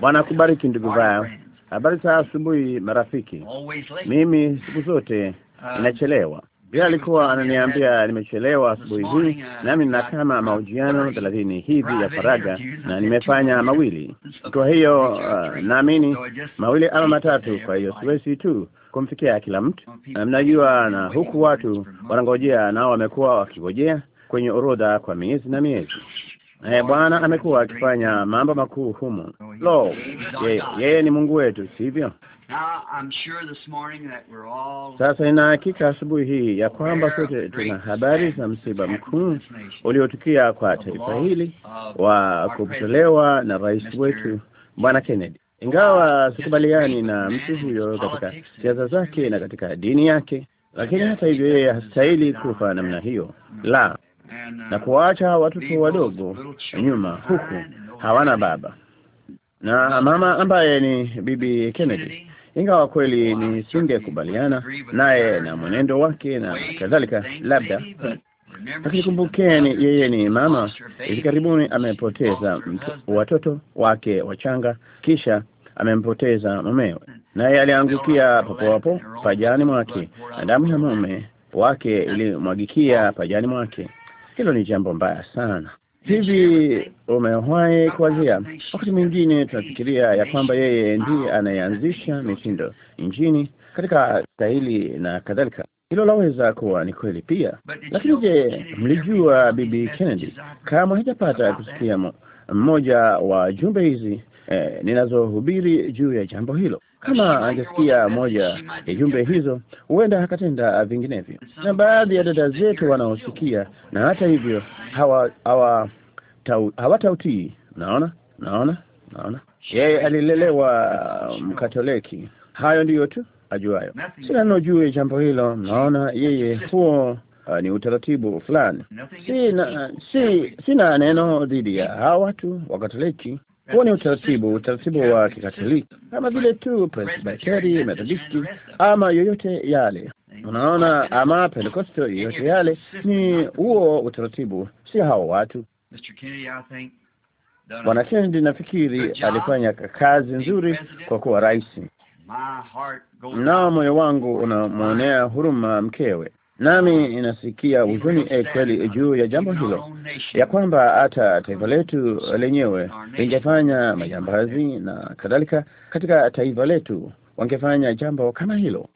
Bwana akubariki ndugu vayo Habari za asubuhi marafiki. Mimi siku zote ah, inachelewa. Bila alikuwa ananiambia nimechelewa asubuhi hii, uh, nami nina kama uh, mahojiano thelathini hivi ya faraga na nimefanya mawili. Kwa hiyo uh, naamini mawili ama matatu. Kwa hiyo siwezi tu kumfikia kila mtu, mnajua, na huku watu wanangojea, nao wamekuwa wakingojea kwenye orodha kwa miezi na miezi. Eh, Bwana amekuwa akifanya mambo makuu humo. Lo, yeye ye ni Mungu wetu, sivyo? Sasa nina hakika asubuhi hii ya kwamba sote tuna habari za msiba mkuu uliotukia kwa taifa hili wa kupotolewa na rais wetu Bwana Kennedy. Ingawa sikubaliani na mtu huyo katika siasa zake na katika dini yake, lakini hata hivyo yeye hastahili kufa namna hiyo, la Uh, na kuwaacha watoto wadogo nyuma, huku hawana baba na mama ambaye ni bibi Kennedy. Ingawa kweli uh, nisingekubaliana naye na mwenendo wake na kadhalika, labda lakini kumbukeni, yeye ni mama. Hivi karibuni amepoteza watoto wake wachanga, kisha amempoteza mumewe, naye aliangukia papo hapo pajani mwake, na damu ya mume wake ilimwagikia pajani mwake. Hilo ni jambo mbaya sana. Hivi umewahi kuwazia, wakati mwingine tunafikiria ya kwamba yeye ndiye anayeanzisha mitindo nchini katika stahili na kadhalika. Hilo laweza kuwa ni kweli pia, lakini je, mlijua Bibi Kennedy? Kama hajapata kusikia mmoja wa jumbe hizi eh, ninazohubiri juu ya jambo hilo, kama angesikia moja ya jumbe hizo, huenda akatenda vinginevyo. Na baadhi ya dada zetu wanaosikia, na hata hivyo hawatautii. Naona, naona, naona yeye alilelewa Mkatoliki. Um, Hayo ndiyo tu ajuayo, sina neno juu ya jambo hilo. Naona yeye huo Uh, ni utaratibu fulani. Sina, si, sina neno dhidi ya hawa watu Wakatoliki, huo ni utaratibu, utaratibu wa Kikatoliki kama vile tu Presbiteri, Methodisti ama yoyote yale, unaona, ama Pentekoste, yoyote yale, ni huo utaratibu, si hao watu. Uh, Bwana Kennedy nafikiri alifanya kazi nzuri kwa kuwa rais, nao moyo wangu unamwonea huruma mkewe nami ninasikia huzuni eh, kweli eh, juu ya jambo hilo, ya kwamba hata taifa letu eh, lenyewe lingefanya majambazi na kadhalika katika taifa letu wangefanya jambo kama hilo.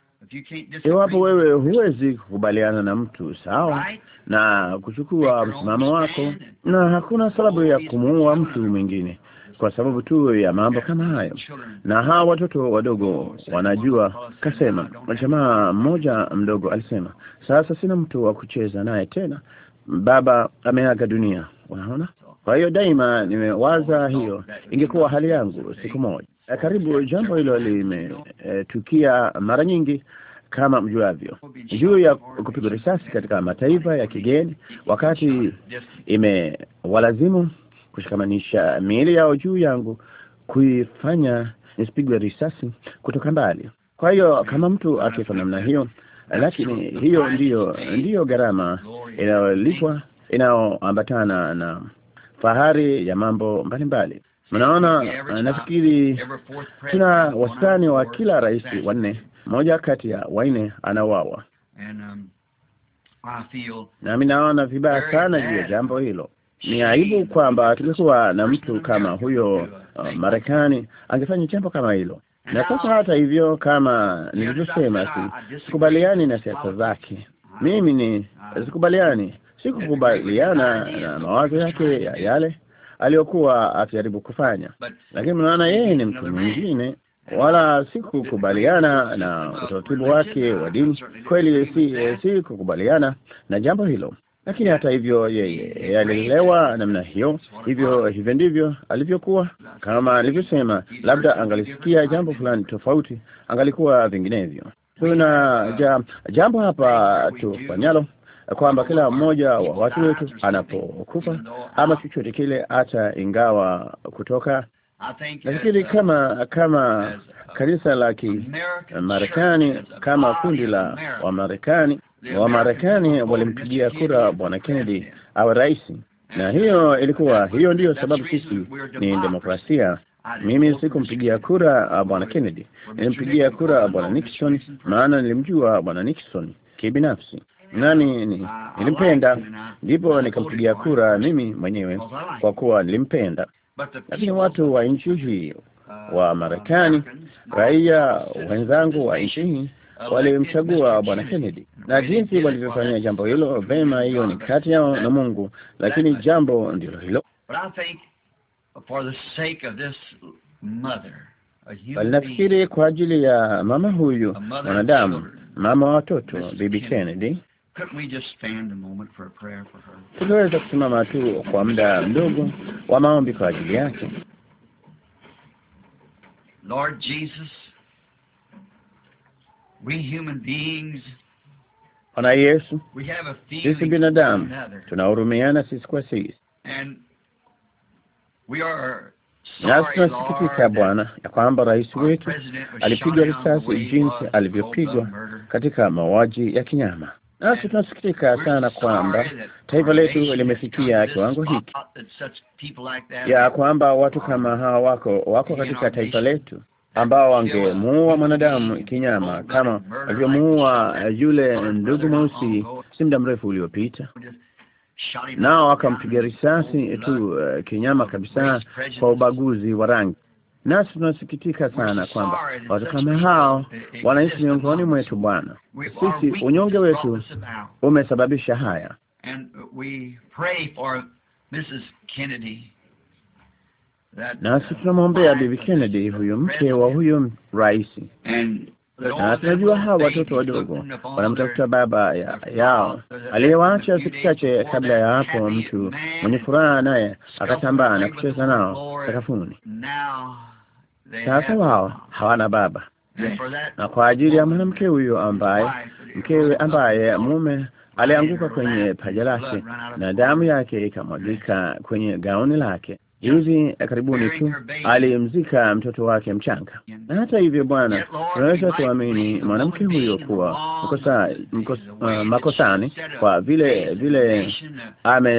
Iwapo wewe huwezi kukubaliana na mtu sawa, na kuchukua msimamo wako, na hakuna sababu ya kumuua mtu mwingine kwa sababu tu ya mambo kama hayo, na hawa watoto wadogo wanajua. Kasema jamaa mmoja mdogo alisema, sasa sina mtu wa kucheza naye tena, baba ameaga dunia. Unaona, kwa hiyo daima nimewaza hiyo ingekuwa hali yangu siku moja. Karibu jambo hilo limetukia e, mara nyingi kama mjuavyo, juu ya kupigwa risasi katika mataifa ya kigeni, wakati imewalazimu kushikamanisha miili yao juu yangu, kuifanya nisipigwe risasi kutoka mbali. Kwa hiyo kama mtu akifa namna hiyo, lakini hiyo ndiyo ndiyo gharama inayolipwa inayoambatana na fahari ya mambo mbalimbali. Mnaona, nafikiri tuna wastani wa kila rais wanne, mmoja kati ya wanne anawawa, um, nami naona vibaya sana juu ya jambo hilo. Ni aibu kwamba tulikuwa na mtu kama huyo uh, Marekani angefanya jambo kama hilo. Na sasa, hata hivyo, kama nilivyosema, sikubaliani na siasa zake. Mimi ni sikubaliani, sikukubaliana na mawazo yake ya yale aliyokuwa akijaribu kufanya, lakini mnaona, yeye ni mtu mwingine wala sikukubaliana na utaratibu wake wa dini. Kweli si, eh, si kukubaliana na jambo hilo, lakini hata hivyo, yeye alilelewa namna hiyo, hivyo hivyo ndivyo alivyokuwa. Kama alivyosema, labda angalisikia jambo fulani tofauti, angalikuwa vinginevyo. Kuna ja, jambo hapa tufanyalo kwamba kila mmoja wa watu wetu anapokufa ama chochote kile, hata ingawa kutoka nafikiri kama kama kanisa la Kimarekani kama kundi la Wamarekani Wamarekani walimpigia kura bwana Kennedy awe rais, na hiyo ilikuwa hiyo ndiyo sababu sisi ni demokrasia. Mimi sikumpigia kura bwana Kennedy, nilimpigia kura bwana Nixon, maana nilimjua bwana Nixon kibinafsi nani ni, nilimpenda ndipo nikampigia kura mimi mwenyewe kwa kuwa nilimpenda. Lakini watu wa nchi hii wa Marekani, raia wenzangu wa nchi hii walimchagua Bwana Kennedy, na jinsi walivyofanyia jambo hilo vema, hiyo ni kati yao na Mungu, lakini jambo ndilo hilo. Walinafikiri kwa ajili ya mama huyu mwanadamu, mama wa watoto, Bibi Kennedy, tuliweza kusimama tu kwa muda mdogo wa maombi kwa ajili yake. Lord Jesus Bwana Yesu, sisi binadamu tunahurumiana sisi kwa sisi, nasi tunasikitika Bwana ya kwamba rais wetu alipigwa risasi jinsi alivyopigwa katika mauaji ya kinyama. Nasi tunasikitika sana kwamba taifa letu limefikia kiwango hiki, ya kwamba watu kama hawa wako wako katika taifa letu ambao wangemuua mwanadamu kinyama kama walivyomuua yule ndugu mweusi si muda mrefu uliopita, nao wakampiga risasi tu uh, kinyama kabisa kwa ubaguzi wa rangi. Nasi tunasikitika sana kwamba watu kama hao e-, wanaishi miongoni mwetu. Bwana, sisi unyonge wetu umesababisha haya nasi tunamwombea Bibi Kennedy, huyu mke wa huyu rais, na tunajua hawa watoto wadogo wanamtafuta baba ya, yao aliyewaacha siku chache kabla ya hapo, mtu mwenye furaha, naye akatambaa na kucheza nao sakafuni. Sasa wao hawana baba, na kwa ajili ya mwanamke huyo ambaye mkewe ambaye mume alianguka kwenye paja lake na damu yake ikamwagika kwenye gauni lake Juzi eh, karibuni tu alimzika mtoto wake mchanga, na hata hivyo, Bwana, tunaweza kuamini mwanamke huyo kuwa mkosa, uh, makosani kwa vile vile ame,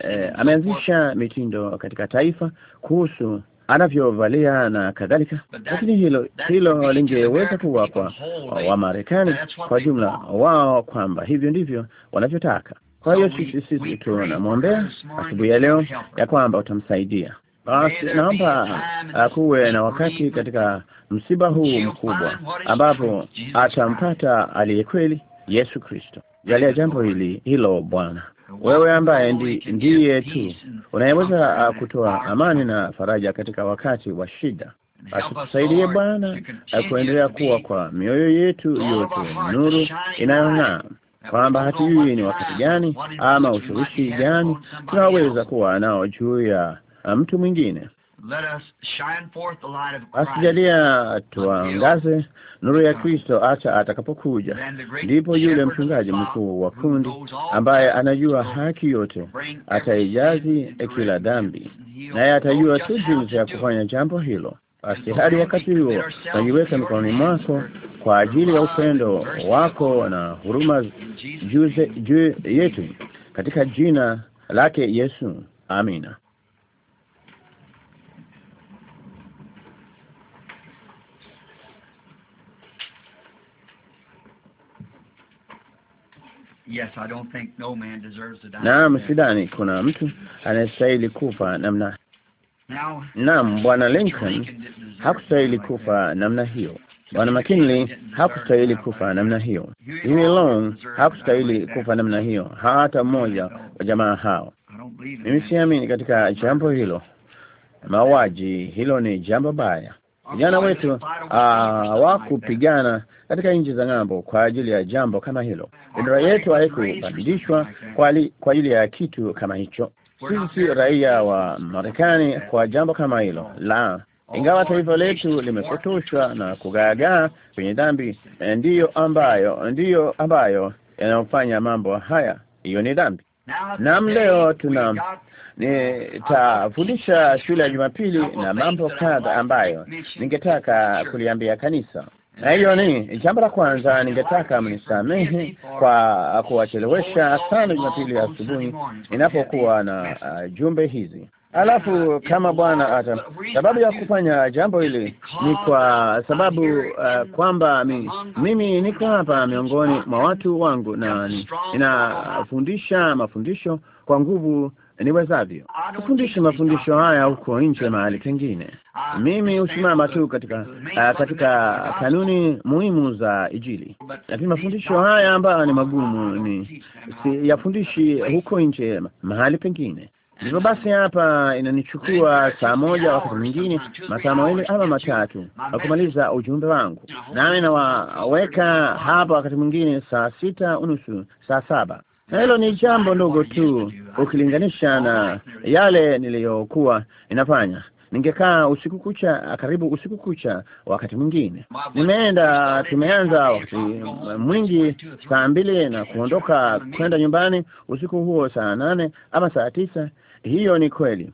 eh, ameanzisha mitindo katika taifa kuhusu anavyovalia na kadhalika, lakini hilo hilo lingeweza kuwa kwa Wamarekani kwa jumla wao, kwamba hivyo ndivyo wanavyotaka. Kwa hiyo sisi sisi tunamwombea asubuhi ya leo ya kwamba utamsaidia. Basi naomba akuwe na wakati katika msiba huu mkubwa, ambapo atampata aliye kweli, Yesu Kristo. Jalia jambo hili hilo, Bwana, wewe ambaye ndiye tu unayeweza kutoa amani na faraja katika wakati wa shida. Basi tusaidie Bwana kuendelea kuwa kwa mioyo yetu yote nuru inayong'aa kwamba hatujui ni wakati gani ama ushawishi gani tunaweza kuwa nao juu ya mtu mwingine. Asijalia tuangaze nuru ya Kristo hata atakapokuja. Ndipo yule mchungaji mkuu wa kundi ambaye anajua haki yote ataijazi kila dhambi, naye atajua tu jinsi ya kufanya jambo hilo. Basi hadi wakati huo najiweka mikononi mwako kwa ajili ya upendo wako na huruma juu yetu, katika jina lake Yesu, amina. Yes, I don't think no man deserves to die. Naam, sidhani kuna mtu anayestahili kufa namna Naam, bwana Lincoln hakustahili kufa namna hiyo. Bwana McKinley hakustahili kufa namna hiyo. Huey Long hakustahili kufa namna hiyo, hata mmoja wa jamaa hao. Mimi siamini katika jambo hilo, mauaji. Hilo ni jambo baya. Vijana wetu ah, hawakupigana katika nchi za ng'ambo kwa ajili ya jambo kama hilo. Bendera yetu haikupandishwa kwa ajili ya kitu kama hicho. Sisi raia wa Marekani kwa jambo kama hilo la ingawa taifa letu limepotoshwa na kugaagaa kwenye dhambi, ndiyo ambayo ndiyo ambayo yanayofanya mambo haya. Hiyo ni dhambi. Naam, leo tuna nitafundisha shule ya Jumapili na mambo kadha ambayo ningetaka kuliambia kanisa. Na hiyo ni jambo la kwanza, ningetaka mnisamehe kwa kuwachelewesha sana Jumapili asubuhi inapokuwa na uh, jumbe hizi. Alafu kama Bwana ata sababu ya kufanya jambo hili ni kwa sababu uh, kwamba mi, mimi niko hapa miongoni mwa watu wangu na ninafundisha mafundisho kwa nguvu niwezavyo. Sifundishi mafundisho haya huko nje mahali pengine. Mimi husimama tu katika uh, katika kanuni muhimu za Injili, lakini mafundisho haya ambayo ni magumu ni si yafundishi huko nje mahali pengine. Hivyo basi, hapa inanichukua saa moja, wakati mwingine masaa mawili ama matatu kumaliza ujumbe wangu, nami nawaweka hapa wakati mwingine saa sita unusu, saa saba hilo ni jambo ndogo tu ukilinganisha na yale niliyokuwa ninafanya. Ningekaa usiku kucha, karibu usiku kucha. Wakati mwingine nimeenda, tumeanza wakati mwingi saa mbili na kuondoka kwenda nyumbani usiku huo saa nane ama saa tisa. Hiyo ni kweli,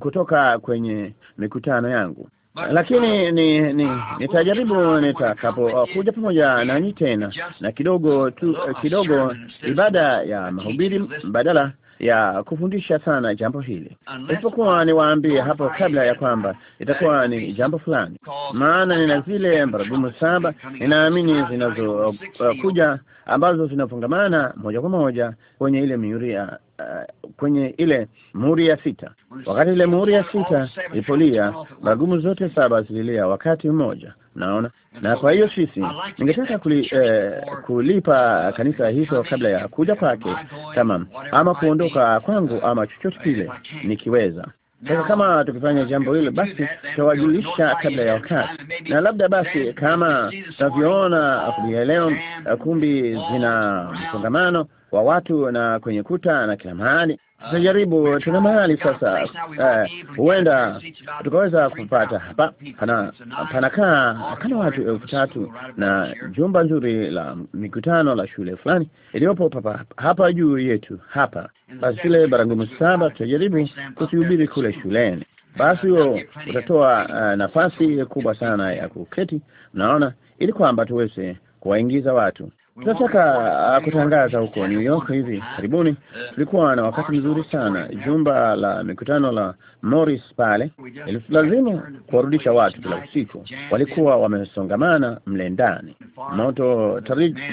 kutoka kwenye mikutano yangu lakini ni, ni nitajaribu nitakapo oh, kuja pamoja nanyi tena na kidogo tu, eh, kidogo ibada ya mahubiri mbadala ya kufundisha sana jambo hili, isipokuwa niwaambie hapo kabla ya kwamba itakuwa ni jambo fulani, maana nina zile mbaragumu saba ninaamini zinazokuja, uh, ambazo zinafungamana moja kwa moja kwenye ile mihuri ya uh, kwenye ile muhuri ya sita. Wakati ile muhuri ya sita ilipolia, mbaragumu zote saba zililia wakati mmoja naona na kwa hiyo sisi, ningetaka kuli, eh, kulipa uh, kanisa hizo kabla ya kuja kwake, kama ama kuondoka kwangu uh, ama chochote kile nikiweza. Sasa kama tukifanya jambo hilo, basi tutawajulisha kabla ya wakati, na labda basi, kama tunavyoona uh, leo, kumbi zina msongamano wa watu na kwenye kuta na kila mahali tutajaribu. Tuna mahali sasa, eh, huenda uh, tukaweza kupata hapa. Pana panakaa kama watu elfu tatu na jumba nzuri la mikutano la shule fulani iliyopo papa hapa juu yetu hapa. Basi shule Baragumu saba tutajaribu kusihubiri kule shuleni. Uh, Basi huo utatoa uh, nafasi kubwa sana ya kuketi, naona ili kwamba tuweze kuwaingiza watu Tunataka kutangaza huko New York hivi karibuni. Tulikuwa na wakati mzuri sana, jumba la mikutano la Morris pale. Ilitulazimu kuwarudisha watu kila usiku, walikuwa wamesongamana mle ndani. Moto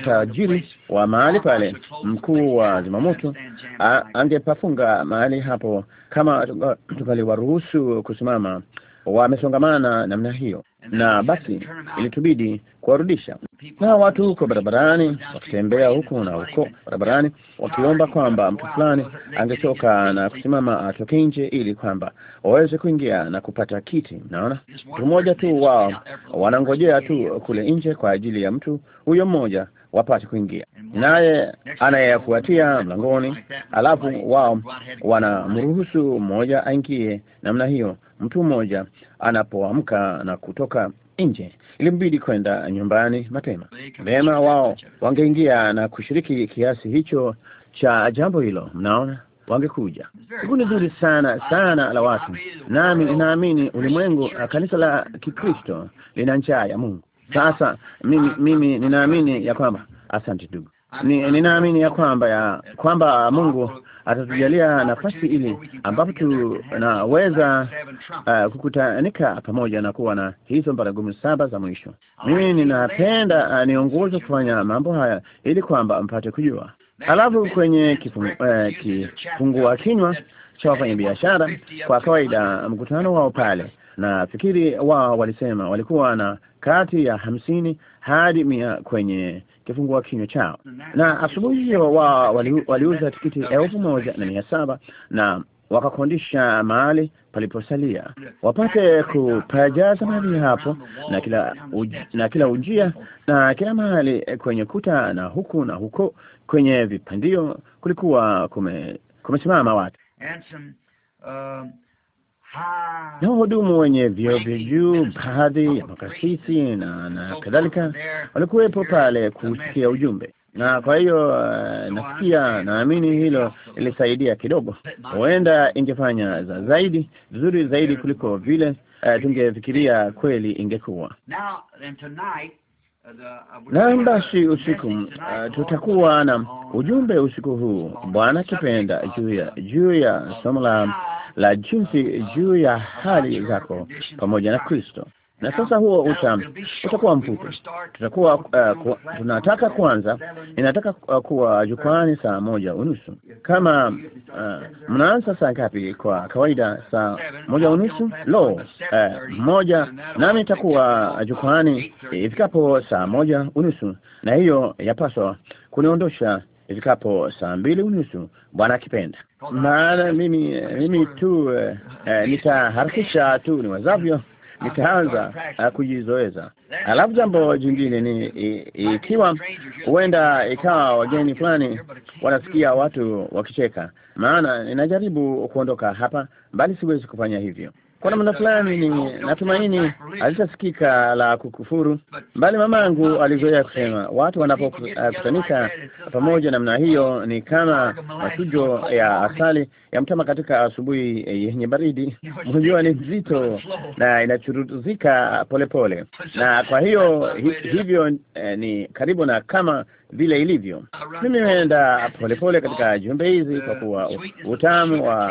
tajiri wa mahali pale, mkuu wa zimamoto, angepafunga mahali hapo kama tukaliwaruhusu kusimama wamesongamana namna hiyo na basi ilitubidi kuwarudisha na watu huko barabarani, wakitembea huko na huko barabarani, wakiomba kwamba mtu fulani angetoka na kusimama atoke nje, ili kwamba waweze kuingia na kupata kiti. Naona mtu mmoja tu wao wanangojea tu kule nje kwa ajili ya mtu huyo mmoja wapate kuingia, naye anayeyafuatia mlangoni, alafu wao wanamruhusu mmoja aingie namna hiyo, mtu mmoja anapoamka na kutoka nje, ilimbidi kwenda nyumbani mapema. Vema, wao wangeingia na kushiriki kiasi hicho cha jambo hilo. Mnaona, wangekuja. ni nzuri sana sana la watu, nami ninaamini ulimwengu, uh, kanisa la Kikristo lina njaa ya Mungu. Sasa mimi, mimi ninaamini ya kwamba asante ndugu, ninaamini ya kwamba ya kwamba Mungu atatujalia nafasi ili ambapo tunaweza uh, kukutanika pamoja na kuwa na hizo mbaragumu saba za mwisho. Mimi ninapenda uh, niongoze kufanya mambo haya ili kwamba mpate kujua. alafu kwenye uh, kifungua uh, kinywa cha wafanya biashara kwa kawaida mkutano wao pale, na fikiri wao walisema walikuwa na kati ya hamsini hadi mia kwenye kifungua kinywa chao. Na asubuhi hiyo wa waliuza wali tikiti elfu moja na mia saba na wakakondisha mahali paliposalia wapate kupajaza mahali hapo, na kila uj, na kila ujia na kila mahali eh, kwenye kuta na huku na huko kwenye vipandio kulikuwa kume, kumesimama watu um, na wahudumu wenye vyeo vya juu, baadhi ya makasisi na na kadhalika, walikuwepo pale kusikia ujumbe, na kwa hiyo uh, nasikia, naamini hilo ilisaidia kidogo. Huenda ingefanya za zaidi vizuri zaidi kuliko vile uh, tungefikiria kweli ingekuwa Now, Naam, basi usiku uh, tutakuwa na ujumbe usiku huu, Bwana kipenda juu ya juu ya somo la la jinsi juu ya hali zako pamoja na Kristo na sasa huo uta, utakuwa mfupi. Tutakuwa uh, tunataka kwanza, inataka uh, kuwa jukwani saa moja unusu kama uh, mnaanza saa ngapi? Kwa kawaida saa moja unusu lo uh, moja, nami itakuwa jukwani ifikapo saa moja unusu, na hiyo yapaswa kuniondosha ifikapo saa mbili unusu, Bwana akipenda, maana mimi mimi tu uh, uh, nitaharakisha tu wazavyo nitaanza eh, kujizoeza. Alafu jambo jingine ni ikiwa huenda ikawa wageni fulani wanasikia watu wakicheka, maana ninajaribu kuondoka hapa, bali siwezi kufanya hivyo kwa namna fulani ni natumaini alitasikika la kukufuru, bali mamangu alizoea kusema watu uh, pamoja namna hiyo ni kama machujo ya asali ya mtama katika asubuhi yenye baridi. Mjua ni mzito na inachuruzika polepole, na kwa hiyo hivyo eh, ni karibu na kama vile ilivyo. Mimi naenda polepole katika jumbe hizi, kwa kuwa utamu wa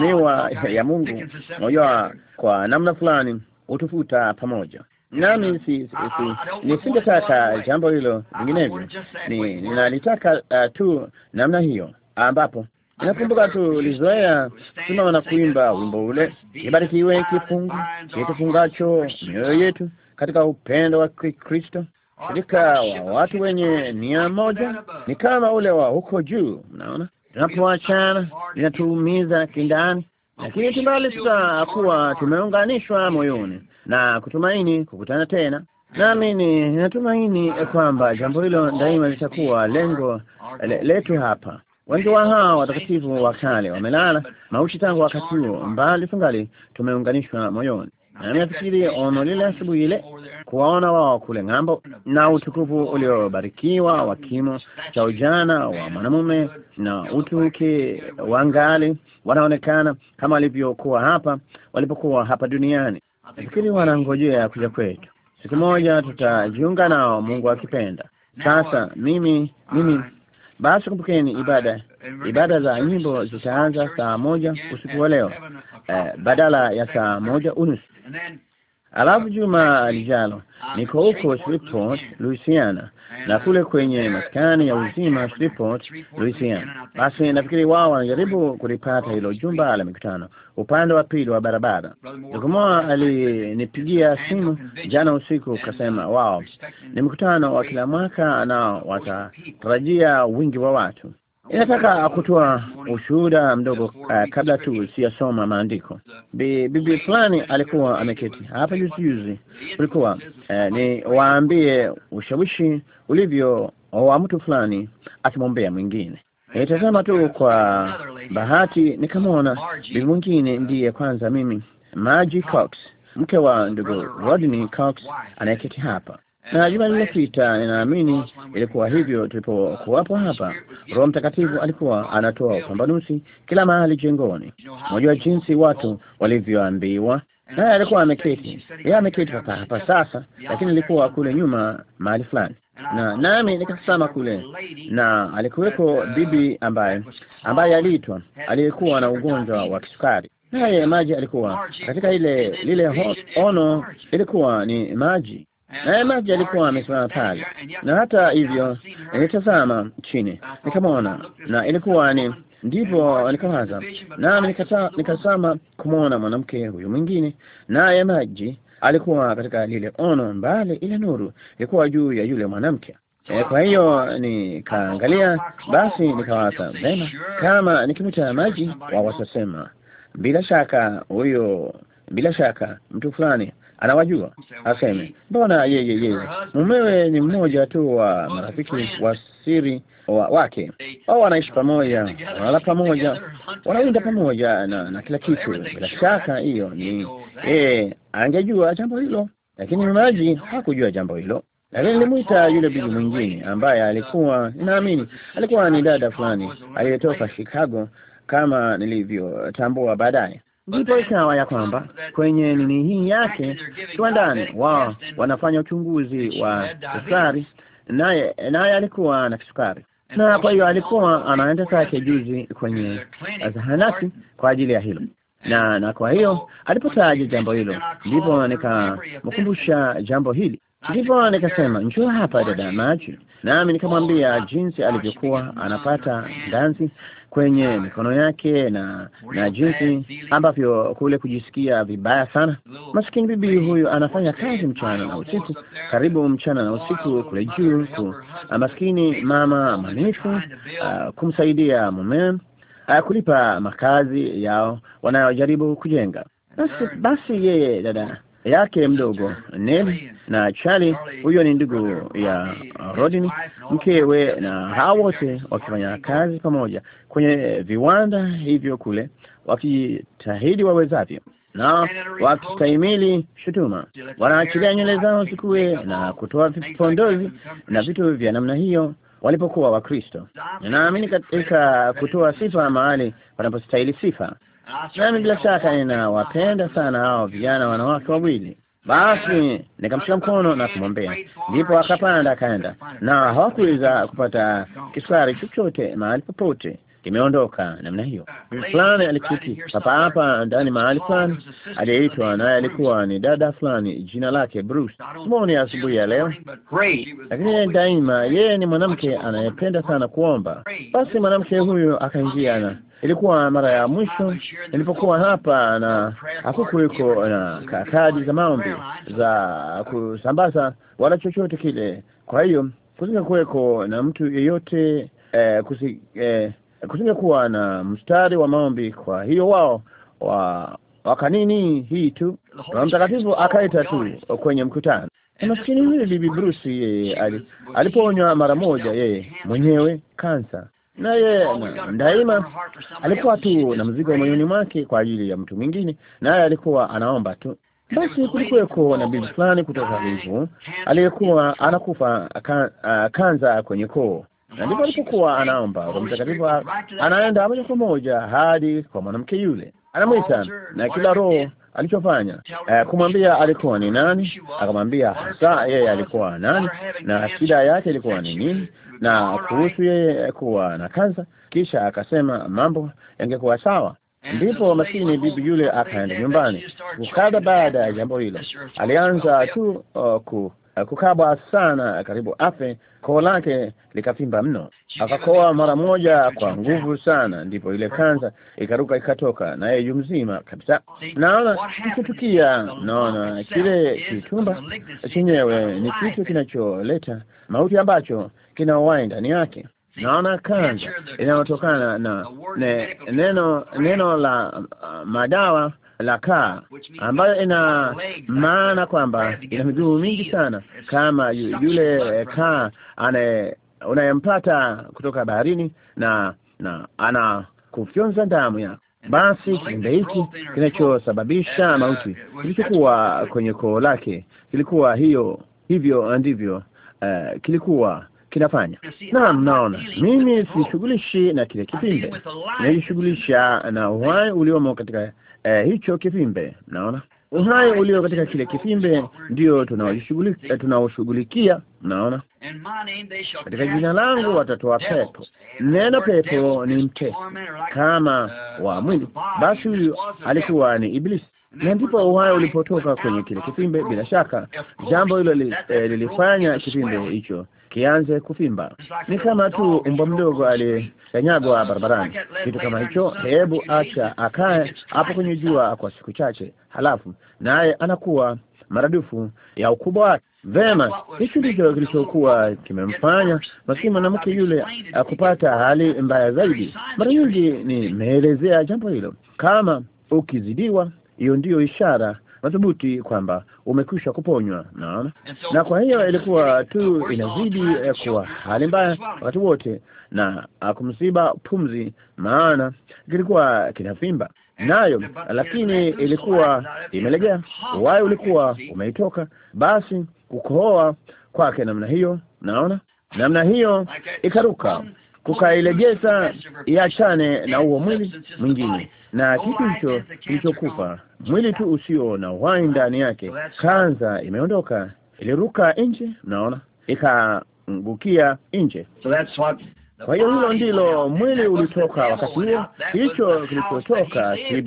miwa ya Mungu, unajua, kwa namna fulani hutufuta pamoja nami si, si, si, nisingetaka jambo hilo vinginevyo, ni ninalitaka uh, tu namna hiyo, ambapo nakumbuka tulizoea simama na kuimba wimbo ule, ibarikiwe kifungu kitufungacho mioyo yetu katika upendo wa Kristo, Shirika wa watu wenye nia moja ni kama ule wa huko juu. Mnaona, tunapoachana inatuumiza kindani, lakini tumbali tutakuwa tumeunganishwa moyoni na kutumaini kukutana tena. Nami ni natumaini kwamba jambo hilo daima litakuwa lengo le, letu hapa. Wengi wa hawa watakatifu wa kale wamelala mauchi tangu wakati huo, mbali tungali tumeunganishwa moyoni. Nami nafikiri ono lile asubuhi ile kuwaona wao kule ng'ambo, na utukufu uliobarikiwa wa kimo cha ujana wa mwanamume na utuke wangali wanaonekana kama walivyokuwa hapa walipokuwa hapa duniani. Nafikiri wanangojea kuja kwetu. Siku moja tutajiunga nao, Mungu akipenda. Sasa mimi mimi basi kumbukeni, ibada ibada za nyimbo zitaanza saa moja usiku wa leo eh, badala ya saa moja unusu. Alafu juma lijalo ah, niko huko Shreveport, Louisiana, na kule uh, kwenye maskani ya uzima Shreveport, Louisiana. Basi nafikiri wao wanajaribu kulipata hilo jumba la mikutano upande wa pili wa barabara. ukumoa alinipigia simu jana usiku, uh, kasema wao ni mkutano wa kila mwaka na watatarajia wingi wa watu. Inataka kutoa ushuhuda mdogo uh, kabla tu siyasoma maandiko. Bibi fulani alikuwa ameketi hapa juzi juzi, ulikuwa uh, ni waambie ushawishi ulivyo wa mtu fulani akimwombea mwingine. Nitazama tu kwa bahati nikamwona bibi mwingine ndiye kwanza mimi, Margie Cox, mke wa ndugu Rodney Cox anayeketi hapa na juma lililopita, ninaamini ilikuwa hivyo tulipokuwapo hapa. Roho Mtakatifu alikuwa anatoa upambanuzi kila mahali jengoni. Unajua jinsi watu walivyoambiwa, naye alikuwa ameketi, yeye ameketi hapa hapa sasa, lakini alikuwa kule nyuma mahali fulani, na nami nikatazama kule, na alikuweko bibi ambaye ambaye aliitwa, aliyekuwa na ugonjwa wa kisukari naye maji alikuwa katika ile lile ono, ilikuwa ni maji Eh, naye maji alikuwa amesimama pale, na hata hivyo nilitazama eh, chini nikamwona, uh, eh, na ilikuwa ni ndipo nikawaza nami, nikata nikasama kumwona mwanamke huyu mwingine, naye maji alikuwa katika lile ono mbali, ile nuru ilikuwa juu ya yule mwanamke. E, kwa hiyo nikaangalia, basi nikawaza vema, kama nikimcha maji wawatasema, bila shaka huyo, bila shaka mtu fulani anawajua aseme, mbona yeye yeye mumewe ni mmoja tu wa marafiki wa siri wa, wake au wanaishi pamoja, wanala pamoja, wanawinda pamoja na, na kila kitu. Bila shaka hiyo ni eh, angejua jambo hilo, lakini mmaji hakujua jambo hilo. Lakini nilimwita yule bibi mwingine ambaye alikuwa naamini alikuwa ni dada fulani aliyetoka Chicago, kama nilivyotambua baadaye ndipo ikawa ya kwamba kwenye nini hii yake kiwandani wao wanafanya uchunguzi wa sukari, naye naye alikuwa na kisukari na kwa hiyo alikuwa anaenda zake juzi kwenye zahanati kwa ajili ya hilo na na kwa hiyo alipotaja jambo hilo, ndipo nikamkumbusha jambo hili, ndipo nikasema njoo hapa dada maji, nami nikamwambia jinsi alivyokuwa anapata ganzi kwenye mikono yake na na jinsi ambavyo kule kujisikia vibaya sana. Maskini bibi huyu anafanya kazi mchana na usiku, karibu mchana na usiku kule juu ku ah, maskini mama manifu, uh, ah, kumsaidia mume uh, kulipa makazi yao wanayojaribu kujenga. Basi basi yeye dada yake mdogo Ned na Charlie, huyo ni ndugu ya Rodin, mkewe, na hao wote wakifanya kazi pamoja kwenye viwanda hivyo kule, wakitahidi wawezavyo na wakistahimili shutuma, wanaachilia nywele zao zikuwe na kutoa vipondozi na vitu vya namna hiyo walipokuwa Wakristo. Ninaamini katika kutoa sifa mahali panapostahili sifa, nami bila shaka ninawapenda sana hao vijana wanawake wawili. Basi nikamshika mkono na kumwombea, ndipo akapanda akaenda, na hawakuweza kupata kiswari chochote mahali popote kimeondoka namna hiyo. Ah, fulani aliketi hapa hapa ndani mahali fulani, aliyeitwa naye alikuwa ni dada fulani, jina lake Bruce. Simoni asubuhi ya leo, lakini daima yeye ni mwanamke anayependa sana kuomba. Basi mwanamke huyu akaingia na ilikuwa mara ya mwisho nilipokuwa hapa, na hakukuweko na kadi za maombi za kusambaza wala chochote kile. Kwa hiyo kusinga kuweko na mtu yeyote eh, kusi, eh, kusingekuwa na mstari wa maombi. Kwa hiyo wao wa wakanini hii tu, Roho Mtakatifu akaita tu kwenye mkutano. maskini huyu bibi Bruce yeye alipoonywa mara moja yeye mwenyewe kansa, na yeye daima alikuwa tu na mzigo moyoni mwake kwa ajili ya mtu mwingine, naye alikuwa anaomba tu. Basi kulikuweko na bibi fulani kutoka hivyo aliyekuwa anakufa kan, uh, kanza kwenye koo na ndipo alipokuwa anaomba, Roho Mtakatifu anaenda moja kwa moja hadi kwa mwanamke yule, anamwita na kila roho alichofanya uh, kumwambia alikuwa ni nani, akamwambia hasa yeye alikuwa nani na shida yake ilikuwa ni nini, na kuhusu yeye kuwa na kansa. Kisha akasema mambo yangekuwa sawa. Ndipo maskini bibi yule akaenda nyumbani kukada. Baada ya jambo hilo, alianza tu uh, ku kukabwa sana, karibu afe. Koo lake likavimba mno, akakoa mara moja kwa nguvu sana, ndipo ile kansa ikaruka ikatoka, naye yu mzima kabisa. Naona ikitukia, naona kile kichumba chenyewe ni kitu kinacholeta mauti ambacho kina uhai ndani yake. Naona kansa inayotokana na ne, neno neno la uh, madawa la kaa, ambayo ina maana kwamba ina miguu mingi sana, kama yule eh, kaa unayempata kutoka baharini, na na ana kufyonza damu yako. Basi kiumbe hiki kinachosababisha uh, mauti kilichokuwa kwenye koo lake kilikuwa hiyo, hivyo ndivyo uh, kilikuwa kinafanya. Naam, naona mimi sishughulishi na kile kipinde, najishughulisha na uhai uliomo katika eh, hicho kivimbe. Mnaona uhai ulio katika kile kivimbe ndio tunaoshughulikia, eh, tunaoshughulikia. Mnaona, katika jina langu watatoa pepo. Neno pepo ni mtesi kama wa mwili, basi huyu alikuwa ni Iblisi na ndipo uhai ulipotoka kwenye kile kipimbe. Bila shaka jambo hilo li, eh, lilifanya kipimbe hicho kianze kufimba Ni kama tu mbwa mdogo aliyekanyagwa barabarani, kitu kama hicho. Hebu acha akae hapo kwenye jua kwa siku chache, halafu naye anakuwa maradufu ya ukubwa wake. Vema, hicho ndicho kilichokuwa kimemfanya maskini mwanamke yule akupata hali mbaya zaidi. Mara nyingi nimeelezea jambo hilo, kama ukizidiwa, hiyo ndiyo ishara madhubuti kwamba umekwisha kuponywa. Naona, na kwa hiyo ilikuwa tu inazidi eh, kuwa hali mbaya wakati wote, na akumsiba ah, pumzi, maana kilikuwa kinavimba nayo, lakini ilikuwa imelegea, uhai ulikuwa umeitoka. Basi kukohoa kwake namna hiyo, naona namna hiyo ikaruka kukailegeza iachane na huo mwili mwingine na kitu hicho kilichokufa, mwili tu usio na uhai ndani yake. Kanza imeondoka, iliruka nje, mnaona, ikaangukia nje. Kwa hiyo hilo ndilo mwili ulitoka wakati huo, hicho kilichotoka si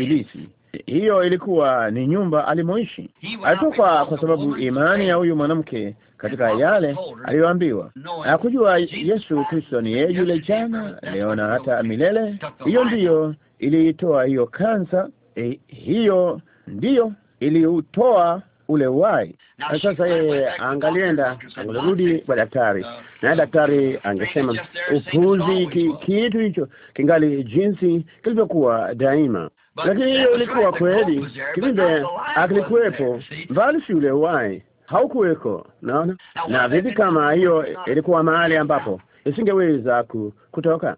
hiyo ilikuwa ni nyumba alimoishi. Alitoka kwa sababu imani ya huyu mwanamke katika yale aliyoambiwa. Hakujua Yesu Kristo ni yeye yule jana, leo na hata milele. Hiyo ndiyo iliitoa hiyo kansa, e, hiyo ndiyo iliutoa ule uwai. Na sasa yeye angalienda, angerudi kwa daktari, uh, naye daktari uh, angesema upuzi kitu hicho kingali jinsi kilivyokuwa daima. Lakini hiyo ilikuwa kweli, kivimbe akilikuwepo, mbali si ule uwai haukuweko. Naona na vipi kama hiyo ilikuwa mahali ambapo isingeweza ku, kutoka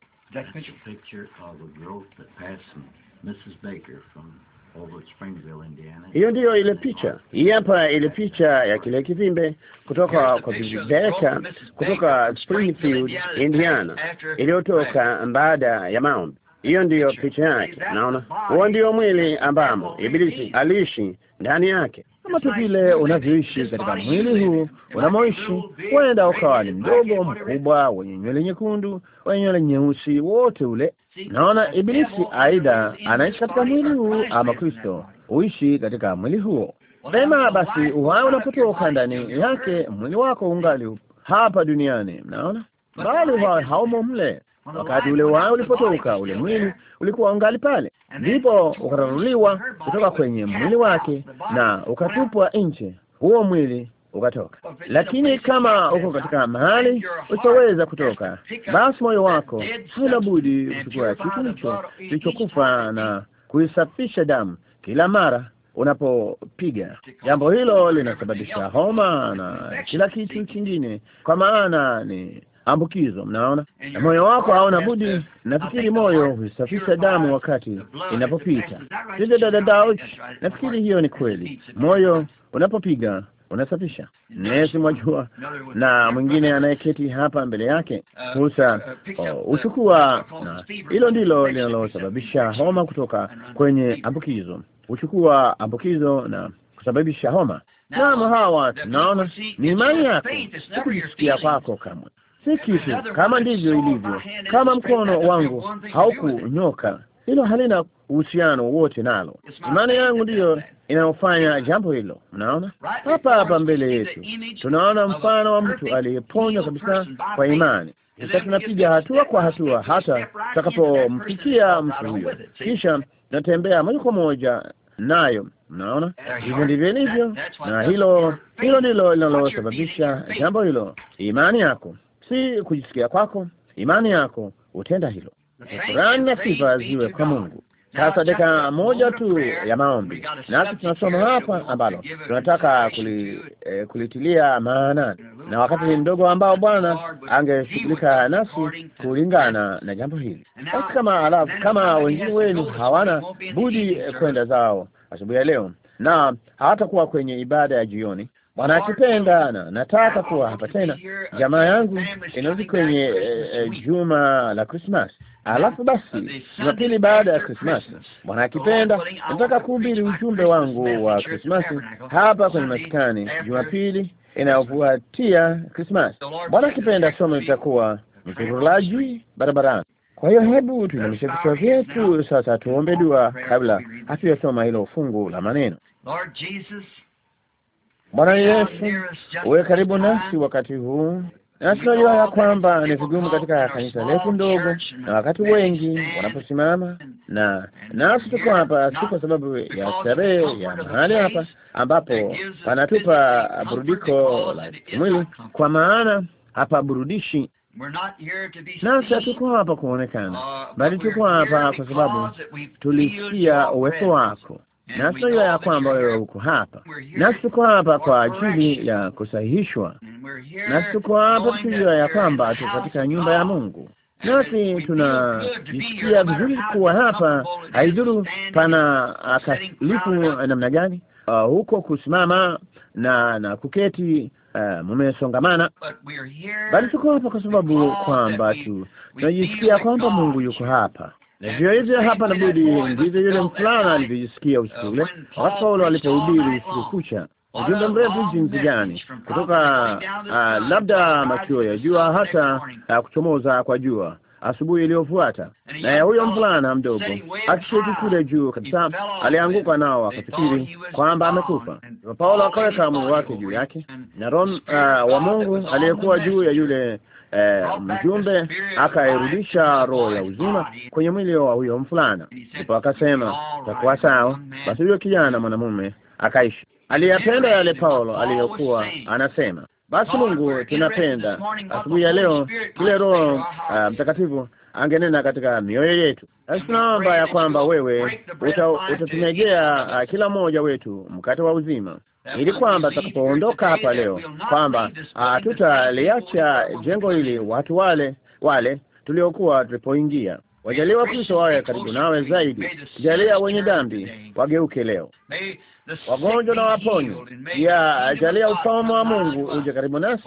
hiyo ndiyo ile picha. Hii hapa ile picha ya kile kivimbe kutoka kwa vibeka kutoka Springfield, Indiana, iliyotoka baada ya maombi Hiyo ndiyo picha yake, naona. Huo ndio mwili ambamo Ibilisi aliishi ndani yake, kama tu vile unavyoishi katika mwili huu unamoishi. Huenda ukawa ni mdogo, mkubwa, wenye nywele nyekundu, wenye nywele nyeusi, wote ule. Naona Ibilisi aidha anaishi katika mwili huu ama Kristo uishi katika mwili huo. Vema basi, uhai unapotoka ndani yake, mwili wako ungali hapa duniani, mnaona, bali uhai haumo mle Wakati ule wao ulipotoka ule mwili ulikuwa ungali pale, ndipo ukararuliwa kutoka kwenye mwili wake na ukatupwa nje, huo mwili ukatoka. Lakini kama uko katika mahali usipoweza kutoka, basi moyo wako huna budi kuchukua kitu hicho kilichokufa na kuisafisha damu kila mara unapopiga jambo hilo linasababisha homa na kila kitu kingine, kwa maana ni ambukizo, mnaona, na moyo wako hauna budi. Nafikiri moyo husafisha damu wakati inapopita, dada Nafikiri hiyo ni kweli. Moyo unapopiga unasafisha nesi, mwajua. Na mwingine anayeketi hapa mbele yake husa uh, huchukua, uh, uh, oh, na hilo ndilo linalosababisha homa kutoka kwenye ambukizo, huchukua ambukizo na kusababisha homa. Naam, hawa tunaona ni imani yako, sikujisikia kwako kamwe si kitu. Kama ndivyo ilivyo, kama mkono wangu haukunyoka, hilo halina uhusiano wote nalo. Imani yangu ndiyo inayofanya jambo hilo. Mnaona hapa hapa mbele yetu tunaona mfano wa mtu aliyeponywa kabisa kwa imani. Sasa tunapiga hatua kwa hatua hata tutakapomfikia mtu huyo, kisha tunatembea moja kwa moja nayo. Mnaona hivyo ndivyo ilivyo, na hilo hilo ndilo linalosababisha jambo hilo, imani yako si kujisikia kwako, imani yako utenda hilo. Shukrani na sifa ziwe kwa Mungu. Sasa dakika moja tu ya maombi, nasi tunasoma hapa ambalo tunataka kuli, eh, kulitilia maanani na wakati ni mdogo ambao Bwana angeshughulika nasi kulingana na jambo hili. Basi kama alafu, kama wengine wenu hawana budi kwenda zao asubuhi ya leo na hawatakuwa kwenye ibada ya jioni, na Nataka kuwa hapa tena, uh, jamaa yangu inarudi kwenye e, e, juma la Krismasi, alafu basi Jumapili baada ya Krismasi, Bwana akipenda, oh, nataka kuhubiri ujumbe wangu wa Krismasi hapa kwenye maskani Jumapili inayofuatia Christmas. Bwana akipenda, somo litakuwa mzurulaji barabarani. Kwa hiyo hebu tuinamishe vichwa vyetu sasa, tuombe dua kabla hatuyasoma hilo fungu la maneno. Bwana Yesu, uwe karibu nasi wakati huu, na ya kwamba ni vigumu katika kanisa letu ndogo, na wakati wengi wanaposimama na nasi tuko hapa, si kwa sababu ya starehe ya mahali hapa ambapo panatupa burudiko la kimwili, kwa maana hapa burudishi nasi hatuko hapa kuonekana, uh, bali tuko hapa kwa sababu tulisikia uwepo wako nasi tunajua ya kwamba wewe uko hapa, nasi tuko hapa kwa ajili ya kusahihishwa, nasi tuko hapa tukijua ya kwamba tuko katika nyumba ya Mungu, nasi tunajisikia vizuri kuwa hapa, haidhuru pana akalifu namna gani, uh, huko kusimama na na kuketi Uh, mumesongamana, bali tuko hapa kwa sababu kwamba tu tunajisikia kwamba Mungu yuko hapa, na vivyo hivyo hapa nabudi, ndivyo yule mfulana alivyojisikia usiku ule, wakati Paulo alipohubiri usiku kucha ujumbe mrefu jinsi gani, kutoka uh, labda machweo ya jua hata uh, kuchomoza kwa jua asubuhi iliyofuata. Naye huyo mvulana mdogo akiketi kule juu kabisa, alianguka nao akafikiri kwamba amekufa. Paulo akaweka mguu wake juu yake, na Roho uh, ah, wa Mungu aliyekuwa juu ya yule eh, mjumbe akairudisha roho ya uzima kwenye mwili wa huyo mfulana, ndipo akasema takuwa sawa. Basi huyo kijana mwanamume akaishi. Aliyapenda yale Paulo aliyokuwa anasema. Basi Mungu, tunapenda asubuhi ya leo kile Roho uh, Mtakatifu angenena katika mioyo yetu. Basi tunaomba ya kwamba wewe utatumegea uta uh, kila mmoja wetu mkate wa uzima ili kwamba tutakapoondoka hapa leo, kwamba hatutaliacha ah, jengo hili watu wale wale tuliokuwa tulipoingia. Wajaliwa Kristo wawe karibu nawe zaidi. Jalia wenye dhambi wageuke leo, wagonjwa na waponye. Ya jalia ufalme wa Mungu uje karibu nasi,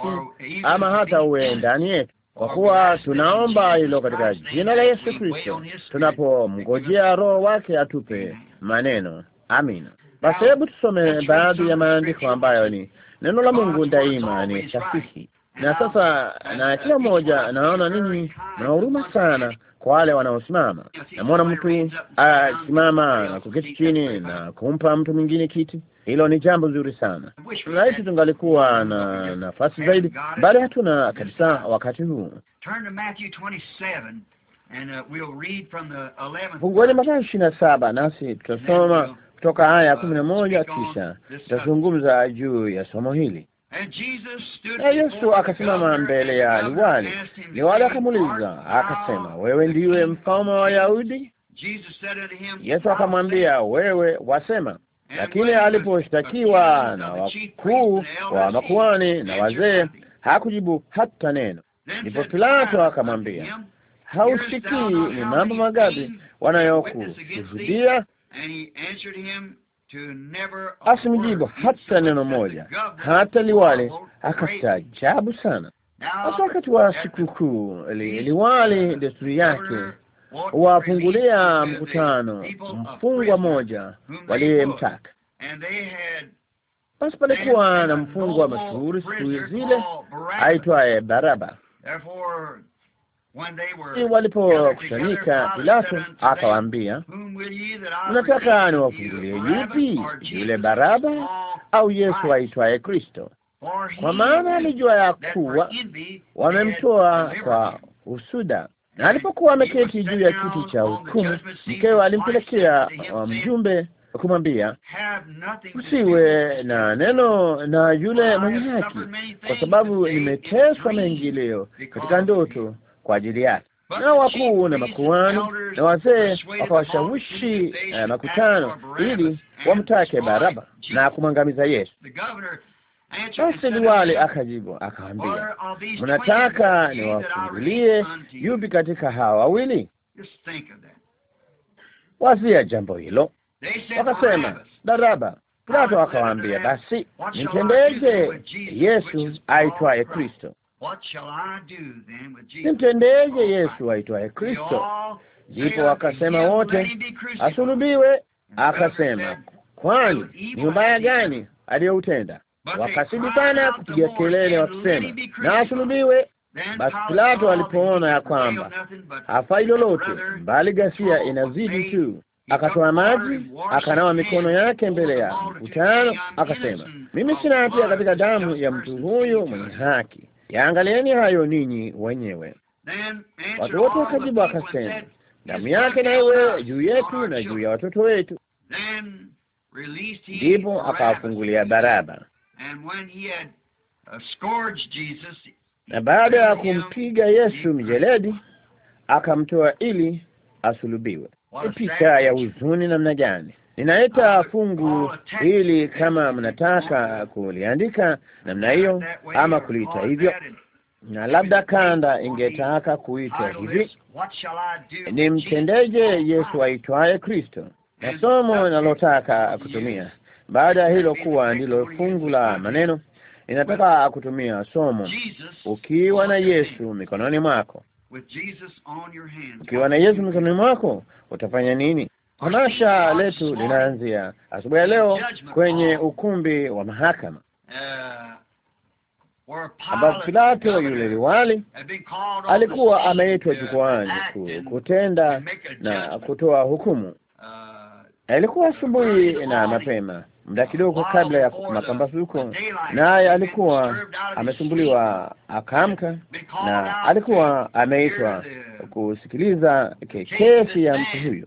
ama hata uwe ndani yetu, kwa kuwa tunaomba hilo katika jina la Yesu Kristo, tunapomngojea Roho wake atupe maneno. Amina. Basi hebu tusome baadhi ya maandiko ambayo ni neno la Mungu daima ni sahihi. Na sasa na uh, kila mmoja, naona nini, na huruma sana kwa wale wanaosimama. Namwona mtu asimama na kuketi chini na kumpa mtu mwingine kiti, hilo ni jambo zuri sana. Rahisi tungalikuwa na nafasi zaidi, bali hatuna kabisa wakati huu. Uh, Fungueni Mathayo ishirini na saba nasi tutasoma kutoka aya kumi na moja tisa tutazungumza juu ya somo hili. Na Yesu akasimama mbele ya liwali, liwali akamuuliza akasema, wewe ndiwe mfalme wa Wayahudi? Yesu akamwambia, wewe wasema. Lakini aliposhtakiwa na wakuu wa makuhani na wazee, hakujibu hata neno. Ndipo Pilato akamwambia, hausikii ni mambo magapi wanayokushuhudia? Asimjibu hata neno moja, hata liwali akastaajabu sana. Hasa wakati wa sikukuu, liwali desturi yake wapungulia mkutano mfungwa moja waliyemtaka. Basi palikuwa na mfungwa mashuhuri siku zile aitwaye Baraba walipokusanyika Pilato akawaambia, mnataka niwafungulie yupi, yule Baraba au Yesu aitwaye Kristo? Kwa maana alijua ya kuwa wamemtoa kwa usuda. Na alipokuwa ameketi juu ya kiti cha hukumu, mkewe alimpelekea mjumbe kumwambia, usiwe na neno na yule mwenye haki, kwa sababu nimeteswa mengi leo katika ndoto kwa ajili yake. Nao wakuu na makuhani na wazee wakawashawishi eh, makutano ili wamtake Baraba na kumwangamiza Yesu. Basi liwali akajibu akawambia, mnataka niwafungulie yupi katika hawa wawili? Wazia jambo hilo. Wakasema Baraba. Pilato akawaambia, basi nitembeje Yesu aitwaye Kristo? Simtendeje oh, Yesu aitwaye Kristo? Ndipo wakasema wote, asulubiwe. Akasema, kwani ni ubaya gani aliyoutenda? Wakasidi sana kupiga kelele wakisema, na asulubiwe. Basi Pilato alipoona ya kwamba hafai lolote mbali ghasia inazidi tu, akatoa maji akanawa mikono yake mbele ya mkutano, akasema, mimi sina hatia katika damu ya mtu huyu mwenye haki yaangalieni hayo ninyi wenyewe. Watu wote wakajibu akasema damu yake na iwe juu yetu na juu ya watoto wetu. Ndipo akawafungulia Baraba, uh, na baada ya kumpiga Yesu mjeledi akamtoa ili asulubiwe. Picha ya huzuni namna gani! Ninaita fungu hili kama mnataka kuliandika namna hiyo ama kuliita hivyo, na labda kanda ingetaka kuitwa hivi, nimtendeje Yesu aitwaye Kristo? Na somo nalotaka kutumia baada ya hilo kuwa ndilo fungu la maneno, inataka kutumia somo ukiwa na Yesu mikononi mwako. Ukiwa na Yesu mikononi mwako utafanya nini? Tamasha letu linaanzia asubuhi ya leo kwenye ukumbi wa mahakama uh, ambapo Pilato yule liwali alikuwa ameitwa jukwaani kutenda na kutoa hukumu. Ilikuwa uh, asubuhi na mapema, muda kidogo kabla ya mapambazuko, naye alikuwa amesumbuliwa, akaamka na alikuwa ameitwa kusikiliza kesi ya mtu huyo.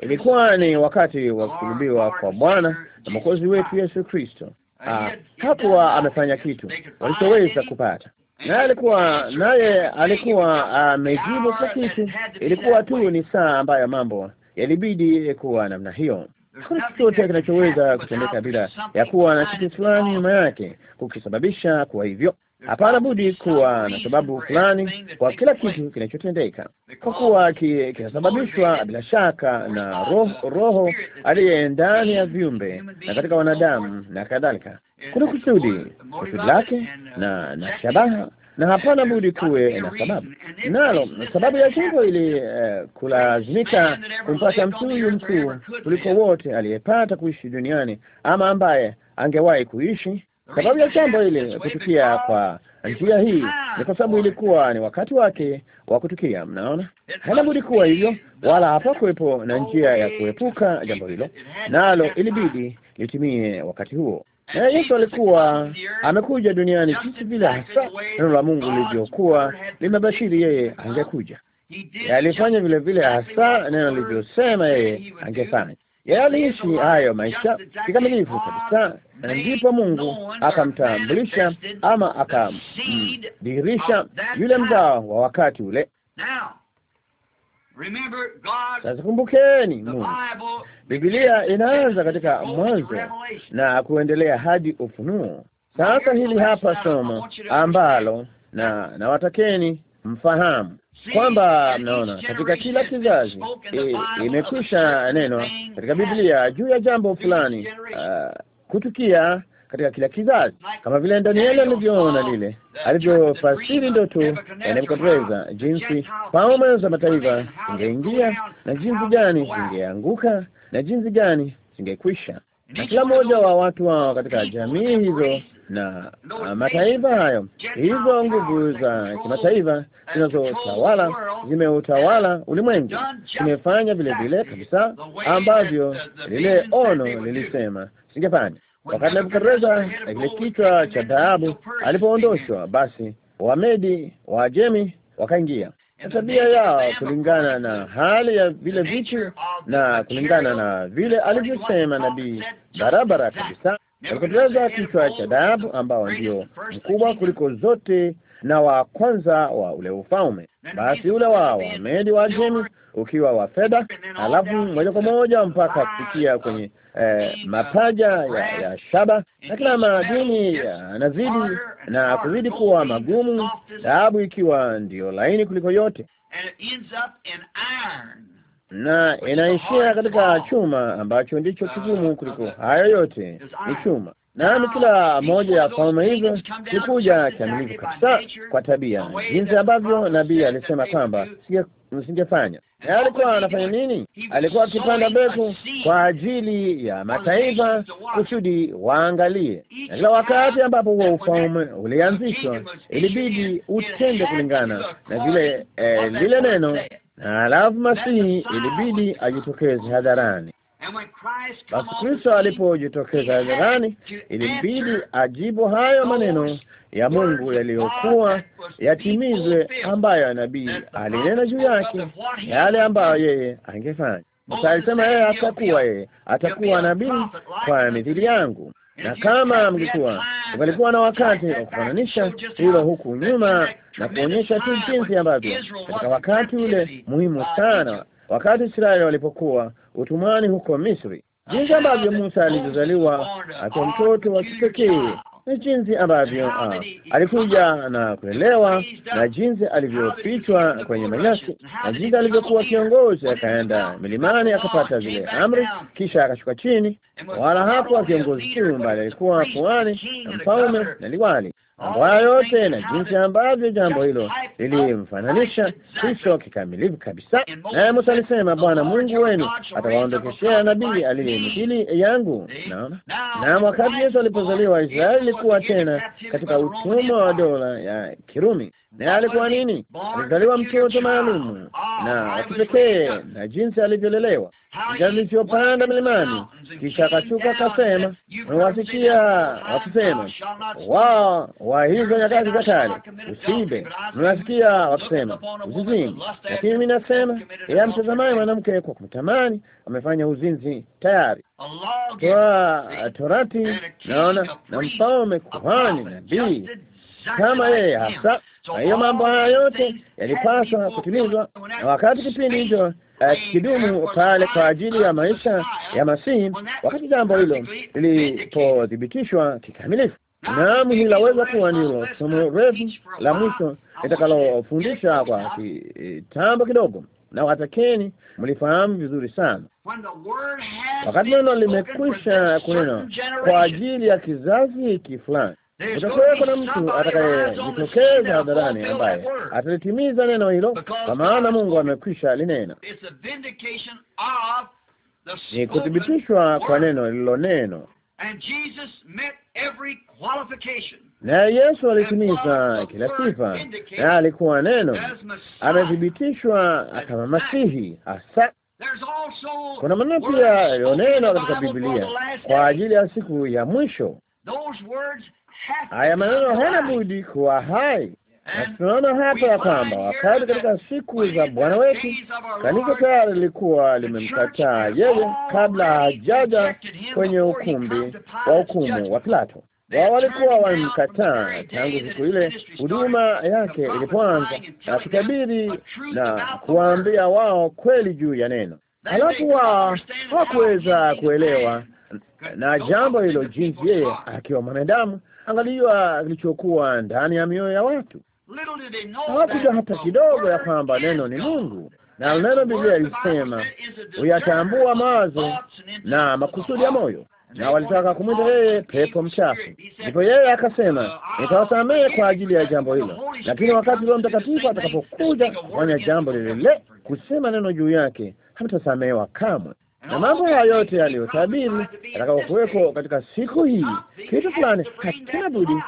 Ilikuwa ni wakati wa kusulubiwa kwa Bwana na mwokozi wetu Yesu Kristo. Ah, hakuwa amefanya kitu walichoweza kupata, naye alikuwa naye alikuwa ah, amejibu kwa kitu. Ilikuwa tu ni saa ambayo mambo yalibidi kuwa namna hiyo. Hakuna chochote kinachoweza kutendeka bila ya kuwa na kitu fulani nyuma yake kukisababisha kuwa hivyo. Hapana budi kuwa na sababu fulani kwa kila kitu kinachotendeka, kwa kuwa kinasababishwa bila shaka na roho, roho aliye ndani ya viumbe na katika wanadamu na kadhalika. Kuna kusudi, kusudi lake na na shabaha, na hapana budi kuwe na sababu nalo. Sababu ya kifo ili uh, kulazimika kumpata mtu huyu mkuu kuliko wote aliyepata kuishi duniani ama ambaye angewahi kuishi Sababu ya jambo ile kutukia kwa njia hii ni kwa sababu ilikuwa ni wakati wake wa kutukia. Mnaona, haina budi kuwa hivyo, wala kuwepo na njia ya kuepuka jambo hilo, nalo ilibidi litimie wakati huo. Na Yesu alikuwa amekuja duniani jinsi vile hasa neno la Mungu lilivyokuwa limebashiri yeye angekuja. Alifanya vile vile hasa neno lilivyosema yeye angefanya yeye aliishi hayo maisha kikamilifu kabisa, na ndipo Mungu akamtambulisha ama akamdhihirisha yule mzao wa wakati ule. Sasa kumbukeni, Mungu Biblia inaanza katika Mwanzo na kuendelea hadi Ufunuo. Sasa hili hapa somo ambalo na nawatakeni mfahamu kwamba mnaona, katika kila kizazi eh, imekwisha neno katika Biblia juu ya jambo fulani uh, kutukia katika kila kizazi, kama vile Danieli alivyoona lile, alivyofasiri ndoto ya Nebukadreza, jinsi falme za mataifa zingeingia na jinsi gani zingeanguka na jinsi gani zingekwisha, na kila mmoja wa watu wao katika jamii hizo na ah, mataifa hayo. Hizo nguvu za kimataifa zinazotawala zimeutawala ulimwengu, zimefanya vile vile kabisa ambavyo lile ono lilisema singefanya. Wakati Nebukadreza kile kichwa cha dhahabu alipoondoshwa, basi Wamedi, Waajemi wakaingia tabia yao kulingana na hali ya vile vitu na kulingana na vile alivyosema nabii barabara kabisa. Alikoteza kichwa cha dhahabu ambao ndio mkubwa kuliko zote na wa kwanza wa ule ufalme, basi ule wa Wamedi wa Ajemi ukiwa wa fedha, alafu moja kwa moja mpaka kufikia kwenye eh, mapaja ya, ya shaba na kila madini yanazidi na kuzidi kuwa magumu, dhahabu ikiwa ndiyo laini kuliko yote. And it ends up in iron na inaishia katika chuma ambacho ndicho kigumu kuliko hayo yote, ni chuma. Nami kila moja ya falme hizo kikuja kiamilifu kabisa kwa tabia, jinsi ambavyo nabii alisema kwamba msingefanya. Na alikuwa anafanya nini? Alikuwa akipanda mbegu kwa ajili ya mataifa kusudi waangalie, na kila wakati ambapo huo ufalme ulianzishwa, ilibidi utende kulingana na vile eh, lile neno na alafu Masihi ilibidi ajitokeze hadharani. Basi Kristo alipojitokeza hadharani, ilibidi ajibu hayo maneno ya Mungu yaliyokuwa yatimizwe, ambayo nabii alinena juu yake, yale ambayo yeye angefanya. Musa alisema yeye atakuwa yeye atakuwa nabii kwa mithili yangu na kama mlikuwa, walikuwa na wakati wa kufananisha hilo huku nyuma na kuonyesha tu jinsi ambavyo katika wakati ule muhimu sana, wakati Israeli walipokuwa utumwani huko Misri, jinsi ambavyo Musa alivyozaliwa akiwa mtoto wa kipekee na jinsi ambavyo uh, alikuja na kulelewa na jinsi alivyopichwa kwenye manyasi na jinsi alivyokuwa kiongozi, akaenda milimani akapata zile amri, kisha akashuka chini. Wala hapo kiongozi tu, bali alikuwa kuhani na mfalme na liwali mambo hayo yote na jinsi ambavyo jambo hilo lilimfananisha Kristo kikamilifu kabisa. Naye Musa alisema, Bwana Mungu wenu atawaondokeshea nabii aliye mithili yangu. Naona na wakati Yesu alipozaliwa, Israeli ilikuwa tena katika utumwa wa dola ya Kirumi naye alikuwa nini? Alizaliwa mtoto maalumu ah, na kipekee, na jinsi alivyolelewa, alivyopanda milimani, kisha akashuka akasema, niwasikia wakisema wa wa hizo nyakati za kale, usibe, Niwasikia wakisema usizini, lakini mimi nasema ya mtazamaye mwanamke kwa kumtamani amefanya uzinzi tayari kwa Torati, naona na mfalme, kuhani, nabii kama yeye hasa na hiyo mambo haya yote yalipaswa kutimizwa na wakati kipindi hicho eh, kidumu pale kwa ajili ya maisha ya Masihi, wakati jambo hilo lilipothibitishwa kikamilifu. Naam, hii laweza kuwa ndilo somo refu la mwisho litakalofundisha kwa kitambo kidogo, na watakeni mlifahamu vizuri sana wakati neno limekwisha kunena kwa ajili ya kizazi hiki fulani Utakuwa kuna mtu atakayejitokeza hadharani ambaye atalitimiza neno hilo, kwa maana Mungu amekwisha linena. Ni kuthibitishwa kwa neno lililonenwa, naye Yesu alitimiza kila sifa, na alikuwa neno, amethibitishwa kama Masihi hasa kuna maneno pia yaliyonenwa katika Biblia kwa ajili ya siku ya mwisho. Haya maneno hana budi kuwa hai, tunaona hapa ya kwamba wakati katika siku za Bwana wetu kanisa tayari lilikuwa limemkataa yeye kabla hajaja kwenye ukumbi wa hukumu wa Plato. Wao walikuwa wamemkataa tangu siku ile huduma yake ilipoanza, na kutabiri na kuwaambia wao kweli juu ya neno. Halafu wao hawakuweza kuelewa na jambo hilo, jinsi yeye akiwa mwanadamu angalia kilichokuwa ndani ya mioyo ya watu. Hawakujua hata kidogo ya kwamba neno ni Mungu, na neno Biblia ilisema huyatambua mawazo na makusudi ya moyo, na walitaka kumwita yeye pepo mchafu. Ndipo yeye akasema, nitawasamehe kwa ajili ya jambo hilo, lakini wakati Roho Mtakatifu atakapokuja kufanya jambo lile lile, kusema neno juu yake, hamtasamehewa kamwe na mambo hayo yote yaliyotabiri yatakayokuweko katika siku hii, kitu fulani hatabudi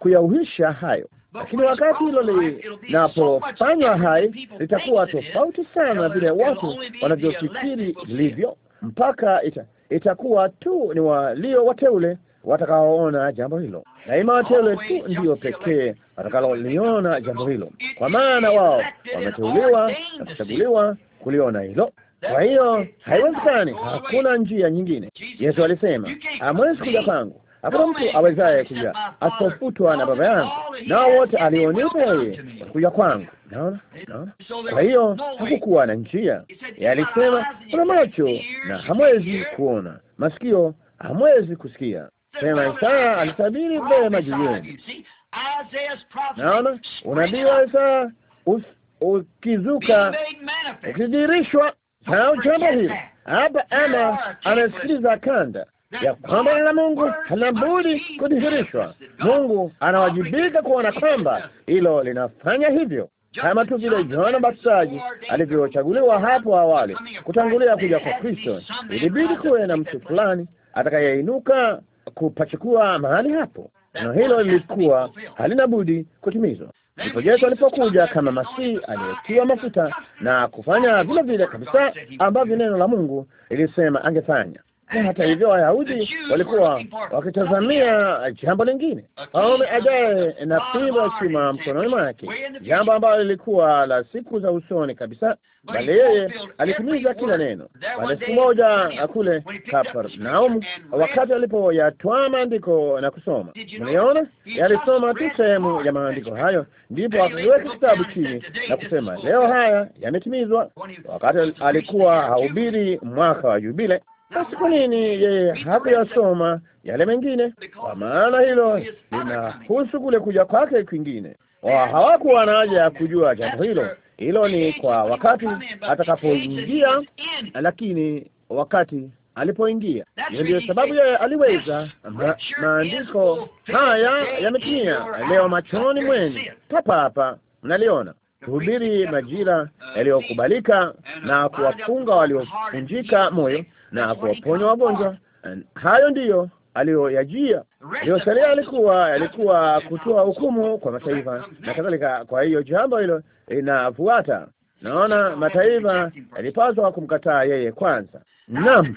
kuyauhisha hayo. Lakini wakati hilo linapofanywa hai, litakuwa tofauti sana vile watu wanavyofikiri lilivyo, mpaka ita, itakuwa tu ni walio wateule watakaoona jambo hilo. Daima wateule tu ndiyo pekee watakaloliona jambo hilo, kwa maana wao wameteuliwa na kuchaguliwa kuliona hilo. Kwa hiyo haiwezekani, hakuna njia nyingine. Yesu alisema hamwezi kuja kwangu, hakuna mtu awezaye kuja asipofutwa na Baba yangu, nao wote alionipa yeye kuja kwangu. Naona, naona. Kwa hiyo hakukuwa na njia. Yeye alisema kuna macho na hamwezi kuona, masikio hamwezi kusikia. Sema Isaya alitabiri vema juu yenu. Naona unabii wa Isaya ukizuka ukidirishwa au jambo hili hapa, ama anasikiliza kanda ya kwamba neno la Mungu halinabudi budi kudhihirishwa. Mungu anawajibika kuona kwamba hilo linafanya hivyo, kama tu vile Yohana Mbatizaji alivyochaguliwa hapo awali kutangulia kuja kwa Kristo. Ilibidi kuwe na mtu fulani atakayeinuka kupachukua mahali hapo, na hilo lilikuwa halina budi kutimizwa. Ndipo Yesu alipokuja kama Masihi aliyetiwa mafuta na kufanya vile vile kabisa ambavyo neno la Mungu lilisema angefanya. Eh, hata hivyo Wayahudi walikuwa wakitazamia jambo lingine. aume ajaye na fimbo ya chuma mkononi mwake, jambo ambalo lilikuwa la siku za usoni kabisa, bali yeye alitimiza kila neno. Pale siku moja kule Kapernaum, wakati alipoyatwa maandiko na kusoma, mliona yalisoma tu sehemu ya maandiko hayo, ndipo akakiweka kitabu chini na kusema, leo haya yametimizwa, wakati alikuwa hahubiri mwaka wa jubile basi kwa nini yeye hakuyasoma yale mengine? Kwa maana hilo linahusu kule kuja kwake kwingine. Oh, hawakuwa na haja ya kujua jambo hilo, hilo ni kwa wakati atakapoingia, lakini wakati alipoingia ndio sababu yeye aliweza ma, maandiko haya yametimia leo machoni mwenu, papa hapa mnaliona kuhubiri majira yaliyokubalika na kuwafunga waliofunjika moyo na kuwaponya wagonjwa. Hayo ndiyo aliyoyajia. Aliyosalia alikuwa alikuwa kutoa hukumu kwa mataifa na kadhalika. Kwa hiyo jambo hilo linafuata. Naona mataifa yalipaswa kumkataa yeye kwanza. Naam,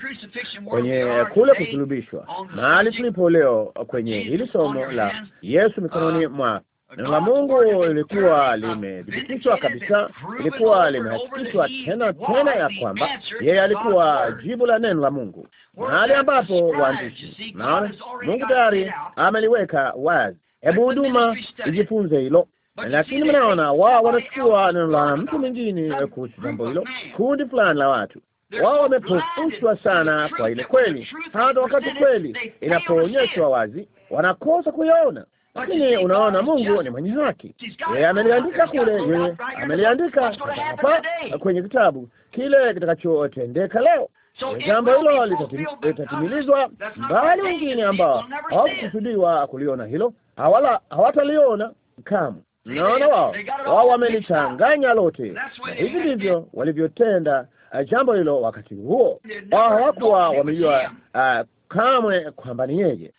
kwenye kule kusulubishwa mahali tulipo leo kwenye hili somo la Yesu mikononi mwa Neno la Mungu lilikuwa limethibitishwa kabisa, lilikuwa limehakikishwa tena tena ya kwamba yeye alikuwa jibu la neno la Mungu, mahali ambapo waandishi naona Mungu tayari ameliweka wazi. Hebu huduma ijifunze hilo, lakini mnaona wao wanachukua neno la mtu mwingine kuhusu jambo hilo, kundi fulani la watu wao wamepofushwa sana kwa ile kweli, hata wakati kweli inapoonyeshwa wazi wanakosa kuiona. Lakini unaona, Mungu ni mwenye haki, yeye ameliandika kule, yeye ameliandika hapa kwenye kitabu kile kitakachotendeka leo. Jambo hilo litatimilizwa. Mbali wengine ambao hawakukusudiwa kuliona hilo hawala hawataliona kamwe. Naona wao wao wamelichanganya lote, na hivi ndivyo walivyotenda uh, jambo hilo wakati huo. Wao hawakuwa wamejua uh, kamwe kwamba ni yeye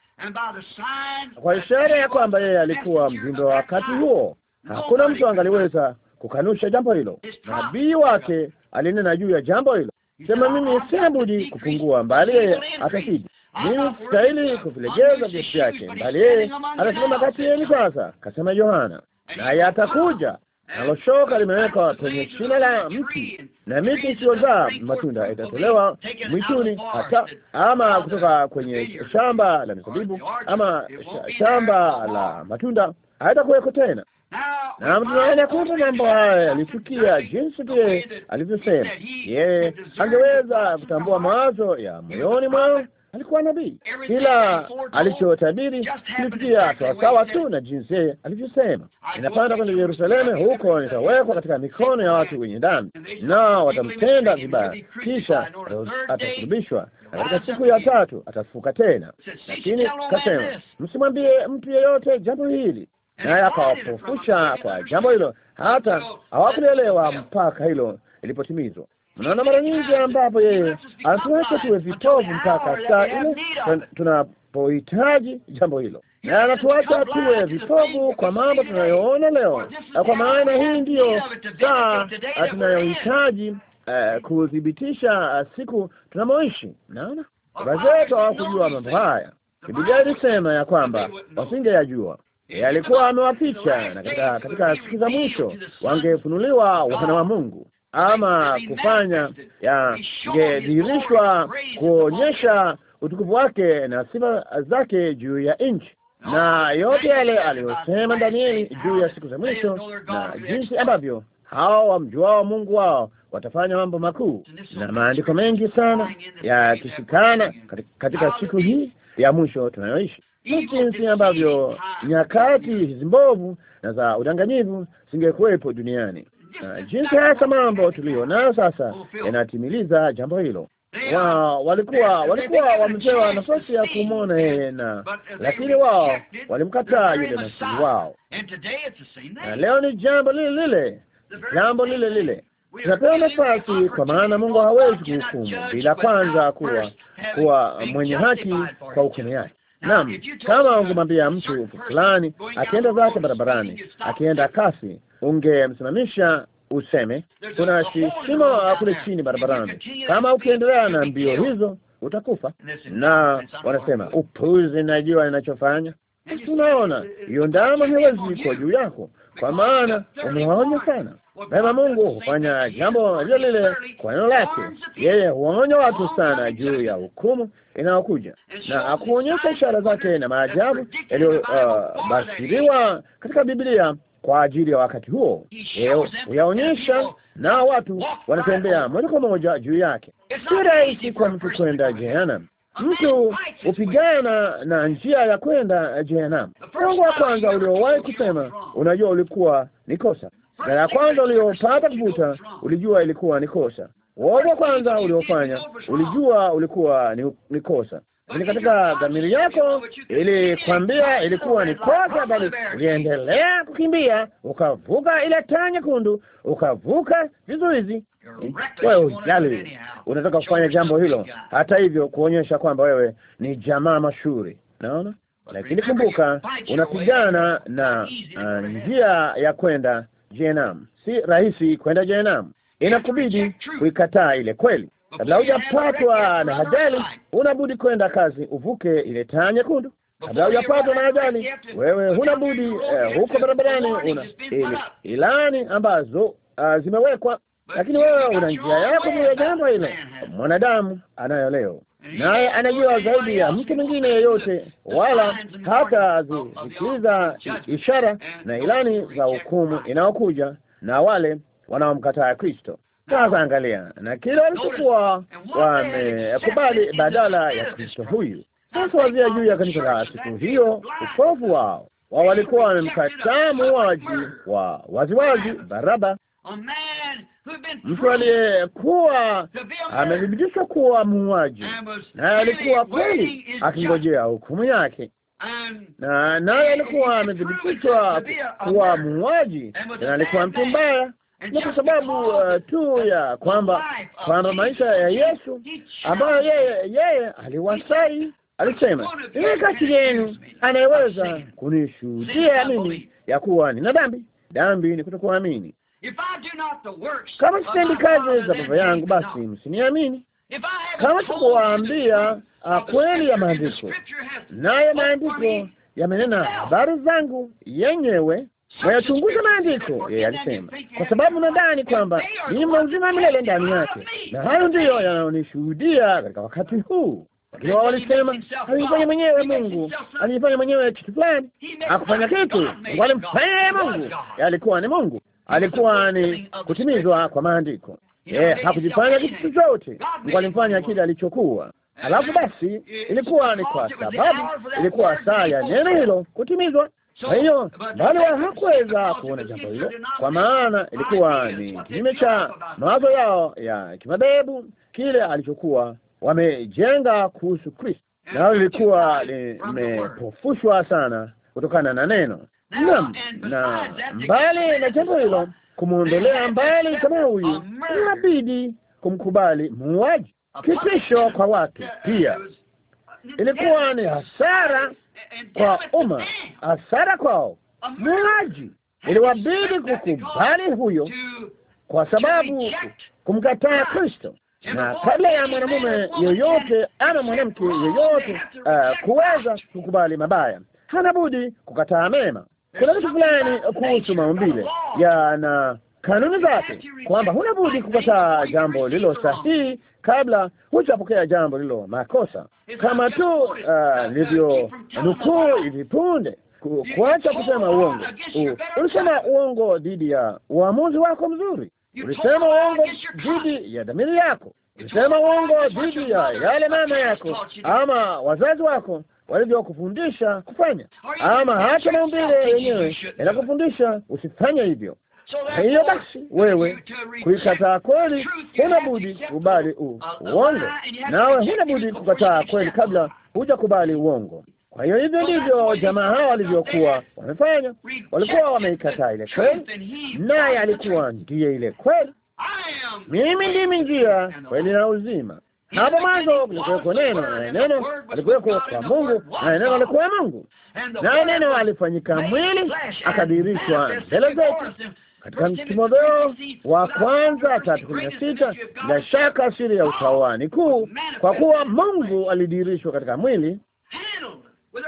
kwa ishara ya kwamba yeye alikuwa mjumbe wa wakati huo. Hakuna mtu angaliweza kukanusha jambo hilo. Nabii wake alinena juu ya jambo hilo, sema mimi sina kupungua, mbali yeye atazidi. Mimi sistahili kuvilegeza viatu vyake, mbali yeye atasimama kati yenu. Sasa kasema Yohana, naye atakuja nalo shoka limewekwa kwenye shina la mti, na miti isiyozaa matunda itatolewa mwituni, hata ama kutoka kwenye shamba la mizabibu ama shamba la matunda haitakuweko tena. Na tunaona kwamba mambo haya yalifikia jinsi vile alivyosema yeye, angeweza kutambua mawazo ya moyoni mwao alikuwa nabii. Kila alichotabiri kilifikia sawasawa tu na jinsi yeye alivyosema. Inapanda kwenda Yerusalemu, huko nitawekwa katika mikono ya watu wenye dhambi, nao watamtenda vibaya, kisha atasulubishwa na katika siku ya tatu atafuka tena. Lakini kasema, msimwambie mtu yeyote jambo hili, naye akawapofusha kwa jambo hilo, hata hawakulielewa mpaka hilo ilipotimizwa. Unaona, mara nyingi ambapo yeye anatuacha tuwe vitovu mpaka saa ile tunapohitaji jambo hilo, na anatuacha tuwe vitovu kwa mambo tunayoona leo, kwa maana hii ndiyo saa ah, tunayohitaji uh, kuthibitisha uh, siku tunamoishi. Naona wazetu hawakujua mambo haya. Biblia ilisema ya kwamba wasingeyajua yeye alikuwa amewaficha, na katika katika siku za mwisho wangefunuliwa wana wa Mungu ama kufanya yangedhihirishwa kuonyesha utukufu wake na sifa zake juu ya nchi na yote yale aliyosema Danieli juu ya siku za mwisho na jinsi ambavyo hao wamjuao Mungu wao watafanya mambo makuu, na maandiko mengi sana yakishikana katika siku hii ya mwisho tunayoishi, na jinsi ambavyo nyakati hizi mbovu na za udanganyivu zingekuwepo duniani. Uh, jinsi hasa mambo tuliyo nayo sasa yanatimiliza jambo hilo. Wao walikuwa walikuwa wamepewa nafasi ya kumwona yeye na, lakini wao walimkataa yule masihi wao, na leo ni jambo lile lile, jambo lile lile tunapewa nafasi, kwa maana Mungu hawezi kuhukumu bila kwanza kuwa kuwa mwenye haki kwa hukumu yake. Naam, kama ungemwambia mtu fulani akienda zake barabarani, akienda kasi, ungemsimamisha useme kuna shimo kule chini barabarani, kama ukiendelea na mbio hizo utakufa. Na wanasema upuzi, najua ninachofanya. Tunaona hiyo ndama haiwezi kwa juu yako, kwa maana umewaonya sana. Baba Mungu hufanya jambo lile lile kwa neno lake. Yeye huwaonya watu sana juu ya hukumu inayokuja na akuonyesha ishara zake na maajabu yaliyobashiriwa uh, katika Biblia kwa ajili ya wakati huo. Leo huyaonyesha na watu wanatembea moja kwa moja juu yake. Si rahisi kwa mtu kwenda jehanamu. Mtu hupigana na njia ya kwenda jehanamu. Mungu wa kwanza uliowahi kusema, unajua ulikuwa ni kosa, na ya kwanza uliopata kuvuta, ulijua ilikuwa ni kosa. Wovu wa kwanza uliofanya, ulijua ulikuwa ni kosa ni katika dhamiri yako, ilikwambia ilikuwa ni kosa, bali uliendelea kukimbia, ukavuka ile taa nyekundu, ukavuka vizuizi. Wewe ujali, unataka kufanya jambo hilo, hata hivyo kuonyesha kwamba wewe ni jamaa mashuhuri, naona lakini kumbuka, unapigana na uh, njia ya kwenda jehanamu. Si rahisi kwenda jehanamu, inakubidi kuikataa ile kweli kabla hujapatwa na ajali, unabudi kwenda kazi, uvuke ile taa nyekundu. Kabla hujapatwa na ajali, wewe hunabudi eh, huko barabarani una ili, ilani ambazo uh, zimewekwa, lakini wewe una njia yako juu ya jambo ile. Mwanadamu anayo leo, naye anajua zaidi ya mtu mwingine yeyote, wala hata zisikiliza ishara na ilani za hukumu inayokuja na wale wanaomkataa Kristo. Sasa angalia, na kila walichokuwa wamekubali badala ya Kristo huyu. Sasa wazia juu ya kanisa la siku hiyo, upofu wao wao walikuwa wamemkataa muuaji wa waziwazi Baraba, mtu aliyekuwa amethibitishwa kuwa muuaji, naye alikuwa kweli akingojea hukumu yake, na naye alikuwa amethibitishwa kuwa muuaji, na alikuwa mtu mbaya ni kwa sababu uh, tu ya kwamba kwamba maisha ya Yesu ambayo yeye yeye aliwasai alisema, ni kati yenu anayeweza kunishuhudia mimi ya kuwa nina dhambi. Dhambi ni kutokuamini. Kama sitendi kazi za baba yangu, basi msiniamini. Kama sikuwaambia uh, kweli ya maandiko, nayo maandiko yamenena habari zangu yenyewe hayachunguza maandiko, yeye alisema, kwa sababu nadhani kwamba ninyi mna milele ndani yake, na hayo ndiyo yanayonishuhudia katika wakati huu. Lakini wao walisema alijifanya mwenyewe Mungu, alijifanya mwenyewe kitu fulani, hakufanya kitu. Mungu alimfanya Mungu, alikuwa ni Mungu, alikuwa ni kutimizwa kwa maandiko. Yeye hakujifanya kitu chochote, alimfanya kile alichokuwa. alafu eh, basi, eh, ilikuwa ni kwa sababu ilikuwa saa ya neno hilo kutimizwa kwa hiyo bado hakuweza kuona jambo hilo, kwa maana ilikuwa ni kinyume cha mawazo yao ya kimadhehebu, kile alichokuwa wamejenga kuhusu Kristo, na lilikuwa limepofushwa sana kutokana na neno. nam na mbali na jambo hilo, kumwondolea mbali kama huyu, inabidi kumkubali muuaji, kitisho kwa watu pia ilikuwa ni hasara kwa umma, hasara kwao, muuaji. Iliwabidi kukubali huyo, kwa sababu kumkataa Kristo na kabla ya mwanamume yoyote ama mwanamke yoyote uh, kuweza kukubali mabaya, hana budi kukataa mema. Kuna kitu fulani kuhusu maumbile yana kanuni zake, kwamba huna budi kukataa jambo lilo sahihi kabla hujapokea jambo lilo makosa, kama tu ah, livyo nukuu hivi punde kuacha kusema uongo. Ulisema uongo dhidi ya uamuzi wako mzuri, ulisema uongo dhidi ya dhamiri yako, ulisema uongo dhidi ya yale mama yako ama wazazi wako walivyokufundisha kufanya, ama hata maumbile yenyewe yanakufundisha usifanye hivyo. Hiyo basi, wewe kuikataa kweli, huna budi kubali uh, uongo, nawe huna budi kukataa kweli kabla hujakubali uongo. Kwa hiyo hivyo ndivyo jamaa hao walivyokuwa wamefanya, walikuwa wameikataa ile kweli, naye alikuwa ndiye ile kweli. Mimi ndimi njia, kweli na uzima. Hapo mwanzo kulikuwako neno, naye neno alikuweko kwa Mungu, naye neno alikuwa Mungu, naye neno alifanyika mwili, akadirishwa mbele zetu katika Timotheo wa kwanza tatu kumi na sita bila shaka asili ya utawani kuu, kwa kuwa Mungu alidirishwa katika mwili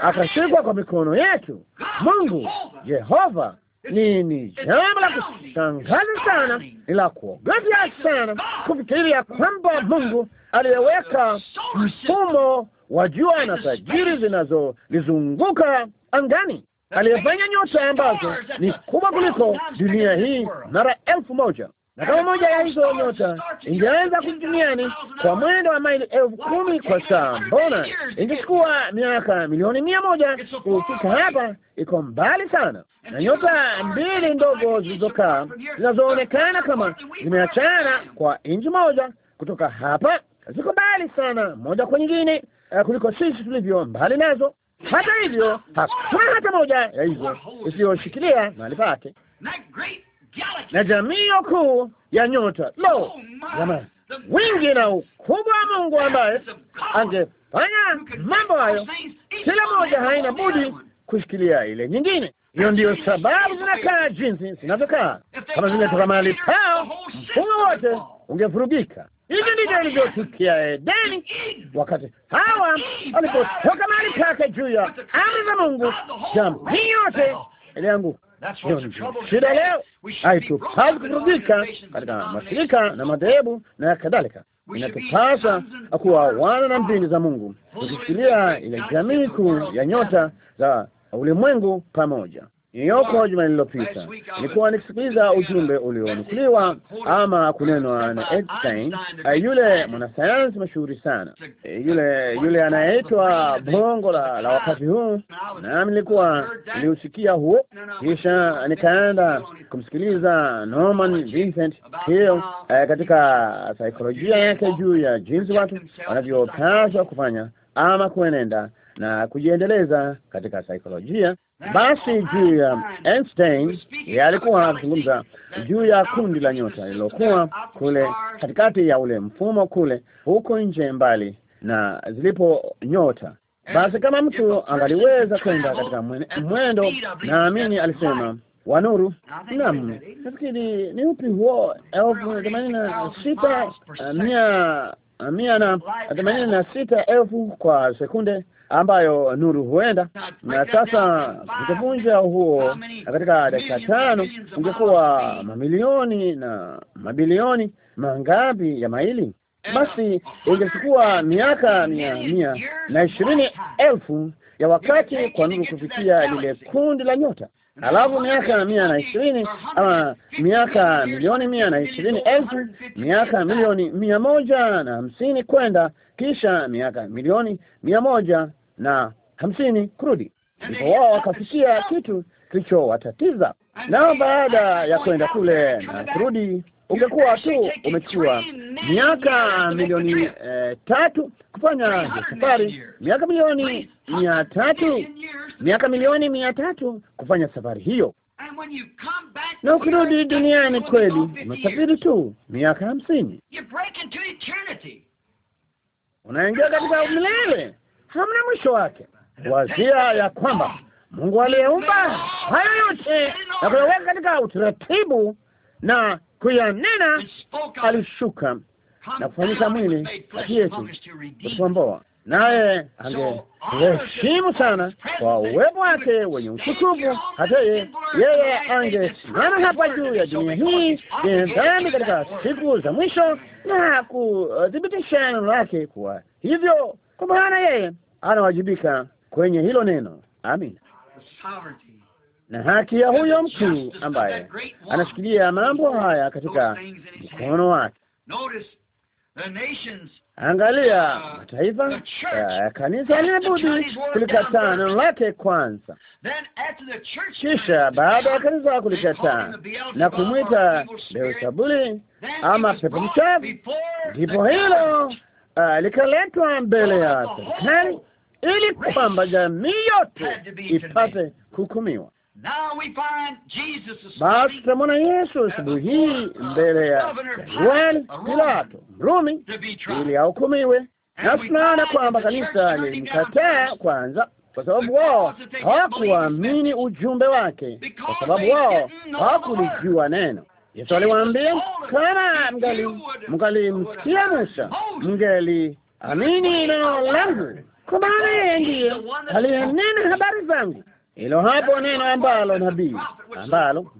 akashikwa kwa mikono yetu. Mungu Jehova ni jambo la kushangaza sana, ni la kuogofya sana kufikiria kwamba Mungu aliyeweka mfumo wa jua na tajiri zinazolizunguka angani aliyefanya nyota ambazo ni kubwa kuliko dunia hii mara elfu moja na kama moja ya hizo nyota ingeweza kuduniani kwa mwendo wa maili elfu kumi kwa saa, mbona ingechukua miaka milioni mia moja kufika hapa? Iko mbali sana. Na nyota mbili ndogo zilizokaa zinazoonekana kama zimeachana kwa inji moja kutoka hapa ziko mbali sana moja kwa nyingine eh, kuliko sisi tulivyo mbali nazo. Hata hivyo hakuna hata moja ya hizo isiyoshikilia mahali pake, na jamii kuu ya nyota. Lo jamani, wingi na ukubwa wa Mungu ambaye angefanya mambo hayo, kila moja haina budi kushikilia ile nyingine. Hiyo ndiyo sababu zinakaa jinsi zinavyokaa. Kama zingetoka mahali pao, mfumo wote ungevurugika hivi ndivyo ilivyotukia Edeni, eh, wakati hawa walipotoka mahali pake juu ya amri za Mungu, jamii yote ilianguka. Shida leo haitupasi kuburudika katika mashirika na madhehebu na kadhalika, inatupasa kuwa wana na mbindi za Mungu, tukifikiria ile jamii kuu ya nyota za ulimwengu pamoja Niyoko juma lililopita nilikuwa nikisikiliza ujumbe ulionukuliwa ama kunenwa na Einstein, eh, yule mwanasayansi mashuhuri sana, eh, yule yule anayeitwa bongo la, la wakati huu, nami nilikuwa niliusikia huo, kisha nikaenda kumsikiliza Norman Vincent Peale eh, katika saikolojia yake juu ya jinsi watu wanavyopaswa kufanya ama kuenenda na kujiendeleza katika saikolojia basi juu ya Einstein, yeye alikuwa anazungumza juu ya kundi la nyota lililokuwa kule katikati ya ule mfumo kule huko nje mbali na zilipo nyota. Basi kama mtu angaliweza kwenda katika mwendo, naamini alisema wa nuru. Naam, nafikiri ni upi huo elfu themanini na sita mia mia na themanini na sita elfu kwa sekunde ambayo nuru huenda. Na sasa ukivunja huo katika dakika tano, ungekuwa mamilioni na mabilioni mangapi ya maili? Basi ingechukua miaka mia mia na ishirini elfu ya wakati kwa nuru kufikia lile kundi la nyota. Alafu miaka mia na ishirini ama miaka milioni mia na ishirini elfu miaka milioni mia moja na hamsini kwenda, kisha miaka milioni mia moja na hamsini kurudi. Ndipo wao wakafikia kitu kilichowatatiza, nao baada ya kwenda kule na kurudi ungekuwa tu umechukua miaka milioni eh, tatu kufanya safari, miaka milioni mia tatu, miaka milioni mia tatu kufanya safari hiyo, na ukirudi duniani kweli umesafiri tu miaka hamsini, unaingia katika milele, hamna mwisho wake. Wazia ya kwamba Mungu aliyeumba hayo yote na kuyaweka katika utaratibu na kuyanena, alishuka na kufanyika mwili kati yetu kutukomboa, naye angeheshimu sana kwa uwepo wake wenye utukufu. Hata yeye yeye angesimama hapa juu ya dunia hii yenye dhambi katika siku za mwisho na kuthibitisha neno lake kuwa hivyo, kwa maana yeye anawajibika kwenye hilo neno. Amina na haki ya huyo mkuu ambaye anashikilia mambo haya katika mkono wake. Angalia uh, mataifa, ya kanisa linabudi kulikataa neno lake kwanza, kisha baada ya kanisa kulikataa na kumwita Beelzebuli ama pepo mchafu, ndipo hilo uh, likaletwa mbele ya serikali ili kwamba jamii yote ipate kuhukumiwa. Basi tunamwona Yesu asubuhi hii mbele ya Juan Pilato Mrumi ili ahukumiwe, na tunaona kwamba kanisa lilimkataa kwanza kwa sababu wao hawakuamini ujumbe wake, kwa sababu wao hawakulijua neno. Yesu aliwaambia, kama mgali mgalimsikia Musa amini neno langu, kwa maana yeye ndiye aliyenena habari zangu hilo hapo neno ambalo nabii ambalo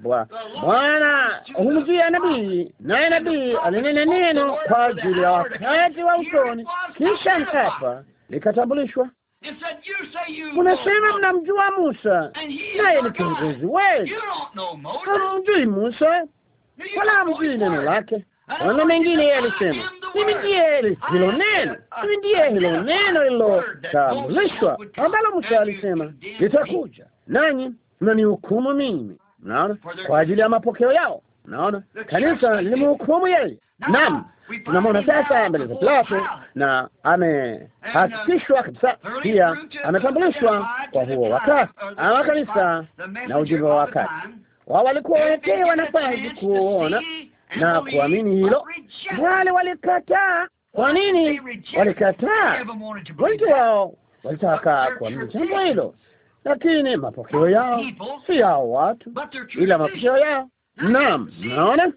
Bwana humjia nabii, naye nabii alinena neno kwa ajili ya wakati wa usoni, kisha hapa likatambulishwa. Munasema mnamjua Musa, naye ni kiongozi wenu. Hamjui Musa wala hamjui neno lake Maneno mengine alisema, mimi ndiye hilo neno, mimi ndiye hilo neno lilotamlishwa, ambalo Musa alisema litakuja, nanyi mnanihukumu mimi. Mnaona, kwa ajili ya mapokeo yao. Mnaona, kanisa lilimhukumu yeye. Naam, tunamwona sasa mbele za Pilato na amehakikishwa kabisa, pia ametambulishwa kwa huo wakati ama kanisa na ujumbe wa wakati wao walikuwa wawekewa nafasi kuona na kuamini hilo. Wale walikataa. Kwa nini walikataa? Wengi wao walitaka kuamini jambo hilo, lakini mapokeo yao si yao watu, ila mapokeo yao. Naam, naona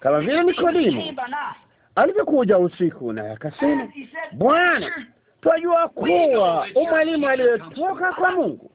kama vile Nikodimo alivyokuja usiku na akasema, Bwana, twajua kuwa umwalimu aliyetoka kwa Mungu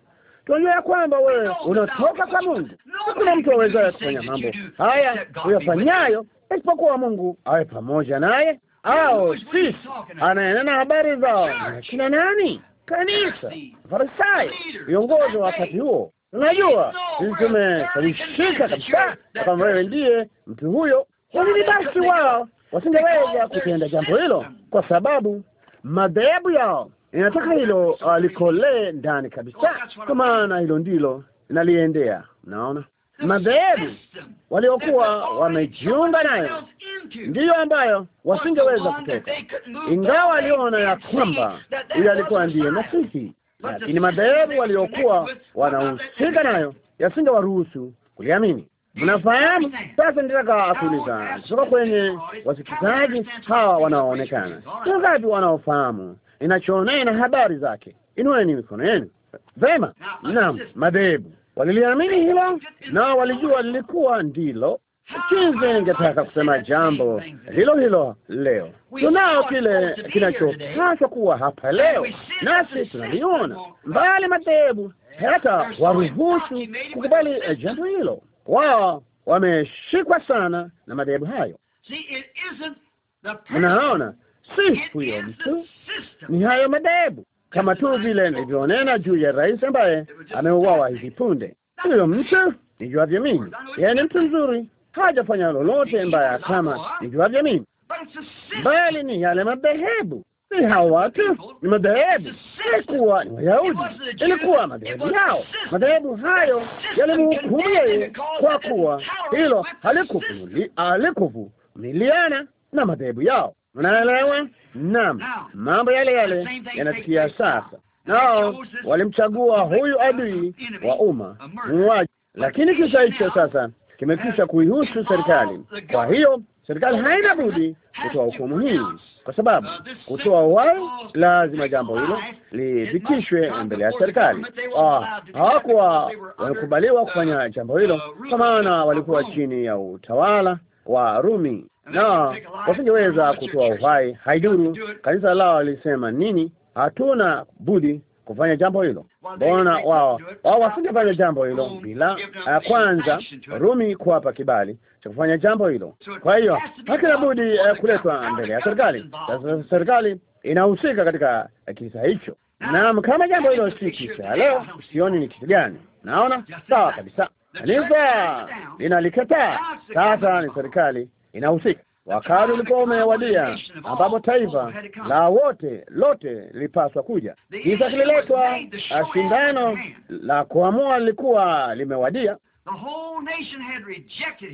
Tunajua ya kwamba wewe unatoka kwa Mungu. Hakuna mtu awezaye kufanya mambo haya uyafanyayo isipokuwa Mungu awe pamoja naye, au sisi anayenena habari zao kina nani? Kanisa, Farisayo, viongozi wa wakati huo. Unajua sisi tumefalishika kabisa kwamba wewe ndiye mtu huyo. Kwa nini basi wao wasingeweza kutenda jambo hilo? Kwa sababu madhehebu yao inataka hilo alikolee uh, ndani kabisa, kwa maana hilo ndilo naliendea. Naona madhehebu waliokuwa wamejiunga nayo ndiyo ambayo wasingeweza kutoka, ingawa waliona ya kwamba huyo alikuwa ndiye Masihi, lakini madhehebu waliokuwa wanahusika nayo yasingewaruhusu kuliamini. Mnafahamu? Sasa nitaka kuuliza kutoka kwenye wasikilizaji hawa wanaoonekana, wangapi wanaofahamu inachoonea na habari zake. Inueni mikono yenu. Vema, naam. Madhehebu waliliamini hilo na walijua lilikuwa ndilo. Jinsi ningetaka kusema jambo hilo hilo leo, tunao kile kinachopaswa kuwa hapa leo, nasi tunaliona mbali. Madhehebu hata waruhusu kukubali eh, jambo hilo, wao wameshikwa sana na madhehebu hayo. Mnaona, si huyo mtu ni hayo madhehebu, kama tu vile nilivyonena juu ya rais ambaye ameuawa hivi punde. Huyo mtu nijuavyo mimi, yeye ni mtu mzuri, hajafanya lolote mbaya kama nijuavyo mimi, bali ni yale madhehebu ni hao watu ni madhehebu. Ilikuwa ni Wayahudi, ilikuwa madhehebu yao. Madhehebu hayo yalimhukumu yeye kwa kuwa hilo halikuvumiliana miliana na madhehebu yao. Unaelewa? Naam, mambo yale yale yanatukia sasa. Nao walimchagua huyu adui wa umma muuaji, lakini kisa hicho sasa kimekwisha kuihusu serikali. Kwa hiyo serikali haina budi kutoa hukumu hii, kwa sababu uh, kutoa uhai, lazima jambo hilo lipitishwe mbele ya serikali. Ah, hawakuwa wamekubaliwa kufanya jambo hilo, uh, kwa maana walikuwa chini ya utawala wa Rumi na wasingeweza kutoa uhai. Haiduru kanisa lao alisema nini, hatuna budi kufanya jambo hilo. Bona wao wao wasingefanya jambo hilo bila ya kwanza Rumi kuwapa kibali cha kufanya jambo hilo. Kwa hiyo hakuna budi eh, kuletwa mbele ya serikali. Sasa serikali inahusika katika eh, kisa hicho. Naam, kama jambo hilo si kisa leo, sioni ni kitu gani. Naona sawa kabisa, kanisa linalikataa. Sasa ni serikali inahusika. Wakati ulikuwa umewadia, ambapo taifa la wote lote lilipaswa kuja. Kisa kililetwa, shindano la kuamua lilikuwa limewadia.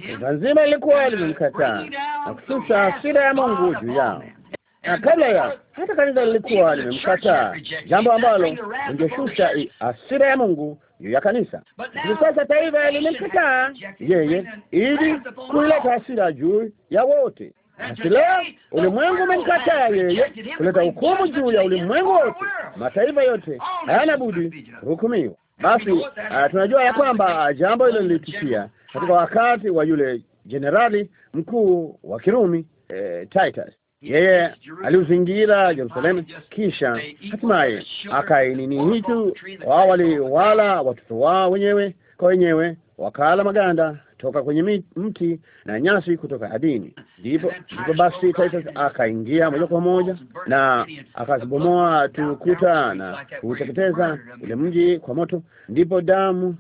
Taifa nzima lilikuwa limemkataa na kushusha hasira ya Mungu juu yao, na kabla ya hata kanisa lilikuwa limemkataa, jambo ambalo lingeshusha hasira ya Mungu juu ya kanisa. Lakini sasa taifa lilimkataa yeye ili kuleta hasira juu ya wote. Basi leo ulimwengu umemkataa yeye kuleta hukumu juu ya ulimwengu wote. Mataifa yote hayana budi hukumiwa. Basi uh, tunajua ya kwamba ah, jambo hilo lilitishia katika wakati wa yule jenerali mkuu wa Kirumi eh, Titus yeye aliuzingira Yerusalemu, kisha hatimaye akainini hitu wawali wala watoto wao wenyewe kwa wenyewe, wakala maganda toka kwenye mti na nyasi kutoka Adini. Ndipo ndipo basi Titus akaingia moja kwa moja na akazibomoa tukuta na kuteketeza ule mji kwa moto, ndipo damu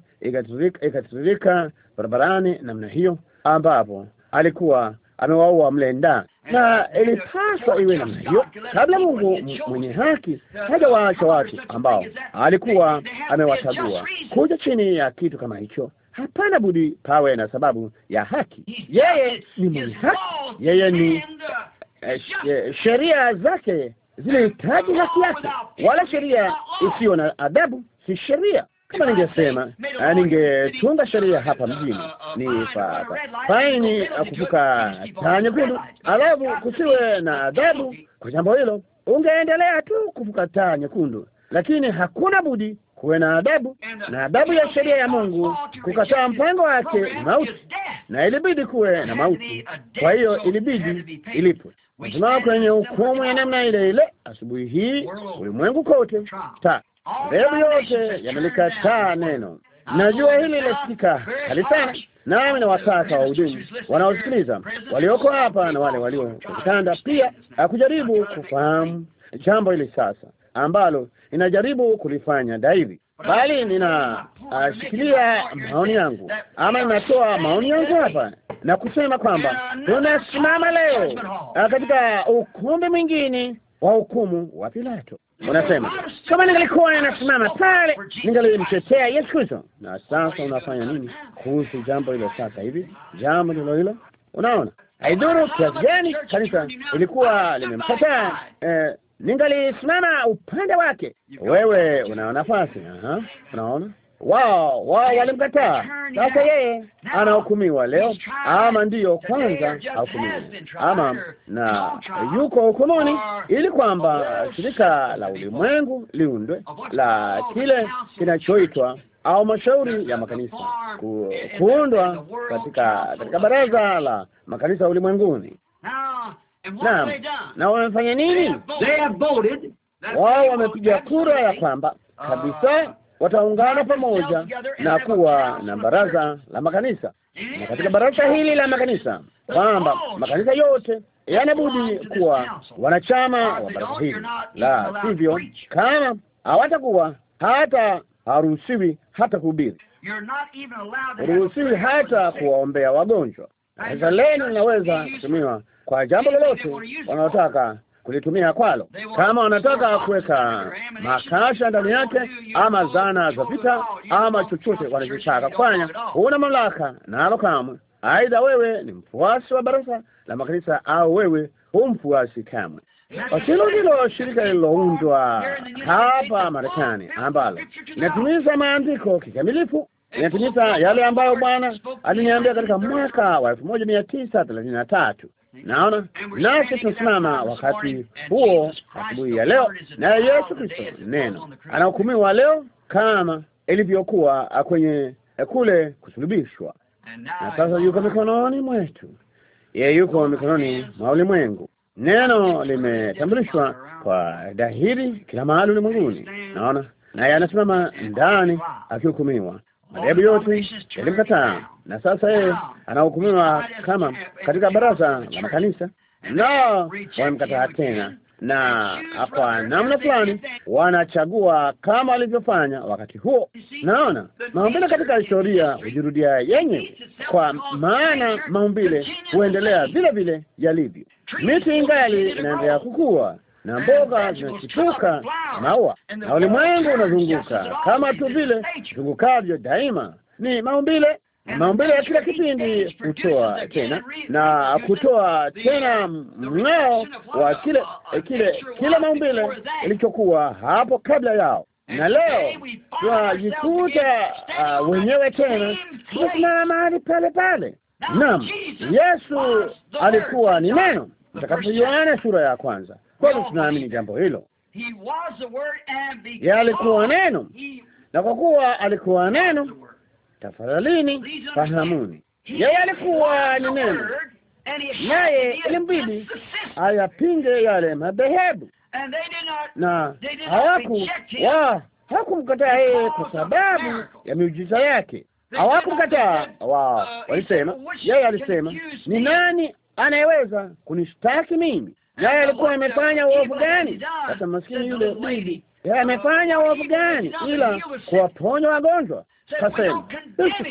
ikatiririka barabarani namna hiyo ambapo alikuwa amewaua mle ndani, na ilipaswa iwe namna hiyo kabla Mungu mwenye haki hajawaacha watu ambao alikuwa amewachagua kuja chini ya kitu kama hicho. Hapana budi pawe na sababu ya haki. Yeye ni mwenye haki, yeye ni eh, eh, eh, sheria zake zinahitaji haki yake, wala sheria isiyo na adabu si sheria. Kama ningesema eh, ningetunga sheria hapa mjini ni faini kuvuka taa nyekundu, alafu kusiwe na adhabu kwa jambo hilo, ungeendelea tu kuvuka taa nyekundu, lakini hakuna budi kuwe na adabu, na adabu ya sheria ya Mungu kukataa mpango wake ni mauti, na ilibidi kuwe na mauti. Kwa hiyo ilibidi ilipwe. Tunao kwenye hukumu ya namna ile ile asubuhi hii ulimwengu kote ta Dhehebu yote yamelikataa neno. Najua hili linasikika kali sana, nami nawataka wahudumu wanaosikiliza walioko hapa na wale walio kitanda pia akujaribu kufahamu jambo hili sasa, ambalo ninajaribu kulifanya dairi, bali ninashikilia maoni yangu ama ninatoa maoni yangu hapa na kusema kwamba tunasimama leo ah, katika ukumbi mwingine wa hukumu wa Pilato. Unasema, kama ningalikuwa nasimama pale ningalimtetea Yesu Kristo. Na sasa unafanya nini kuhusu jambo hilo? Sasa hivi jambo hilo hilo. Unaona, haidhuru kiasi gani kanisa ilikuwa limemkataa, eh, ningalisimama upande wake. Wewe una nafasi. Aha, unaona wao wao walimkataa. Sasa yeye anahukumiwa leo, ama ndiyo kwanza ahukumiwe ama na yuko hukumuni, ili kwamba shirika la ulimwengu liundwe la kile kinachoitwa au mashauri ya makanisa ku, kuundwa katika katika baraza la makanisa ulimwenguni. Naam, na wamefanya nini? Wao wamepiga kura ya kwamba uh, kabisa wataungana pamoja na kuwa na baraza la makanisa, na katika baraza hili la makanisa kwamba makanisa yote yanabudi kuwa wanachama wa baraza hili, la sivyo kama hawatakuwa hata haruhusiwi hata kuhubiri, haruhusiwi hata kuwaombea wagonjwa. Kanisa lenu linaweza kutumiwa kwa jambo lolote wanaotaka kulitumia kwalo. Kama wanataka kuweka makasha ndani yake ama zana za vita ama chochote wanachotaka kufanya, huna mamlaka nalo kamwe. Aidha wewe ni mfuasi wa baraza la makanisa au wewe hu mfuasi kamwe. Wasilo ndilo shirika lililoundwa hapa Marekani ambalo inatumiza maandiko kikamilifu inatumiza yale ambayo Bwana aliniambia katika mwaka wa elfu moja mia tisa thelathini na tatu Naona nasi tunasimama wakati huo asubuhi ya leo, na Yesu Kristo neno anahukumiwa leo kama ilivyokuwa ah, kwenye eh, kule kusulubishwa, na sasa yuko mikononi mwetu, yeye yuko mikononi mwa ulimwengu. Neno limetambulishwa kwa dhahiri kila mahali ulimwenguni, naona naye anasimama ndani akihukumiwa madhehebu yote yalimkataa, na sasa yeye anahukumiwa kama katika baraza la makanisa. na wamemkataa tena, na kwa namna fulani wanachagua kama walivyofanya wakati huo. Naona maumbile katika historia hujirudia yenyewe, kwa maana maumbile huendelea vile vile yalivyo. Miti ingali inaendelea kukua na mboga zinachipuka, maua na ulimwengu unazunguka, kama tu vile zungukavyo daima. Ni maumbile, maumbile ya kila kipindi kutoa tena na kutoa tena mng'ao wa kile uh, eh, kile kile maumbile ilichokuwa hapo kabla yao na leo tunajikuta uh, wenyewe tena tumesimama mahali pale pale. Naam, Yesu alikuwa ni neno. Mtakatifu Yohana sura ya kwanza Kweli tunaamini jambo hilo. Yeye alikuwa neno, na kwa kuwa alikuwa neno, tafadhalini fahamuni, yeye alikuwa ni neno, naye ilimbidi ayapinge yale madhehebu, na hawaku wa hawakumkataa yeye kwa sababu ya miujiza yake. Hawakumkataa wao, uh, walisema yeye alisema, ni nani anayeweza kunishtaki mimi? naye alikuwa amefanya uovu gani? Sasa maskini yule bibi amefanya uovu gani ila kuwaponya wagonjwa? Kasema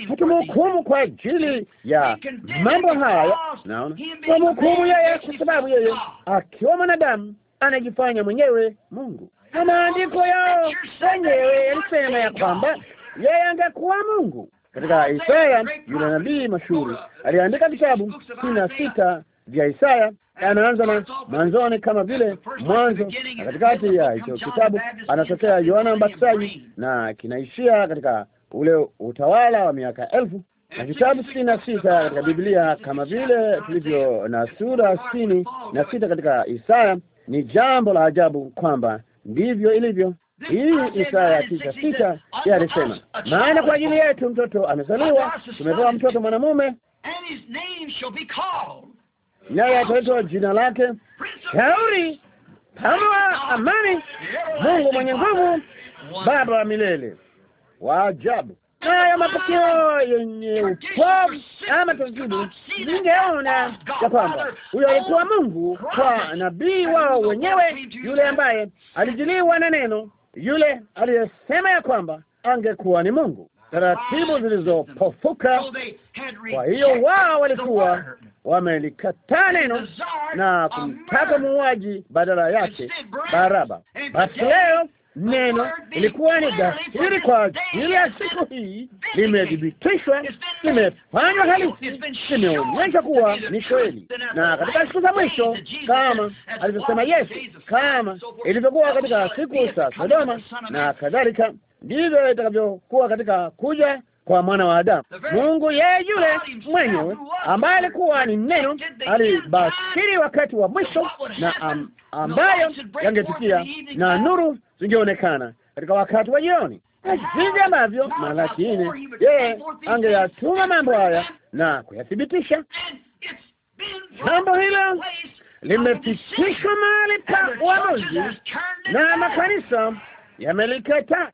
hatumhukumu kwa ajili ya mambo haya. Naona wamhukumu yeye kwa sababu yeye akiwa mwanadamu anajifanya mwenyewe Mungu. Na maandiko yao wenyewe yalisema ya kwamba yeye angekuwa Mungu. Katika Isaya yule nabii mashuhuri aliandika kitabu sitini na sita vya Isaya anaanza mwanzoni kama vile mwanzo, na katikati ya hicho kitabu anatokea Yohana Mbatizaji na kinaishia katika ule utawala wa miaka elfu na kitabu sitini na sita katika Biblia kama vile tulivyo na sura sitini na sita katika Isaya. Ni jambo la ajabu kwamba ndivyo ilivyo hii Isaya tisa sita yalisema, maana kwa ajili yetu mtoto amezaliwa, tumepewa mtoto mwanamume naye ataitwa jina lake shauri pamwa amani, Mungu mwenye nguvu, Baba wa milele wa ajabu. Haya mapokeo yenye upofu ama taratibu zingeona ya kwamba huyo alikuwa Mungu kwa nabii wao wenyewe, yule ambaye alijiliwa na neno, yule aliyesema ya kwamba angekuwa ni Mungu taratibu zilizopofuka. Kwa hiyo wao walikuwa wamelikataa neno na kumtaka muuaji badala yake Baraba. Basi leo neno ilikuwa ni dhahiri kwa ajili ya siku hii, limedhibitishwa, limefanywa halisi, limeonyesha kuwa ni kweli. Na katika siku za mwisho, kama alivyosema Yesu, kama ilivyokuwa katika siku za Sodoma na kadhalika Ndivyo itakavyokuwa katika kuja kwa mwana wa Adamu. Mungu yeye yule mwenyewe ambaye alikuwa ni neno alibashiri wakati wa mwisho na am, ambayo yangetukia na nuru zingeonekana katika wakati wa jioni, vivi ambavyo Malaki nne yeye angeyatuma mambo haya na kuyathibitisha. Jambo hilo limepitishwa mahali pa uamuzi na makanisa yamelikataa.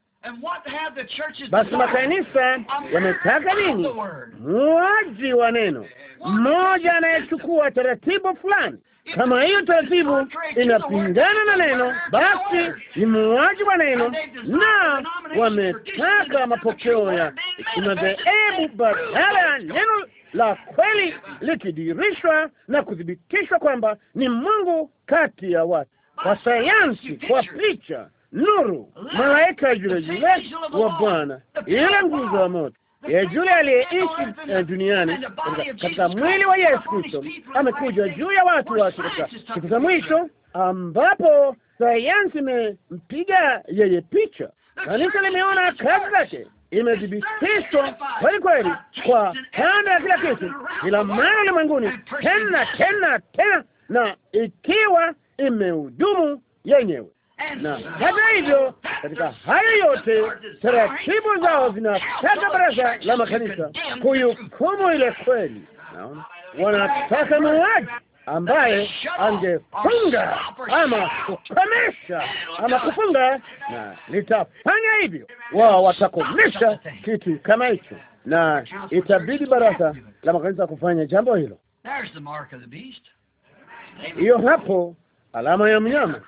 Basi makanisa yametaka nini? Muaji wa neno, eh, eh, mmoja anayechukua taratibu fulani. Kama hiyo taratibu inapingana na neno, basi ni muuaji wa neno, na wametaka mapokeo ya kimadhehebu badala ya neno la kweli likidirishwa na kuthibitishwa kwamba ni Mungu kati ya watu, kwa uh, sayansi, kwa picha nuru, malaika yule yule wa Bwana, ile nguzo ya moto ya yule aliyeishi eh, duniani katika mwili wa Yesu Kristo amekuja juu ya watu wake katika siku za mwisho, ambapo sayansi imempiga yeye picha. Kanisa limeona kazi zake, imedhibitishwa kweli kweli kwa kanda ya kila kitu, kila mara ulimwenguni, tena tena tena, na ikiwa imehudumu yenyewe na hata hivyo, katika hayo yote taratibu zao zinataka baraza la makanisa kuihukumu ile kweli. Naona wanataka muuaji ambaye angefunga ama kukomesha ama kufunga, na litafanya hivyo. Wao watakomesha kitu kama hicho, na itabidi baraza la makanisa kufanya jambo hilo. Hiyo hapo alama ya mnyama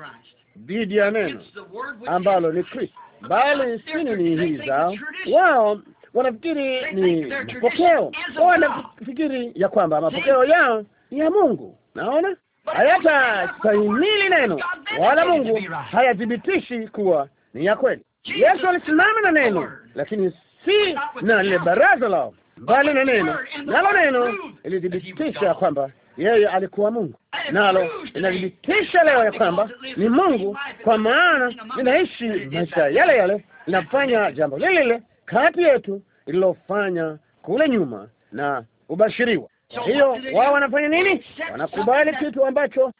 dhidi ya neno ambalo ni Kristo, bali si nini hii zao wao wanafikiri ni mapokeo, wanafikiri ya kwamba mapokeo yao ni ya Mungu. Naona hayatastahimili neno wala Mungu hayathibitishi kuwa ni ya kweli. Yesu alisimama na neno, lakini si na lile baraza lao, mbali na neno, nalo neno ilithibitisha kwamba yeye alikuwa Mungu, nalo inathibitisha leo ya kwamba ni Mungu, kwa maana ninaishi maisha yale yale, ninafanya jambo lile lile kati yetu ililofanya kule nyuma na ubashiriwa. Kwa hiyo wao wanafanya nini? Wanakubali kitu ambacho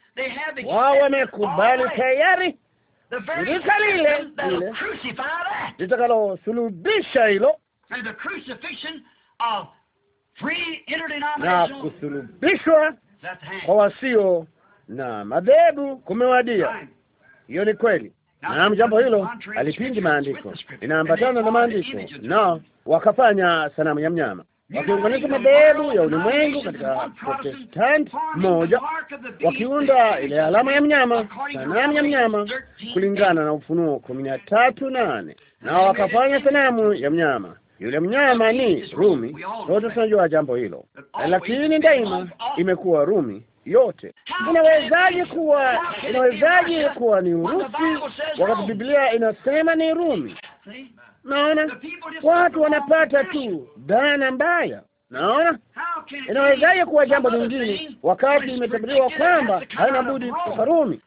wao wamekubali tayari, shirika lile lile litakalosulubisha hilo na kusulubishwa kwa wasio na madhehebu kumewadia. Hiyo ni kweli, na jambo hilo alipindi maandiko, inaambatana na maandiko, na wakafanya sanamu ya mnyama wakiunganisha madhehebu ya ulimwengu katika Protestant moja, wakiunda ile alama ya mnyama, sanamu ya mnyama kulingana na Ufunuo kumi na tatu nane na wakafanya sanamu ya mnyama yule mnyama ni Rumi, wote tunajua jambo hilo, lakini daima imekuwa Rumi yote. Inawezaje kuwa inawezaje kuwa ni Urusi wakati Biblia inasema ni Rumi? Naona watu wanapata tu dhana mbaya. Naona inawezaje kuwa jambo lingine wakati imetabiriwa kwamba haina budi kutoka Rumi.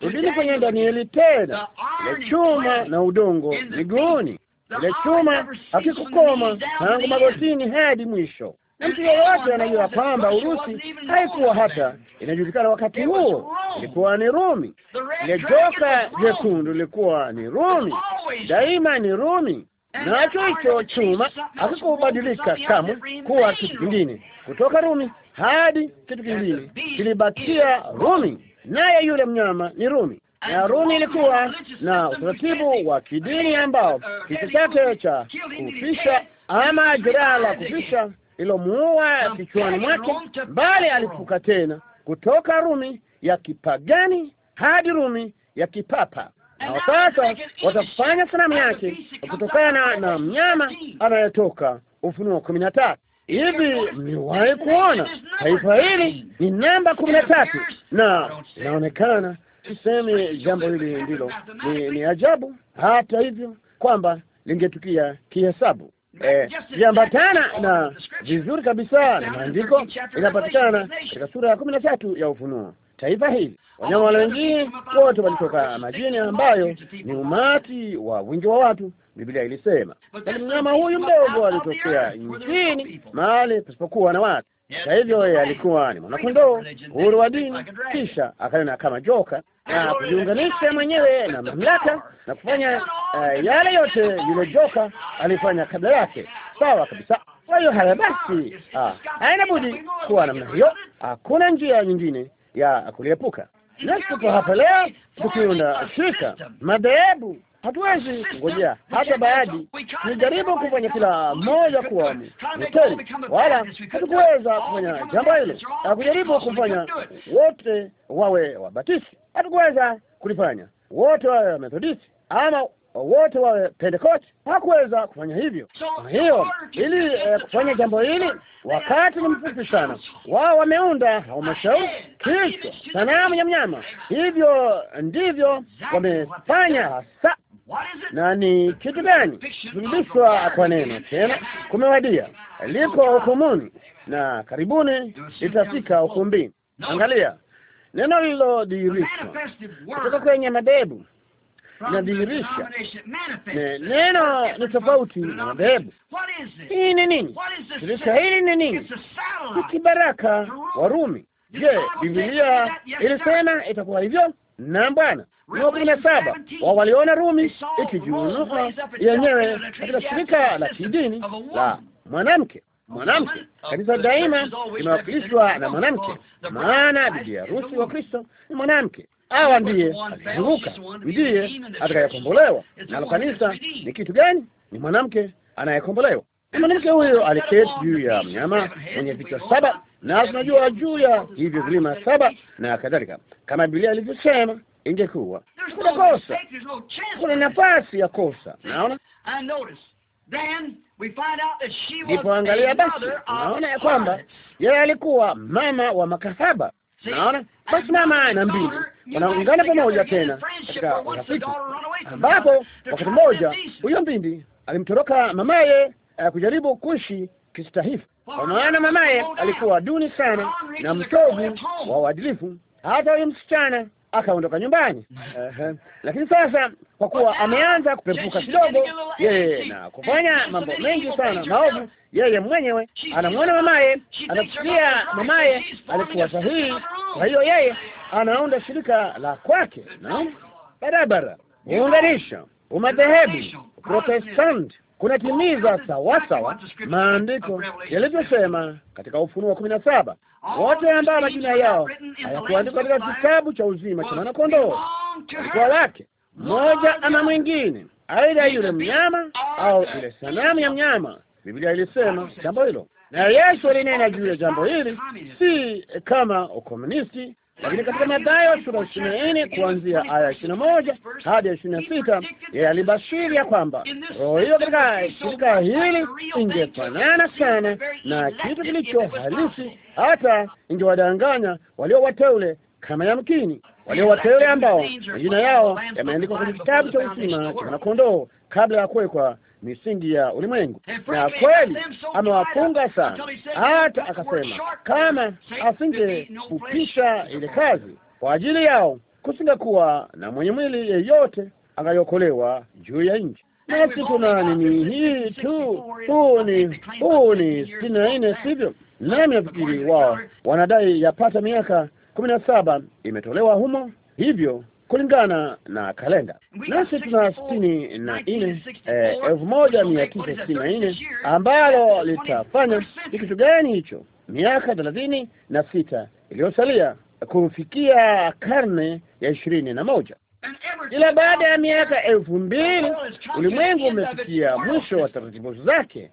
Rudini kwenye Danieli tena, ya chuma na udongo miguuni ile chuma hakikukoma tangu magotini hadi mwisho, na mtu yeyote anajua kwamba Urusi haikuwa hata inajulikana wakati huo, ilikuwa ni Rumi. Ile joka jekundu ilikuwa ni Rumi, daima ni Rumi, nacho hicho chuma hakikubadilika kamwe kuwa kitu kingine kutoka Rumi hadi kitu kingine, kilibakia Rumi, naye yule mnyama ni Rumi na Rumi ilikuwa na utaratibu wa kidini ambao kitu chake cha kufisha ama jeraha la kufisha lilomuua kichwani mwake, bali alifuka tena kutoka Rumi ya kipagani hadi Rumi ya kipapa. Na sasa watafanya sanamu yake kutokana na mnyama anayetoka Ufunuo kumi na tatu. Hivi mliwahi kuona taifa hili ni namba kumi na tatu na inaonekana tuseme jambo hili ndilo ni, ni ajabu hata hivyo kwamba lingetukia kihesabu. Eh, na vizuri kabisa na maandiko inapatikana katika sura ya kumi na tatu ya Ufunuo. Taifa hili wanyama wale wengine wote walitoka majini, ambayo ni umati wa wingi wa watu, Biblia ilisema. Lakini mnyama huyu mdogo alitokea nchini mahali pasipokuwa na watu, kwa hivyo yeye alikuwa ni mwanakondoo uhuru wa dini, kisha akanena kama joka na kujiunganisha mwenyewe na mamlaka na kufanya uh, yale yote yule joka alifanya kabla yake. Sawa kabisa. Kwa hiyo haya basi, ah, haina budi kuwa namna hiyo, hakuna njia nyingine ya kuliepuka. Nasi tuko hapa leo tukiunda shirika madhehebu hatuwezi kungojea hata baadhi. Tulijaribu kufanya kila mmoja kuwa ni wala hatukuweza kufanya jambo hilo, na kujaribu kufanya wote wawe wabatisi hatukuweza kulifanya, wote wawe Wamethodisti ama wote wawe Pentekoste, hakuweza kufanya hivyo. Kwa hiyo ili eh, kufanya jambo hili, wakati ni mfupi sana. Wao wameunda halmashauri Kristo, sanamu ya mnyama. Hivyo ndivyo wamefanya hasa na ni kitu gani kufundishwa kwa neno tena. Kumewadia, liko hukumuni na karibuni litafika ukumbini. Angalia neno lilodhihirishwa kutoka kwenye madhehebu inadhihirisha neno ni tofauti na madhehebu. Hii ni nini? Dirisha hili ni nini? Ni kibaraka Warumi. Je, Biblia ilisema itakuwa hivyo? Na Bwana, Rumi kumi na saba waliona Rumi ikijuunuka yenyewe katika shirika la kidini la mwanamke mwanamke. Kanisa daima imewakilishwa na mwanamke, maana bibi harusi wa Kristo ni mwanamke. Hawa ndiye alizunguka, ndiye atakayekombolewa. Nalo kanisa ni kitu gani? Ni mwanamke anayekombolewa. Mwanamke huyo aliketi juu ya mnyama mwenye vichwa saba, na tunajua juu ya hivyo vilima saba na kadhalika, kama Biblia ilivyosema ingekuwa kuna kosa, kuna nafasi ya kosa. Naona ndipo, angalia basi, naona ya kwamba yeye alikuwa mama wa makahaba. Naona basi mama na mbili wanaungana pamoja tena katika urafiki, ambapo wakati mmoja huyo mbindi alimtoroka mamaye eh, kujaribu kuishi kistahifu, kwa maana mamaye alikuwa duni sana na mtovu wa uadilifu. Hata huyo msichana akaondoka nyumbani. Uh, lakini sasa kwa kuwa ameanza kupepuka kidogo yeye na kufanya mambo mengi sana maovu, yeye mwenyewe anamwona mamaye, anafikiria mamaye alikuwa sahihi. Kwa hiyo yeye anaunda shirika la kwake, na barabara, uunganisho, umadhehebu protestant kunatimiza sawasawa maandiko yalivyosema katika Ufunuo wa kumi na saba wote ambao majina yao hayakuandikwa katika kitabu cha uzima cha mwanakondoo kwa wake, mmoja ama mwingine, aidha yule mnyama au ile sanamu ya mnyama. Biblia ilisema jambo hilo, na Yesu alinena juu ya jambo hili, si kama ukomunisti lakini katika Mathayo sura ishirini na nne kuanzia aya ishirini na moja hadi ya ishirini na sita yeye alibashiri ya kwamba roho hiyo katika shirika hili ingefanana sana na kitu kilicho halisi, hata ingewadanganya walio wateule kama yamkini walio wateule ambao majina yao yameandikwa kwenye kitabu cha uzima cha mwanakondoo kabla ya kuwekwa misingi ya ulimwengu, na kweli amewafunga sana, hata akasema kama asingefupisha ile kazi kwa ajili yao kusingekuwa na mwenye mwili yeyote angayokolewa juu ya nchi. Nasi tuna nini hii tu, huu ni huu ni sitini na nne, sivyo? Nami nafikiri wao wanadai yapata miaka kumi na saba imetolewa humo, hivyo kulingana na kalenda, nasi tuna sitini na nne eh, elfu moja mia tisa sitini na nne ambalo litafanya ni kitu gani hicho? Miaka thelathini na sita iliyosalia kufikia karne ya ishirini na moja ila baada ya miaka elfu mbili ulimwengu umefikia mwisho wa taratibu zake,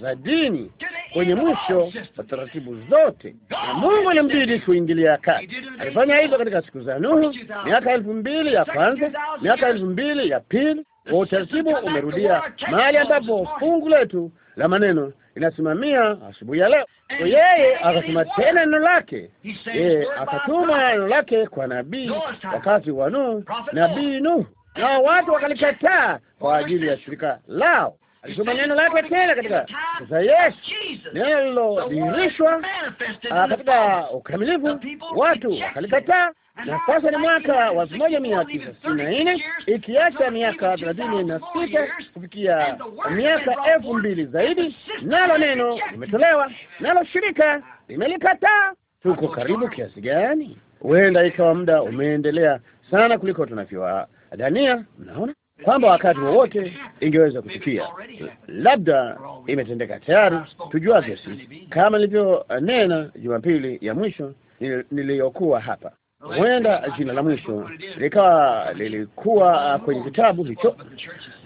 za dini, kwenye mwisho wa taratibu zote, na Mungu alimbidi kuingilia kati. Alifanya hivyo katika siku za Nuhu, miaka elfu mbili ya kwanza, miaka elfu mbili ya pili. Kwa utaratibu umerudia mahali ambapo fungu letu la maneno inasimamia asubuhi ya leo yeye akasema tena neno lake, yeye akatuma neno lake kwa nabii wakati wa Nuhu, nabii Nuhu, na watu wakalikataa kwa ajili ya shirika lao. Alisema neno lake tena katika sasa, Yesu, neno lilodhihirishwa ah, katika ukamilifu, watu wakalikataa na sasa ni mwaka wa elfu moja mia tisa sitini na nne ikiacha miaka thelathini na sita kufikia miaka elfu mbili zaidi, nalo neno limetolewa, nalo shirika limelikataa. Tuko karibu kiasi gani? Huenda ikawa muda umeendelea sana kuliko tunavyodhania. Mnaona kwamba wakati wowote ingeweza kufikia, labda imetendeka tayari. Tujuavyo sisi, kama nilivyonena Jumapili ya mwisho niliyokuwa hapa Huenda jina la mwisho likawa lilikuwa ah, kwenye kitabu hicho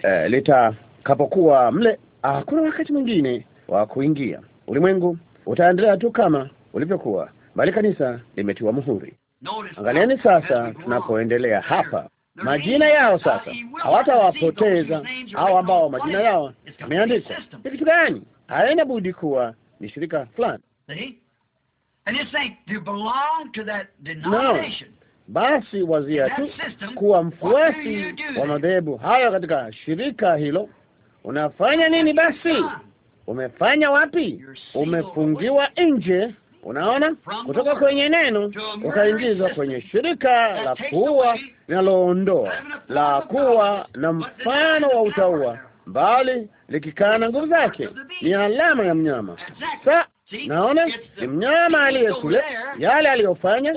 eh, litakapokuwa mle. Hakuna ah, wakati mwingine wa kuingia. Ulimwengu utaendelea tu kama ulivyokuwa, bali kanisa limetiwa muhuri. Angalieni sasa tunapoendelea hapa majina yao sasa, hawatawapoteza au ambao majina yao yameandikwa. Ni kitu gani? Haina budi kuwa ni shirika fulani. No. basi wazia tu kuwa mfuasi wa madhehebu hayo katika shirika hilo. Unafanya nini basi? Ah. Umefanya wapi? Umefungiwa nje, unaona, kutoka kwenye neno ukaingizwa kwenye shirika la kuwa linaloondoa, la kuwa na mfano wa utaua, bali likikana nguvu zake. Ni alama ya mnyama. Sa Naona ni mnyama aliye kule, yale aliyofanya,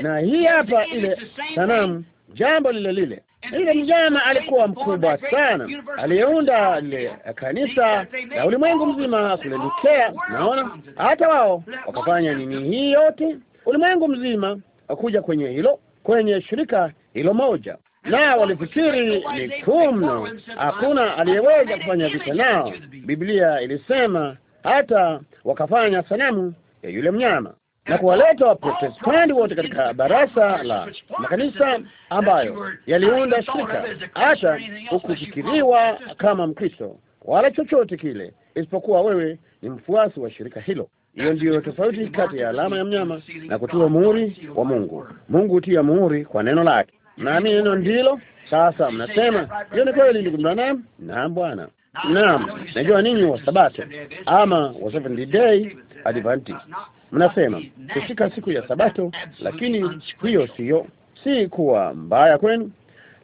na hii hapa ile sanamu, jambo lile lile. Ile mnyama alikuwa mkubwa sana, aliyeunda lile kanisa la ulimwengu mzima kule Nikea. Naona hata wao wakafanya nini hii yote, ulimwengu mzima wakuja kwenye hilo, kwenye shirika hilo moja na walifikiri ni kuu mno, hakuna aliyeweza kufanya vita nao. Biblia ilisema hata wakafanya sanamu ya yule mnyama na kuwaleta Waprotestanti wote katika barasa la makanisa ambayo yaliunda shirika, hata ukufikiriwa kama Mkristo wala chochote kile, isipokuwa wewe ni mfuasi wa shirika hilo. Hiyo ndiyo tofauti kati ya alama ya mnyama na kutiwa muhuri wa Mungu. Mungu hutia muhuri kwa neno lake, naamini neno ndilo sasa mnasema hiyo ni kweli, ndugu Branham? Naam, bwana. Naam, najua ninyi wa Sabato ama wa Seventh Day Adventist mnasema kushika siku ya Sabato, lakini hiyo siyo, si kuwa mbaya kwenu,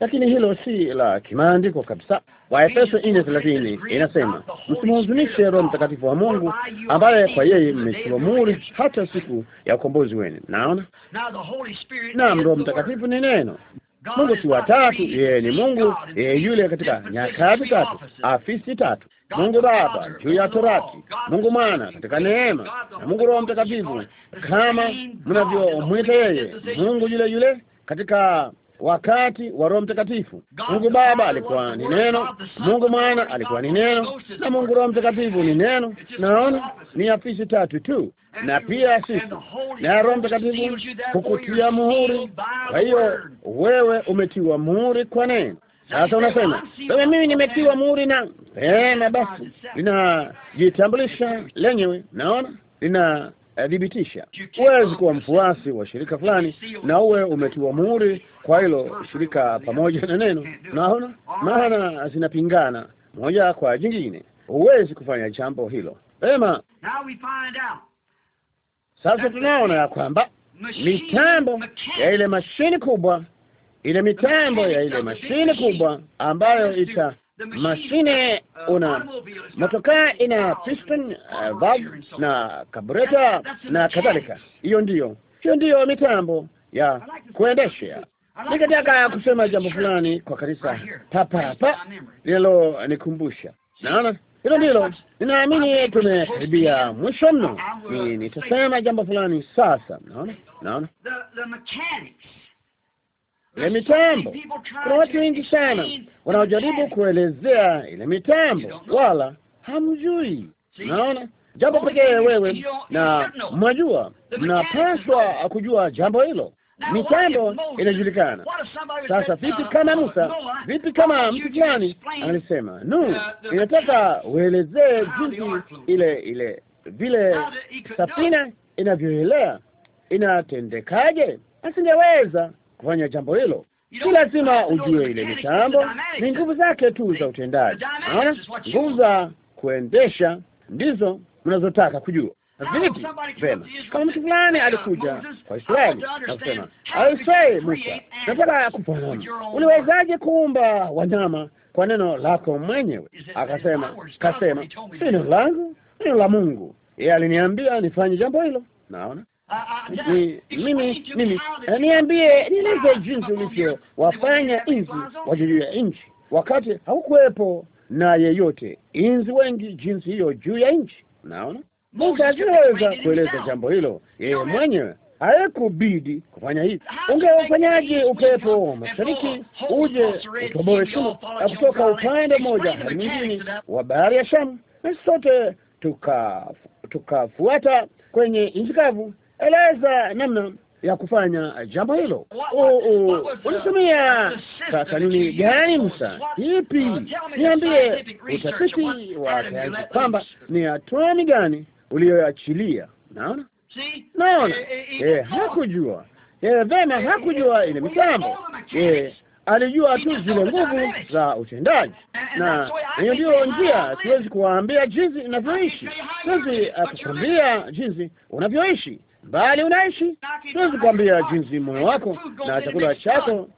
lakini hilo si la kimaandiko kabisa. Waefeso nne thelathini inasema msimhuzunishe Roho Mtakatifu wa Mungu ambaye kwa yeye mmetiwa muhuri hata siku ya ukombozi wenu. Naona naam, Roho Mtakatifu ni neno Mungu si watatu, yeye ni Mungu, yeye yule katika nyakati tatu, afisi tatu, Mungu Baba juu ya torati, Mungu Mwana katika neema, na Mungu Roho Mtakatifu kama mnavyomwita yeye, Mungu yule yule katika wakati wa Roho Mtakatifu. Mungu Baba alikuwa ni neno, Mungu Mwana alikuwa ni neno, na Mungu Roho Mtakatifu ni neno. Naona ni afisi tatu tu, na pia sisi na Roho Mtakatifu hukutia muhuri. Kwa hiyo wewe umetiwa muhuri kwa neno. Sasa unasema wewe, mimi nimetiwa muhuri na pema, basi linajitambulisha lenyewe. Naona lina thibitisha. Huwezi kuwa mfuasi wa shirika fulani na uwe umetiwa muhuri kwa hilo shirika pamoja na neno, naona maana zinapingana moja kwa jingine. Huwezi kufanya jambo hilo pema. Sasa tunaona ya kwamba mitambo ya ile mashine kubwa, ile mitambo ya ile mashine kubwa ambayo ita mashine una motokaa ina piston uh, valve na kabureta na kadhalika. Hiyo ndiyo hiyo ndiyo mitambo ya kuendesha. Nikataka kusema jambo fulani kwa kanisa papa hapa linalonikumbusha, naona hilo ndilo ninaamini. Tumekaribia mwisho mno, nitasema jambo fulani sasa. Naona naona ile mitambo. Kuna watu wengi sana wanaojaribu kuelezea ile mitambo, wala hamjui. Naona jambo pekee wewe na mwajua, mnapaswa kujua jambo hilo. Mitambo inajulikana sasa. Vipi kama Musa, vipi kama mtu fulani analisema, nu inataka uelezee jinsi ile ile vile safina inavyoelea inatendekaje? Asingeweza kufanya jambo hilo. Si lazima ujue ile mitambo, ni nguvu zake tu za utendaji. Naona nguvu za kuendesha ndizo mnazotaka kujua. Vipi? Vema, kama mtu fulani alikuja kwa Israeli na kusema, Aisee Musa, nataka kufahamu uliwezaje kuumba wanyama kwa neno lako mwenyewe? Akasema, kasema si neno langu, neno la Mungu. Yeye aliniambia nifanye jambo hilo. Naona ni mimi mimi, eh, niambie nieleze jinsi ulivyowafanya inzi wa juu ya nchi, wakati haukuwepo na yeyote inzi wengi jinsi hiyo juu ya nchi. Naona Musa hakuweza kueleza jambo hilo yeye mwenyewe, haikubidi kufanya hivi. Ungefanyaje upepo wa mashariki uje utoboe shimo na kutoka upande mmoja hadi mwingine wa bahari ya Shamu, na sote tukafuata tuka kwenye nchi kavu eleza namna ya kufanya jambo hilo. Oh, oh. Unatumia kanuni gani, Musa? Uh, Ipi? Niambie utafiti wa sayansi kwamba ni atomi gani uliyoachilia. Naona, naona eh, eh, eh, hakujua yeye, vema, hakujua ile mitambo alijua tu zile nguvu za utendaji, na hiyo ndio njia. Siwezi kuwaambia jinsi inavyoishi, siwezi kukwambia jinsi unavyoishi, bali unaishi. Siwezi kuambia jinsi moyo wako na chakula chako uh,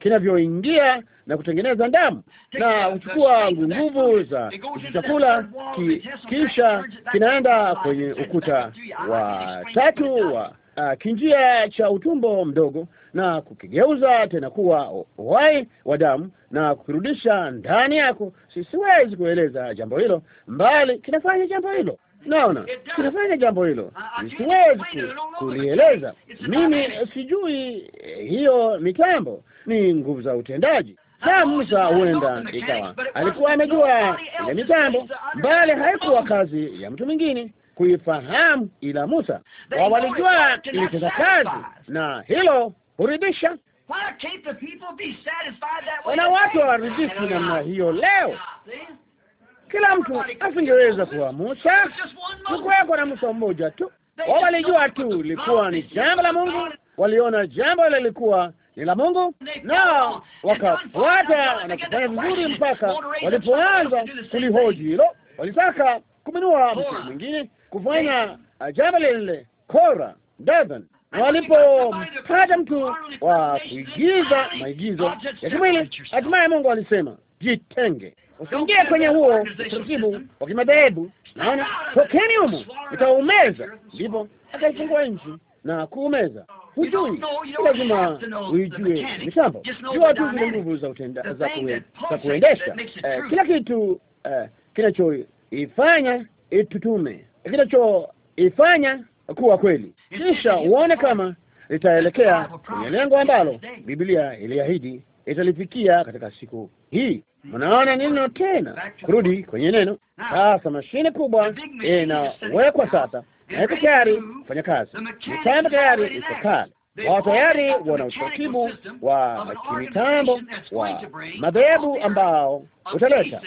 kinavyoingia na kutengeneza damu na kuchukua nguvu za chakula ki, kisha kinaenda kwenye ukuta wa tatu wa uh, kinjia cha utumbo mdogo na kukigeuza tena kuwa uhai wa damu na kukirudisha ndani yako. siwezi kueleza jambo hilo, mbali kinafanya jambo hilo. Naona tunafanya jambo hilo, siwezi kulieleza mimi. Sijui eh, hiyo mitambo ni nguvu za utendaji na Musa huenda ikawa alikuwa amejua ile mitambo mbali, haikuwa kazi ya mtu mwingine kuifahamu ila Musa. Wao walijua ilitenda kazi, na hilo huridhisha. Na watu waridhiki namna hiyo leo, ah, kila mtu asingeweza kuamsha, kukuweko na Musa mmoja tu. Wao walijua tu likuwa ni jambo la Mungu, waliona jambo hilo lilikuwa ni la Mungu, na wakafuata na kufanya vizuri mpaka walipoanza kulihoji hilo. Walitaka kuminua mtu mwingine kufanya jambo lile, Kora Dathan walipopata mtu wa kuigiza maigizo ya kimwili, hatimaye Mungu alisema jitenge usiingie kwenye huo utaratibu wa kimadhehebu. Naona tokeni humo, nitaumeza. Ndipo akaifungua nchi na kuumeza. Hujui, lazima uijue mitambo, jua tu zile nguvu za kuendesha eh, kila kitu eh, kinachoifanya itutume, kinachoifanya kuwa kweli, kisha uone kama itaelekea kwenye lengo ambalo Biblia iliahidi italifikia katika siku hii. Mnaona neno tena, kurudi kwenye neno sasa. Mashine kubwa inawekwa sasa, na iko tayari kufanya kazi. Mitambo tayari iko pale, wao tayari wana utaratibu wa kimitambo wa madhehebu ambao utaleta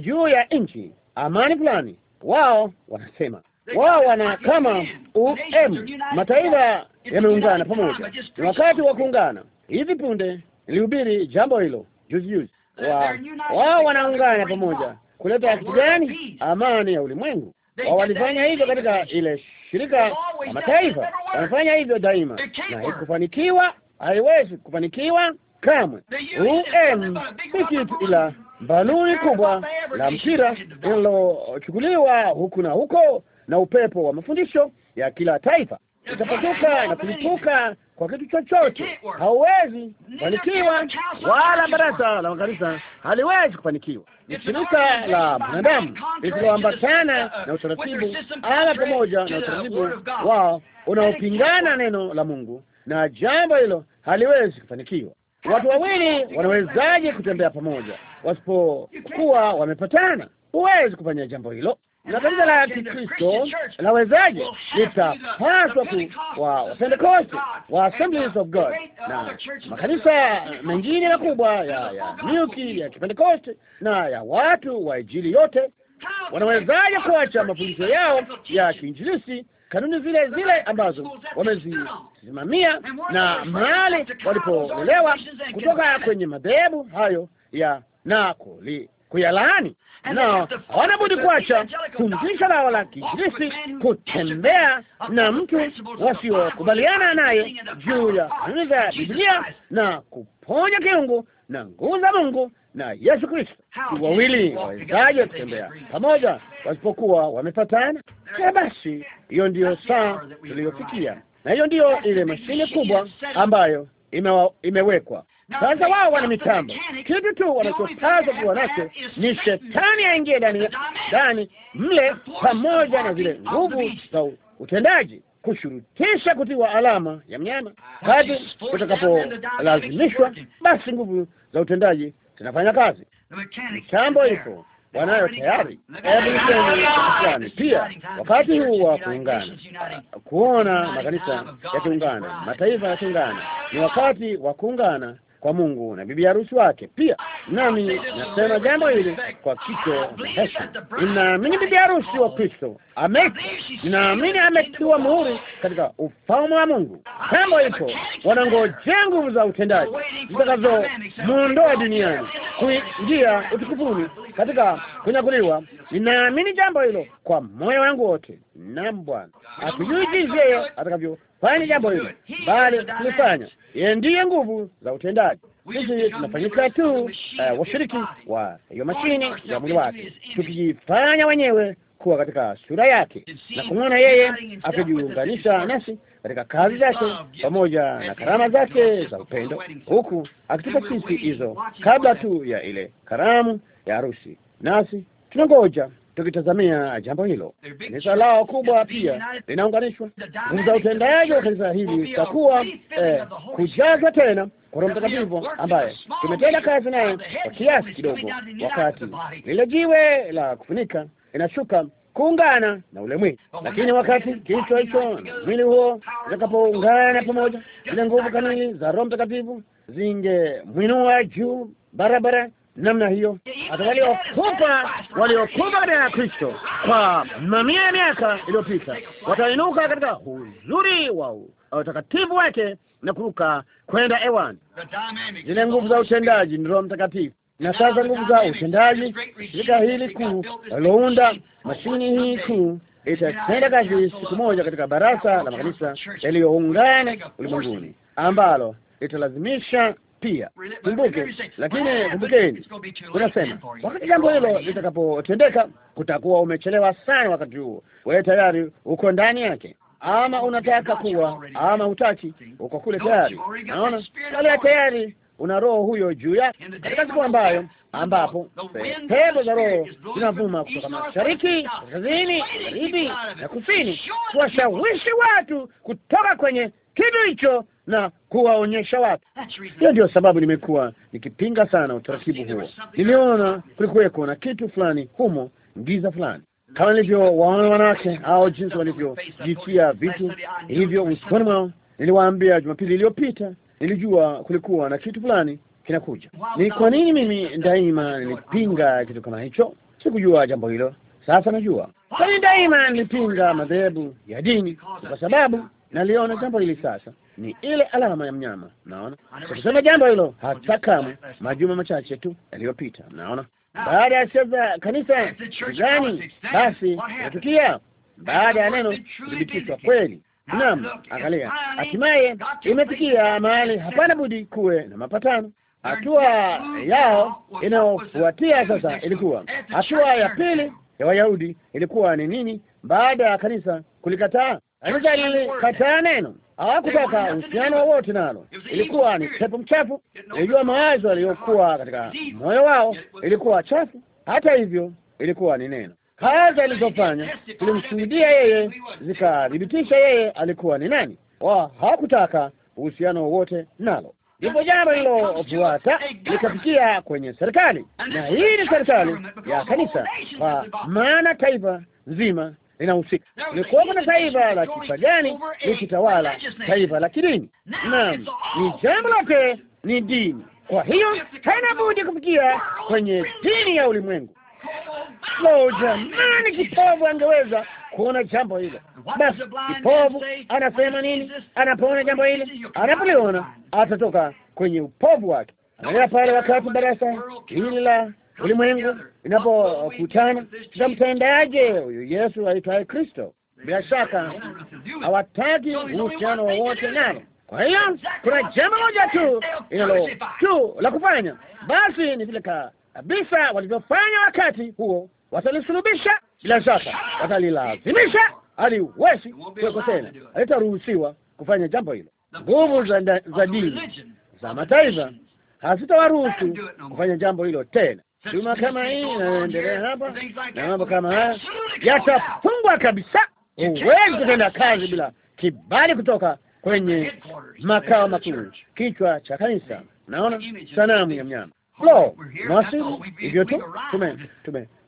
juu ya nchi amani fulani. Wao wanasema wao wana kama um mataifa yameungana pamoja, ni wakati wa kuungana. Hivi punde nilihubiri jambo hilo juzi juzi wao wanaungana pamoja kuleta kitu gani? Amani ya ulimwengu. Wao walifanya hivyo katika ile shirika la mataifa, wanafanya hivyo daima, na haikufanikiwa, haiwezi kufanikiwa kamwe. UN si kitu ila baluni kubwa la mpira linalochukuliwa huku na huko na upepo wa mafundisho ya kila taifa, itapasuka na kulipuka kwa kitu chochote. Hauwezi kufanikiwa, wala baraza la makanisa haliwezi kufanikiwa. Ni shirika la mwanadamu lisiloambatana uh, na utaratibu ala, pamoja na utaratibu wao unaopingana neno la Mungu, na jambo hilo haliwezi kufanikiwa. Watu wawili wanawezaje kutembea pamoja wasipokuwa wamepatana? Huwezi kufanya jambo hilo na kanisa la Kikristo lawezaje? Litapaswa kuwa Wapentekoste wa Assemblies of God na makanisa mengine makubwa ya ya miuki ya Kipentekoste na ya watu wa Injili yote. Wanawezaje kuacha mafundisho yao ya kiinjilisi, kanuni zile zile ambazo wamezisimamia na mahali walipoelewa kutoka kwenye madhehebu hayo ya na kuyalaani na wanabudi kuacha fundisho lao la Kikristo, kutembea na mtu wasiokubaliana naye juu ya kanuni za Biblia na kuponya kiungu na nguvu za Mungu na Yesu Kristo. Wawili wawezaje kutembea pamoja wasipokuwa wamepatana? Eh, basi, hiyo ndiyo saa tuliyofikia, na hiyo ndiyo ile mashine kubwa ambayo imewekwa sasa wao wana mitambo, kitu tu wanachopaswa kuwa nacho ni shetani aingie ndani ndani mle, pamoja na zile nguvu za utendaji kushurutisha kutiwa alama ya mnyama. Kati utakapolazimishwa, basi nguvu za utendaji zinafanya kazi. Mitambo ipo, wanayo tayari. Hebu pia wakati huu wa kuungana, kuona makanisa yakiungana, mataifa yakiungana, ni wakati wa kuungana kwa Mungu na bibi harusi wake. Pia nami nasema jambo hili kwa kicho na heshima. Ninaamini bibi harusi wa Kristo ame, ninaamini ametiwa muhuri katika ufalme wa Mungu. Jambo lipo, wanangojea nguvu za utendaji zitakazo muondoa duniani kuingia utukufuni katika kunyakuliwa. Ninaamini jambo hilo kwa moyo wangu wote. Naam Bwana, hatujui jinsi yeye atakavyo fanya jambo hilo, bali tulifanya. ye. ndiye nguvu za utendaji. Sisi tunafanyika tu eh, washiriki wa hiyo mashini ya mwili wake, tukijifanya wenyewe kuwa katika sura yake na kumwona yeye akijiunganisha nasi katika kazi zake pamoja na karama zake za upendo, huku akitupa sisi hizo kabla tu ya ile karamu ya harusi, nasi tunangoja tukitazamia jambo hilo. Kanisa lao kubwa pia linaunganishwa. Nguvu za utendaji wa kanisa hili zitakuwa eh, kujazwa tena kwa Roho Mtakatifu ambaye tumetenda kazi naye kwa kiasi kidogo, wakati lile jiwe la kufunika inashuka kuungana na ule mwili, lakini wakati kichwa hicho na mwili huo zitakapoungana pamoja, zile nguvu kamili za Roho Mtakatifu zingemwinua juu barabara namna hiyo atawaliokufa waliokufa katika Kristo kwa mamia ya miaka iliyopita watainuka katika uzuri wa utakatifu wake na kuruka kwenda ewan. Zile nguvu za utendaji ni Roho Mtakatifu. Na sasa nguvu za utendaji shirika hili kuu alilounda mashini hii kuu itatenda kazi siku moja katika barasa la makanisa yaliyoungana ulimwenguni ambalo italazimisha pia. Kumbuke, lakini kumbukeni, unasema wakati jambo hilo litakapotendeka, kutakuwa umechelewa sana. Wakati huo wewe tayari uko ndani yake, ama unataka kuwa ama hutaki, uko kule tayari. Naona ala, tayari una roho huyo juu yake, katika siku ambayo ambapo pepo za roho zinavuma kutoka mashariki, kaskazini, magharibi na kusini, kuwashawishi watu kutoka kwenye kitu hicho na kuwaonyesha watu. Hiyo ndio sababu nimekuwa nikipinga sana utaratibu huo. Niliona kulikuweko na kitu fulani humo, ngiza fulani, kama nilivyowaona wanawake au jinsi walivyojitia vitu hivyo usoni mwao. Niliwaambia Jumapili iliyopita, nilijua kulikuwa na kitu fulani kinakuja. Ni kwa nini mimi daima nilipinga kitu kama hicho? Sikujua jambo hilo, sasa najua kwa nini daima nilipinga madhehebu ya dini, kwa sababu naliona jambo hili sasa ni ile alama ya mnyama. Naona tukisema jambo hilo hata kama majuma machache tu yaliyopita, naona baada ya sasa kanisa gani basi natukia baada ya neno kudhibitishwa kweli. Naam, angalia, hatimaye imefikia mahali hapana budi kuwe na mapatano. Hatua yao inayofuatia sasa ilikuwa hatua ya pili ya Wayahudi ilikuwa ni nini? Baada ya kanisa kulikataa, kanisa lilikataa neno hawakutaka uhusiano wowote nalo. Ilikuwa ni pepo mchafu, ilijua mawazo aliyokuwa katika moyo wao, ilikuwa chafu. Hata hivyo, ilikuwa ni neno. Kazi alizofanya zilimshuhudia yeye, zikathibitisha yeye alikuwa ni nani. Hawakutaka uhusiano wowote nalo. Ndipo jambo lilofuata likafikia kwenye serikali, na hii ni serikali ya kanisa, kwa maana taifa nzima linahusika. Ni kuoga na taifa la gani likitawala taifa la kidini. Naam, ni jambo lote ni dini. Kwa hiyo hana budi kufikia kwenye dini ya ulimwengu. Lo, jamani, kipovu angeweza kuona jambo hilo. Basi kipovu anasema nini anapoona jambo hili? Anapoliona atatoka kwenye upovu wake. Angalia pale, wakati darasa hili la ulimwengu inapokutana, tutamtendaje huyu Yesu aitwaye Kristo? Bila shaka hawataki uhusiano wowote nalo. Kwa hiyo kuna jambo moja tu inalo tu la kufanya, basi ni vile kabisa walivyofanya wakati huo, watalisulubisha bila shaka, watalilazimisha aliwezi kuweko tena, alitaruhusiwa kufanya jambo hilo. Nguvu za dini za mataifa hazitawaruhusu kufanya jambo hilo tena. Chuma kama hii inaendelea hapa na mambo kama haya yatafungwa kabisa. Huwezi kutenda kazi bila kibali kutoka kwenye makao makuu, kichwa cha kanisa. Naona sanamu ya mnyama lo, mwasili hivyo tu, tume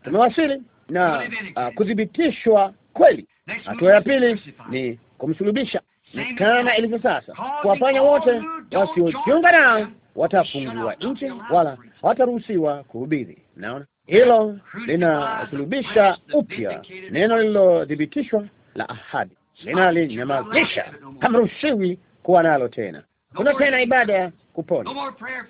tumewasili na uh, kuthibitishwa kweli. Hatua ya pili ni kumsulubisha, ni kama ilivyo sasa, kuwafanya wote wasiojiunga nao watafungiwa nje wala wataruhusiwa kuhubiri. Naona hilo linasulubisha upya neno lililothibitishwa la ahadi, linalinyamazisha. Hamruhusiwi kuwa nalo tena. Kuna tena ibada ya kupona,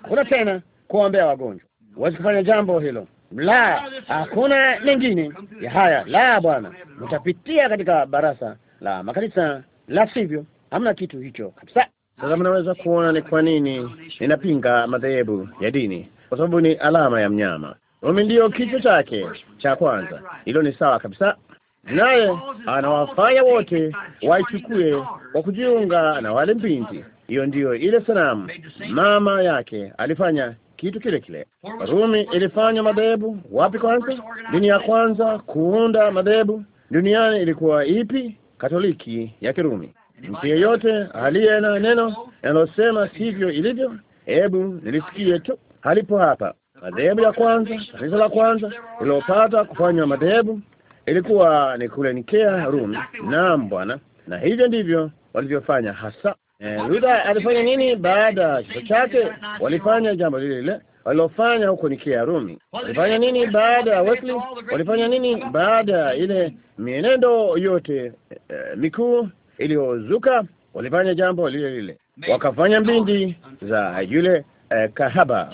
kuna tena kuombea wagonjwa, huwezi kufanya jambo hilo. La, hakuna mengine ya haya. La, bwana, mtapitia katika barasa la makanisa, la sivyo hamna kitu hicho kabisa. Sasa mnaweza kuona ni kwa nini ninapinga madhehebu ya dini kwa sababu ni alama ya mnyama. Rumi ndiyo kichwa chake cha kwanza. Hilo ni sawa kabisa, naye anawafanya wote waichukue kwa kujiunga na wale binti. Hiyo ndiyo ile sanamu mama yake alifanya kitu kile kile. Rumi ilifanya madhehebu wapi? Kwanza dini ya kwanza kuunda madhehebu duniani ilikuwa ipi? Katoliki ya Kirumi. Mtu yeyote aliye na neno linalosema sivyo ilivyo, hebu nilisikie tu halipo hapa. Madhehebu ya kwanza, kanisa la kwanza lililopata kufanywa madhehebu ilikuwa ni kule Nikea, Rumi. Naam Bwana, na hivyo ndivyo walivyofanya hasa. Eh, Luther alifanya nini baada ya kifo chake? Walifanya jambo lile lile walilofanya huko Nikea, Rumi. Walifanya nini baada ya Wesley? Walifanya nini baada ya ile mienendo yote eh, mikuu iliyozuka? Walifanya jambo lile lile, wakafanya mbindi za yule eh, kahaba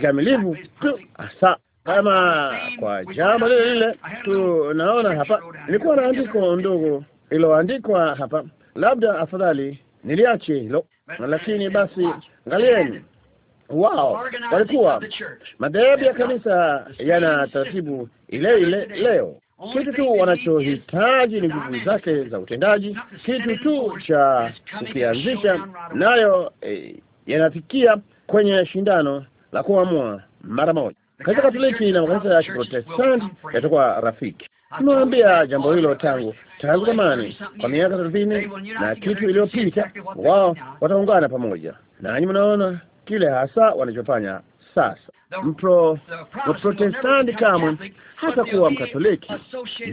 kikamilifu tu hasa kama kwa jambo lile lile tunaona hapa. Nilikuwa na andiko ndogo iliyoandikwa hapa, labda afadhali niliache hilo, lakini basi, angalieni wao walikuwa madhehebu ya kanisa yana taratibu ile ile leo. Kitu tu wanachohitaji ni nguvu zake za utendaji, kitu tu cha kukianzisha, nayo eh, yanafikia kwenye shindano la kuamua mara moja. Kanisa Katoliki na makanisa ya Kiprotestanti yatakuwa rafiki. Tumewaambia jambo hilo tangu tangu zamani, kwa miaka thelathini na kitu iliyopita. Wao wataungana pamoja, nanyi mnaona kile hasa wanachofanya sasa. Mpro Mprotestanti kamwe hata kuwa Mkatoliki,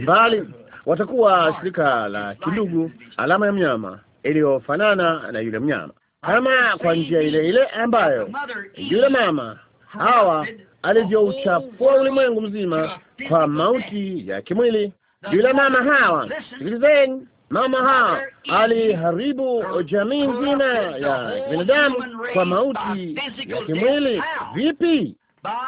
mbali watakuwa shirika la kindugu, alama ya mnyama iliyofanana na yule mnyama ama kwa njia ile ile ambayo yule mama Hawa alivyouchafua ulimwengu mzima kwa mauti ya kimwili. Yule mama Hawa, sikilizeni, mama Hawa aliharibu jamii nzima ya binadamu kwa mauti ya kimwili. Vipi?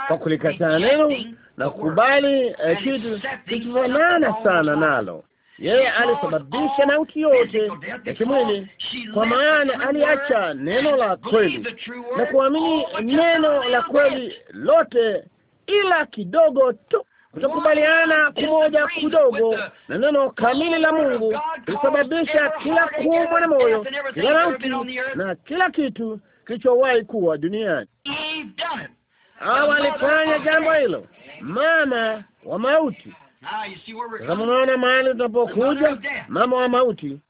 Kwa kulikataa neno na kukubali eh, kitu kisichofanana sana nalo yeye alisababisha mauti yote ya kimwili, kwa maana aliacha neno la kweli na kuamini neno la kweli lote, ila kidogo tu kutokubaliana kumoja kidogo na neno kamili la Mungu kulisababisha kila kuumwa na moyo, kila mauti na kila kitu kilichowahi kuwa duniani. Hawa alifanya jambo hilo, mama wa mauti Tazama, ah, unaona mahali tunapokuja, mama wa mauti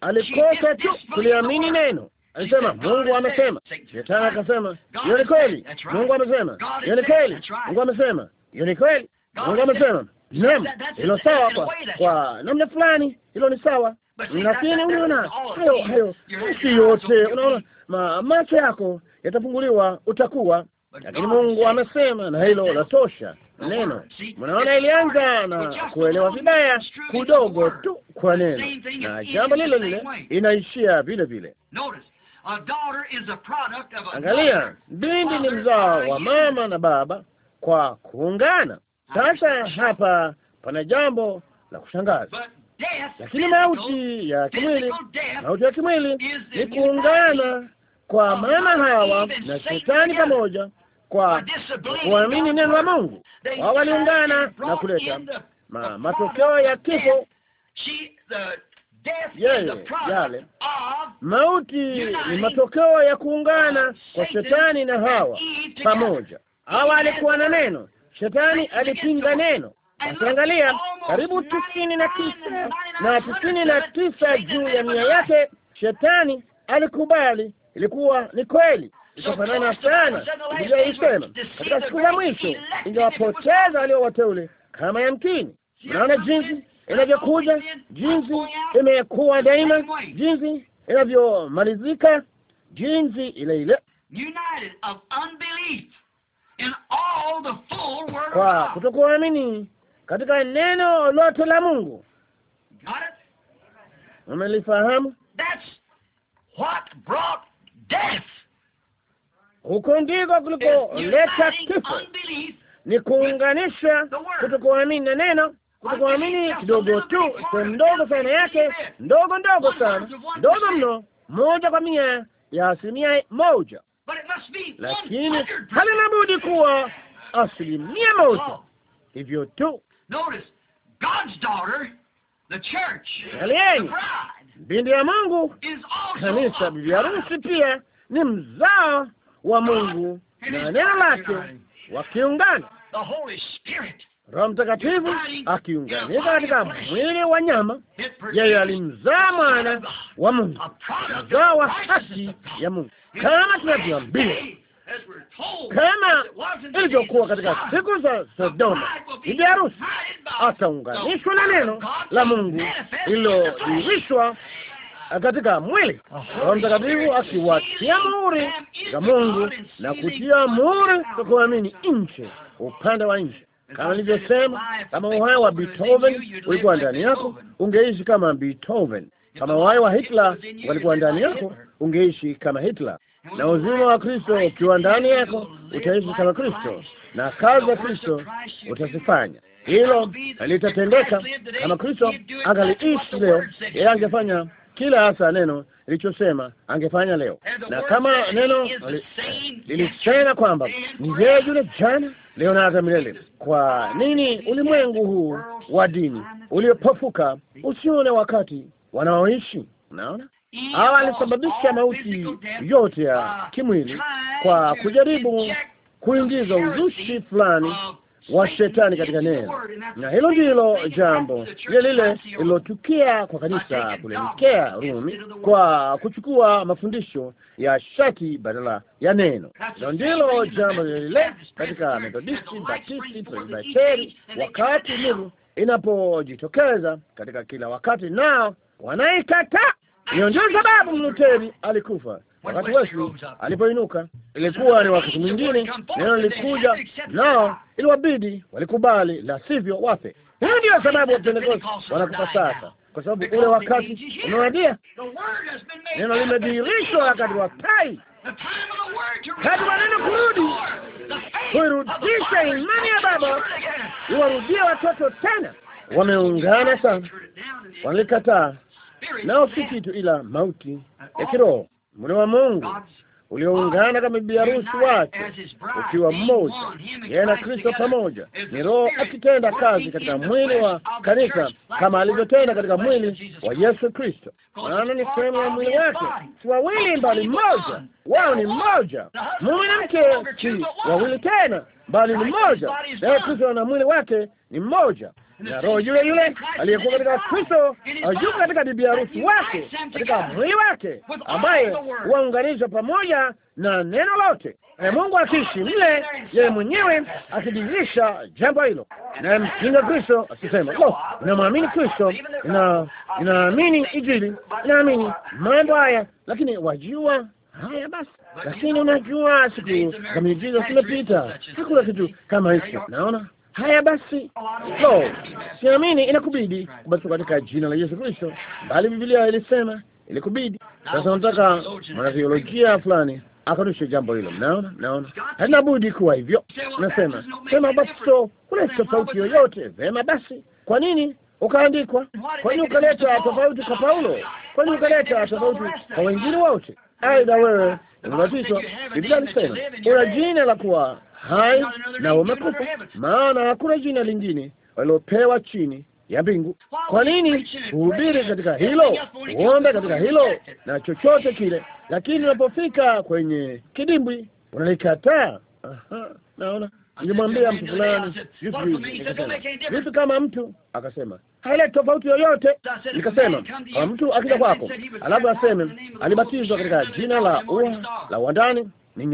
alikosa tu kuliamini neno. Alisema Mungu amesema, shetani akasema hiyo ni kweli. Mungu amesema hiyo ni kweli. Mungu amesema hiyo ni kweli. Mungu amesema naam, hilo sawa, kwa kwa namna fulani hilo ni sawa. Lakini unaona hayo hayo, si yote, unaona macho yako yatafunguliwa, utakuwa lakini Mungu amesema, na hilo la tosha neno. Mnaona, ilianza na kuelewa vibaya kidogo tu kwa neno, na jambo lile lile inaishia vile vile. Angalia, binti ni mzao wa mama na baba kwa kuungana. Sasa hapa pana jambo la kushangaza, lakini mauti ya kimwili, mauti ya kimwili ni kuungana kwa mama Hawa na shetani pamoja kwa kuamini neno la Mungu. Wao waliungana na kuleta ma, matokeo ya kifo yeye yale mauti ni matokeo ya kuungana kwa shetani na Hawa pamoja. Hawa alikuwa na neno, shetani alipinga neno. Akiangalia karibu tisini na tisa na tisini na tisa juu ya mia yake, shetani alikubali, ilikuwa ni kweli ikafanana sana Biblia ilisema katika siku ya mwisho ingewapoteza walio wateule kama yamkini. Unaona jinsi inavyokuja, jinsi imekuwa daima, jinsi inavyomalizika, jinsi ile ile kwa kutokuamini katika neno lote la Mungu. Umelifahamu? Huko ndiko kulikoleta kifo, ni kuunganisha kutokuamini na neno, kutokuamini kidogo tu, sehemu ndogo sana yake, ndogo ndogo sana, ndogo mno, moja kwa mia ya asilimia moja, lakini halina budi kuwa asilimia moja oh. hivyo tu. Angalieni, bindi ya Mungu, kanisa, bibi harusi pia ni mzao wa Mungu na neno lake wakiungana, Roho Mtakatifu akiunganika katika mwili wa nyama. Yeye alimzaa mwana wa Mungu, mzao wa haki ya Mungu, kama tunavyoambiwa kama ilivyokuwa katika siku za Sodoma, bibi harusi ataunganishwa na neno la Mungu lililodhihirishwa katika mwili. Roho Mtakatifu akiwatia muhuri za Mungu na kutia muhuri kwa kuamini nje, upande wa nje. Kama nilivyosema, kama uhai wa Beethoven ulikuwa ndani yako, ungeishi kama Beethoven. Kama uhai wa Hitler walikuwa ndani yako, ungeishi kama Hitler. Na uzima wa Kristo ukiwa ndani yako, utaishi kama Kristo, na kazi ya Kristo utazifanya. Hilo litatendeka kama Kristo angaliishi leo, yeye angefanya kila hasa neno lilichosema angefanya leo, na kama neno lilisema kwamba ni yeye yule jana, leo na hata milele. Kwa nini ulimwengu huu wa dini uliopofuka usione wakati wanaoishi? Unaona, hawa alisababisha mauti yote ya uh, kimwili kwa kujaribu kuingiza uzushi fulani wa shetani katika neno, na hilo ndilo jambo lile lile lililotukia kwa kanisa kule Nikea, Rumi, kwa kuchukua mafundisho ya shati badala ya neno. Hilo ndilo jambo lile lile katika Methodisti, Batisti, Presbiteri, wakati nuru inapojitokeza katika kila wakati, nao wanaikataa. Hiyo ndio sababu Mluteri alikufa Wakati Wesley alipoinuka, ilikuwa ni wakati mwingine, neno lilikuja nao, iliwabidi walikubali, la sivyo wafe. Hiyo ndiyo sababu Wapentekoste wanakufa sasa, kwa sababu ule wakati umewadia. Neno limedhihirishwa wakati wa tai kati waneno kurudi kuirudisha imani ya Baba, iwarudie watoto tena. Wameungana sana, wanalikataa nao si kitu ila mauti ya kiroho mwana wa Mungu ulioungana kama bibi harusi wake, ukiwa mmoja, yeye na Kristo pamoja. Ni Roho akitenda kazi katika mwili wa kanisa kama alivyotenda katika mwili wa Yesu Kristo, maana ni sehemu ya mwili wake. Si wawili mbali mmoja, wao ni mmoja. Mume na mke si wawili tena, bali ni mmoja. Naye Kristo na mwili wake ni mmoja na roho yule yule aliyekuwa katika Kristo uh, yuko katika bibi harusi wake, katika mwili wake, ambaye huunganishwa pamoja na neno lote, na Mungu akiishi mle, yeye mwenyewe akidhihirisha jambo hilo. Na mpinga Kristo akisema, lo, oh, namwamini Kristo na naamini Injili, naamini mambo haya, lakini wajua haya basi, lakini unajua siku za miujiza zimepita, hakuna kitu kama hicho. Naona Haya basi, so siamini inakubidi kubatizwa katika jina la Yesu Kristo, bali Biblia ilisema ilikubidi. Sasa nataka mwanatheolojia fulani akanushe jambo hilo. Mnaona, naona halina budi kuwa hivyo. Nasema sema basto, kuna tofauti yoyote? Vema basi, kwa nini ukaandikwa? Kwa nini ukaleta tofauti kwa Paulo? Kwa nini ukaleta tofauti kwa wengine wote? Aidha wewe umebatizwa, Biblia ilisema una jina la kuwa hai na umekufa, maana hakuna jina lingine walilopewa chini ya mbingu. Kwa nini uhubiri katika hilo, uombe katika hilo na chochote kile, lakini unapofika kwenye kidimbwi unalikataa? Naona nilimwambia mtu fulani vipi kama mtu akasema haile tofauti yoyote. Nikasema mtu akija kwako alafu aseme alibatizwa katika jina la ua la uandani ni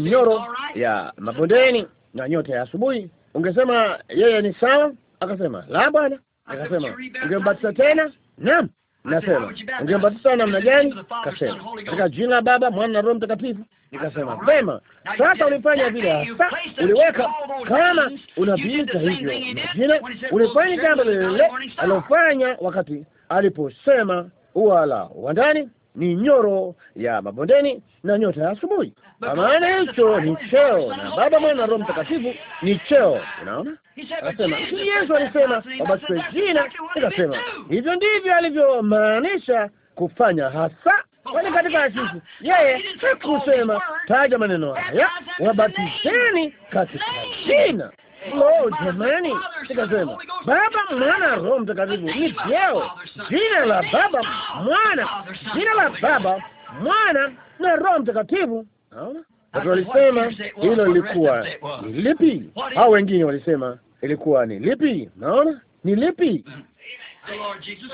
nyoro ya mabondeni na nyota ya asubuhi, ungesema yeye ni sawa? Akasema la bwana. Akasema ungembatiza tena? Naam. Nasema ungembatiza namna gani? Akasema katika jina la Baba, Mwana na Roho Mtakatifu. Nikasema vema, sasa ulifanya vile hasa, uliweka kama unaviita hivyo majina, ulifanya jambo lile alilofanya wakati aliposema ua wa ndani ni nyoro ya mabondeni na nyota ya asubuhi. Kwa maana hicho ni cheo, na Baba, Mwana na Roho Mtakatifu ni cheo. Unaona, anasema Yesu alisema wabatizwe jina, ikasema hivyo ndivyo alivyomaanisha kufanya hasa kwani katika Asisi yeye hakusema taja maneno haya, wabatizeni katika jina Lo, jamani, nikasema Baba, Mwana, Roho Mtakatifu ni vyeo, jina la Baba, Mwana, jina la Baba, Mwana na Roho Mtakatifu. Naona watu walisema hilo lilikuwa ni lipi, au wengine walisema ilikuwa ni lipi? Naona ni lipi?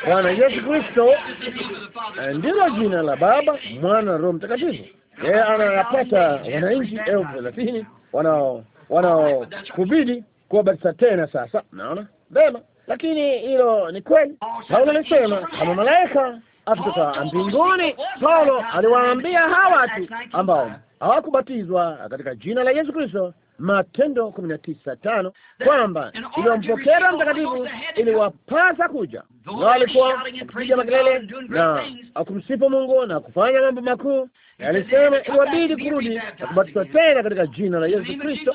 Bwana Yesu Kristo ndilo jina la Baba, Mwana, Roho Mtakatifu. Yeye anapata wananchi elfu thelathini wanao wanaokubidi kuwabatisa tena. Sasa naona vema, lakini hilo ni kweli. Oh, Paulo alisema kama malaika akitoka oh, mbinguni. Paulo aliwaambia hawa watu ambao hawakubatizwa katika jina la Yesu Kristo Matendo kumi na tisa tano kwamba iliwampokea Mtakatifu iliwapasa kuja, na walikuwa wakipiga makelele na kumsifu Mungu na kufanya mambo makuu. Alisema iliwabidi kurudi na kubatizwa tena katika jina la Yesu Kristo.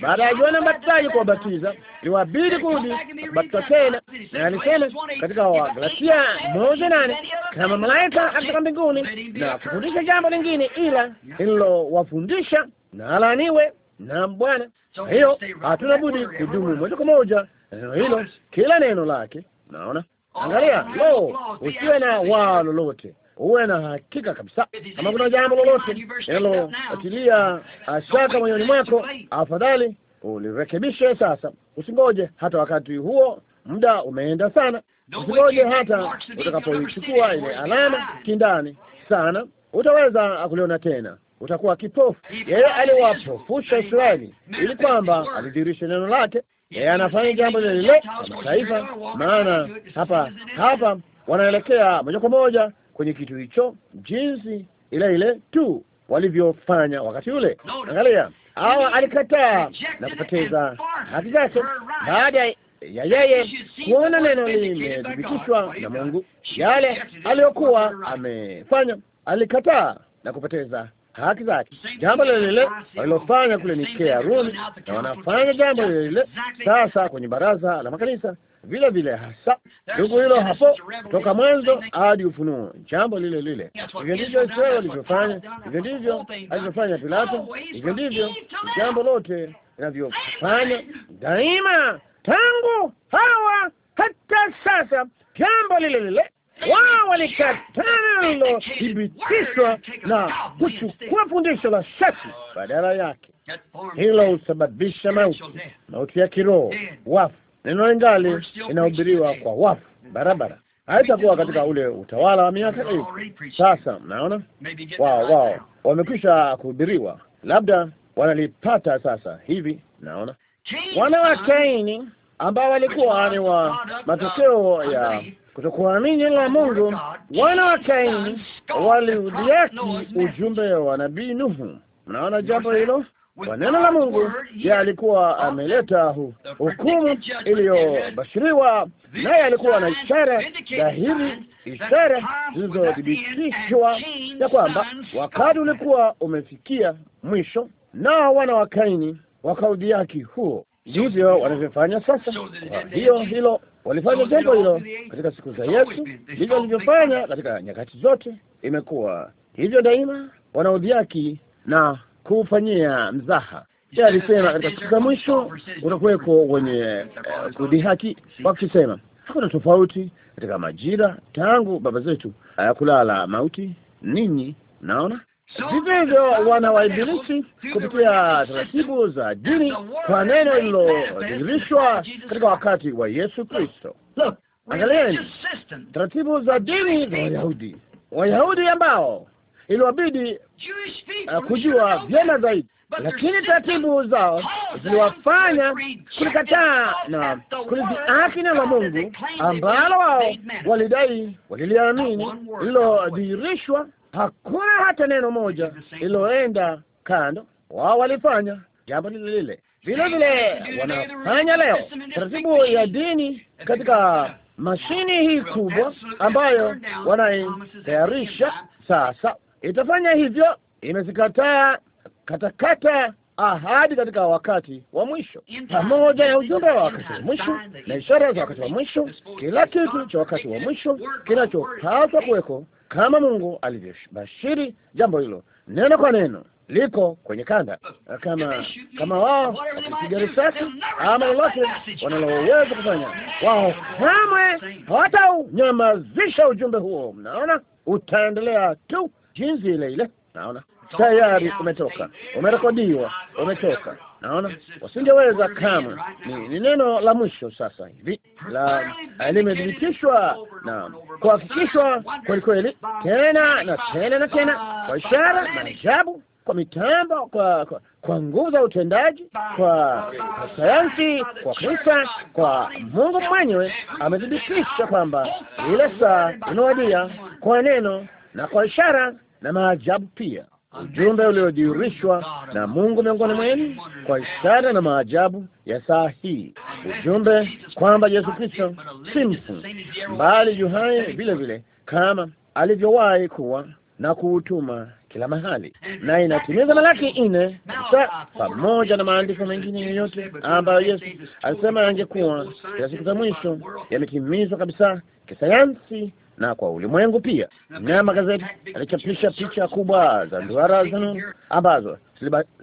Baada ya Yohana Mbatizaji kuwabatiza, iliwabidi kurudi na kubatizwa tena, na alisema katika Wagalatia moja nane kama malaika katika mbinguni na kufundisha jambo lingine ila ililowafundisha na alaniwe. Naam Bwana. Kwa hiyo hatuna budi kudumu moja kwa moja neno hilo, kila neno lake. Naona, angalia, lo, usiwe na waa lolote, uwe na hakika kabisa. Kama kuna jambo lolote linalotilia shaka moyoni mwako, afadhali ulirekebishe sasa. Usingoje hata wakati huo, muda umeenda sana. Usingoje hata utakapoichukua ile alama kindani sana, utaweza kuliona tena utakuwa kipofu. Yeye aliwapofusha Israeli ili kwamba alidhihirishe neno lake. Yeye anafanya jambo lile lile kwa mataifa, maana hapa hapa wanaelekea moja kwa moja kwenye kitu hicho, jinsi ile ile tu walivyofanya wakati ule. Angalia, hawa alikataa na kupoteza haki zake baada ya yeye kuona neno limedhibitishwa na Mungu, yale aliyokuwa amefanya alikataa na kupoteza haki zake, jambo lile lile walilofanya kule Nikea, Rumi, na wanafanya jambo lile lile sasa kwenye baraza la makanisa vile vile, hasa ndugu, hilo hapo, toka mwanzo hadi Ufunuo, jambo lile lile. Oh, hivyo ndivyo Israeli walivyofanya, hivyo ndivyo alivyofanya Pilato, hivyo ndivyo jambo lote linavyofanya daima, tangu Hawa hata sasa, jambo lile lile wao walikataa lilothibitishwa na kuchukua fundisho la shati badala yake. Hilo husababisha mauti, mauti ya kiroho, wafu. Neno lingali inahubiriwa kwa wafu barabara haitakuwa katika ule utawala wa miaka hii. Sasa mnaona wao wao wamekwisha kuhubiriwa, labda wanalipata sasa hivi. naona wanawakaini ambao walikuwa ni wa matokeo ya kutokuamini neno la Mungu. Wana wa Kaini waliudhiaki ujumbe wa nabii Nuhu. Mnaona jambo hilo kwa neno la Mungu. Je, alikuwa ameleta hukumu iliyobashiriwa? Naye alikuwa na ishara dhahiri, ishara zilizothibitishwa ya kwamba wakati ulikuwa umefikia mwisho, nao wana wa Kaini wakaudhiaki huo. Ndivyo wanavyofanya sasa. Kwa hiyo hilo Walifanya jambo hilo katika siku za Yesu, ndivyo walivyofanya katika nyakati zote, imekuwa hivyo daima, wanaudhiaki na kuufanyia mzaha. Ye alisema katika siku za mwisho utakuweko wenye kudi eh, kudhihaki wakisema hakuna tofauti katika majira tangu baba zetu ya kulala mauti. Ninyi naona hivyo wana wa Ibilisi kupitia taratibu za dini, kwa neno lililodhihirishwa katika wakati wa Yesu Kristo. Angalieni taratibu za dini za Wayahudi, Wayahudi ambao iliwabidi uh, kujua vyema zaidi, lakini taratibu zao ziliwafanya kulikataa na kuliziaki neno la Mungu ambalo wao walidai waliliamini lililodhihirishwa Hakuna hata neno moja lililoenda kando. Wao walifanya jambo lile lile vile vile wanafanya leo. Taratibu ya dini katika mashini hii kubwa ambayo wanaitayarisha sasa itafanya hivyo, imezikataa katakata ahadi katika wakati wa mwisho, pamoja na ujumbe wa wakati wa mwisho na ishara za wakati wa mwisho, kila kitu cha wakati wa mwisho kinachopaswa kuweko kama Mungu alivyobashiri jambo hilo neno kwa neno liko kwenye kanda, kama kama wao wakipiga risasi ama lolote wanaloweza kufanya, wao kamwe hawataunyamazisha ujumbe huo. Mnaona, utaendelea tu jinsi ile ile. Naona tayari umetoka, umerekodiwa, umetoka Naona wasingeweza kamwe. Ni, ni neno la mwisho sasa hivi la eh, limedhibitishwa na kuhakikishwa kweli kweli, tena na tena na tena, kwa ishara na ajabu, kwa mitambo, kwa kwa, kwa nguvu za utendaji, kwa, kwa sayansi, kwa Kristo, kwa Mungu mwenyewe amedhibitisha kwamba ile saa inawadia, kwa neno na kwa ishara na maajabu pia ujumbe uliodhihirishwa na Mungu miongoni mwenu kwa ishara na maajabu ya saa hii, ujumbe kwamba Yesu Kristo si mfu, bali yu vile vile kama alivyowahi kuwa na kuutuma kila mahali, na inatimiza Malaki nne sa pamoja na maandiko mengine yoyote ambayo Yesu alisema angekuwa katika siku za mwisho yametimizwa kabisa kisayansi na kwa ulimwengu pia. Na magazeti alichapisha picha kubwa za duara ambazo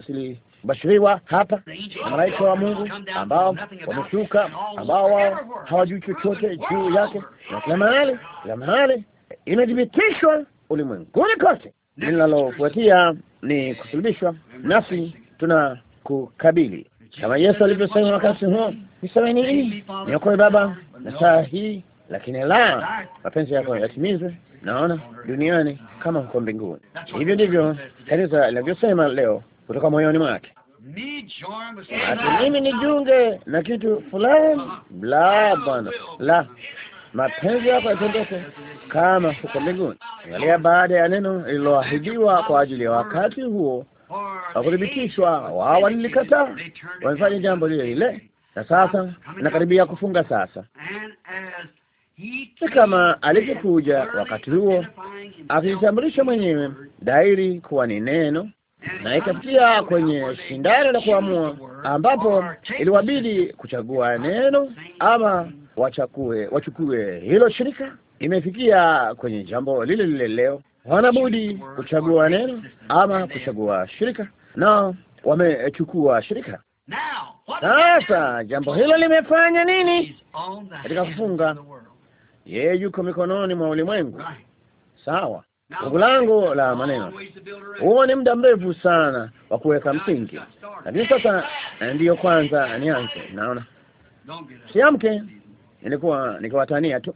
zilibashiriwa hapa na malaika wa Mungu ambao wameshuka, ambao wao hawajui chochote juu yake, na kila mahali, kila mahali imethibitishwa ulimwenguni kote. Linalofuatia ni kusulubishwa, nasi tuna kukabili kama Yesu alivyosema wakati huo, nisameni, niokoe Baba, na saa hii lakini la mapenzi yako yatimizwe, naona duniani kama huko mbinguni. Hivyo ndivyo kanisa linavyosema leo kutoka moyoni mwake. Ati mimi nijunge na kitu fulani? La, bwana, la mapenzi yako yatendeke kama huko mbinguni. Angalia, baada ya neno lililoahidiwa kwa ajili ya wakati huo wakuthibitishwa, wao walilikataa, wamefanya jambo lile lile, na sasa nakaribia kufunga sasa si kama alivyokuja wakati huo akijitambulisha mwenyewe dairi kuwa ni neno, na ikafikia kwenye shindano la kuamua, ambapo iliwabidi kuchagua neno ama wachakue wachukue hilo shirika. Imefikia kwenye jambo lile lile leo, wanabudi kuchagua neno ama kuchagua shirika, na wamechukua shirika. Sasa jambo hilo limefanya nini katika kufunga yeye yuko mikononi mwa ulimwengu. Sawa. Fungu langu la maneno, huo ni muda mrefu sana wa kuweka msingi, lakini sasa eh, ndiyo kwanza nianze. Naona siamke, nilikuwa nikiwatania tu.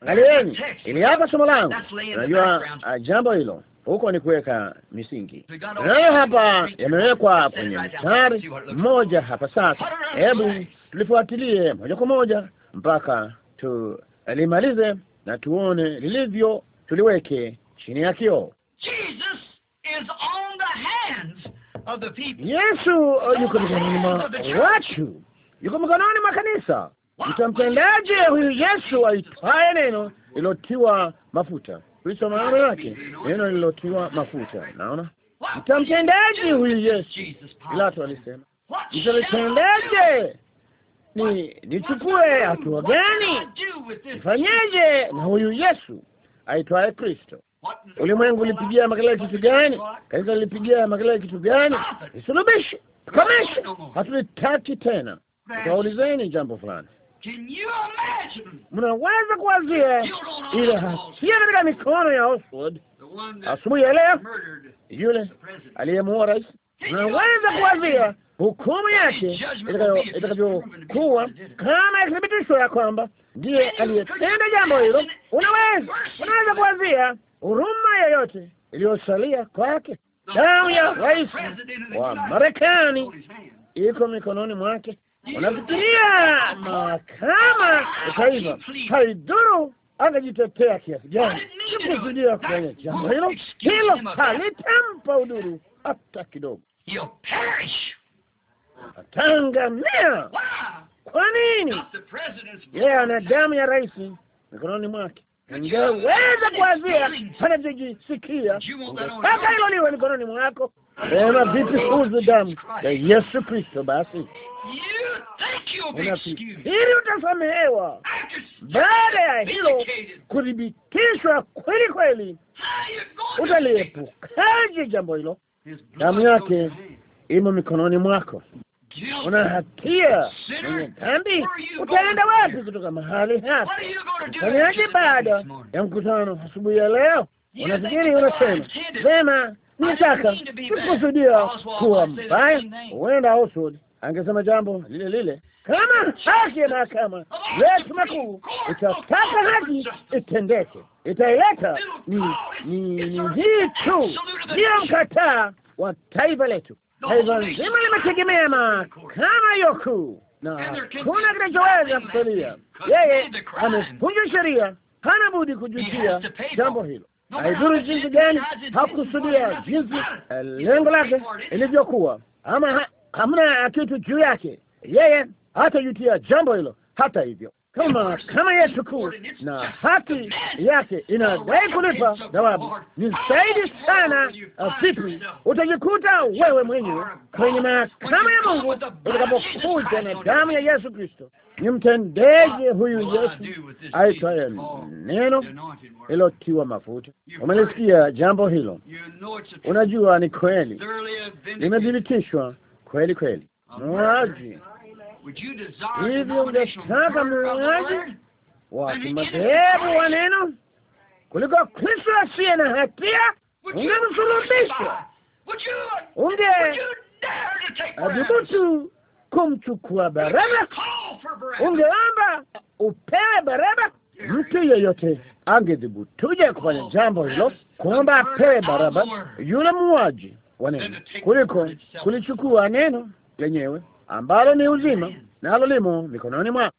Angalieni, ili hapa somo langu, unajua ah, jambo hilo huko ni kuweka misingi, nayo hapa yamewekwa kwenye mstari mmoja hapa. Sasa hebu tulifuatilie moja kwa moja mpaka tulimalize na tuone lilivyo, tuliweke chini ya kioo. Yesu yuko mikononi mwa watu, yuko mikononi mwa kanisa. Mtamtendaje huyu Yesu aitwaye neno lilotiwa mafuta? Hicho maana yake neno lilotiwa mafuta. Naona mtamtendaje huyu Yesu? Pilato alisema mtamtendaje ni nichukue hatua gani? Nifanyeje na huyu Yesu aitwaye Kristo? Ulimwengu ulipigia makelele kitu gani? Kanisa lilipigia makelele kitu gani? Isulubishe, komeshe, hatulitaki tena. Utaulizeni jambo fulani Mnaweza kuwazia ile hatia katika mikono ya Oswald asubuhi ya leo, yule aliyemuua rais unaweza kuwazia hukumu yake itakavyokuwa kama ikithibitishwa ya kwamba ndiye aliyetenda jambo hilo. Unaweza unaweza kuwazia huruma yoyote iliyosalia kwake. Damu ya rais wa Marekani iko mikononi mwake. Unafikiria mahakama taifa haidhuru akajitetea kiasi gani kukusudia kufanya jambo hilo, hilo halitampa udhuru hata kidogo atangamea. Kwa nini? Yeye ana damu ya rais mikononi mwake. Ningeweza kuwazia panajisikia mpaka hilo liwe mikononi mwako. Sema vipi huzu damu ya Yesu Kristo? Basi unafikiri utasamehewa baada ya hilo kudhibitishwa kweli kweli? Utaliepukaje jambo hilo? damu yake imo mikononi mwako. Una hatia mwenye dhambi. Utaenda wapi kutoka mahali hapa? Ufanyaje baada ya mkutano asubuhi ya leo? Unafikiri unasema vema, nitaka kukusudia kuwa mbaya, huenda Oswald angesema jambo lile lile. Kama haki ya mahakama yetu makuu itataka haki itendeke, itaileta ni ni hii tu, ndiyo mkataa wa taifa letu. Taifa nzima limetegemea mahakama hiyo kuu, na kuna kinachoweza kusalia. Yeye amevunja sheria, hana budi kujutia jambo hilo. Haidhuru jinsi gani, hakusudia jinsi eh, lengo lake ilivyokuwa ama hamna kitu juu yake, yeye hata yutia jambo hilo. Hata hivyo, kama kama Yesu kuu na hati yake inadai oh, kulipa dawabu ni zaidi sana uh, vipi utajikuta wewe mwenyewe kwenye mahakama ya Mungu utakapokuja na damu ya Yesu Kristo. Ni mtendeje huyu Yesu aitwaye neno ilotiwa mafuta? Umelisikia jambo hilo? Unajua ni kweli, limedhibitishwa kweli kweli. Muuaji, hivyo ungetaka muuaji wa kimadhehebu wa neno kuliko Kristo asiye na hatia? unge ungeadhubutu kumchukua Baraba? Ungeomba upewe Baraba? Mtu yeyote angedhubutuje kufanya oh, jambo hilo, kuomba apewe Baraba yule muuaji wa neno kuliko kulichukua neno lenyewe ambalo ni uzima, nalo limo mikononi mwako.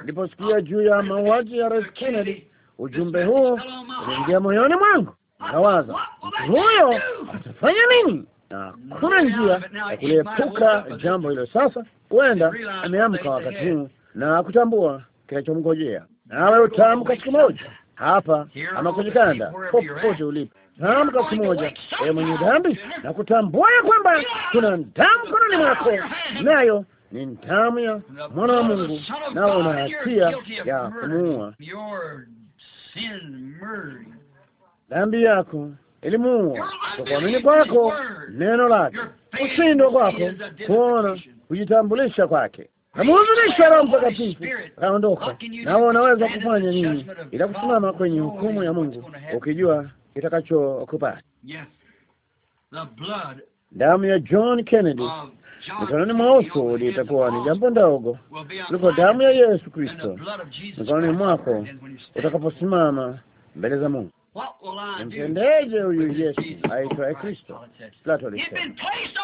Niliposikia juu ya mauaji ya Rais Kennedy, ujumbe huo uliingia moyoni mwangu, nikawaza mtu huyo atafanya nini, na mm, kuna njia ya kuliepuka jambo hilo. Sasa huenda ameamka wakati huu na kutambua kinachomngojea, nawe utaamka siku moja. hapa ama kwenye kanda, popote ulipo, tamka siku moja, e mwenye dhambi, na kutambua ya kwamba kuna damu mkononi mwako, nayo ni damu ya mwana wa Mungu, nao una hatia ya kumuua. Dhambi yako ilimuua. Kuamini kwako neno lake, kushindwa kwako kuona, kujitambulisha kwake namhuzunishwa Roho Mtakatifu akaondoka. Nawe unaweza kufanya nini ila kusimama kwenye hukumu ya Mungu ukijua kitakachokupata? Damu ya John Kennedy mikononi mwako litakuwa ni jambo ndogo kuliko damu ya Yesu Kristo mikononi mwako utakaposimama mbele za Mungu. Mtendeje huyu Yesu aitwaye Kristo? Plato alisema,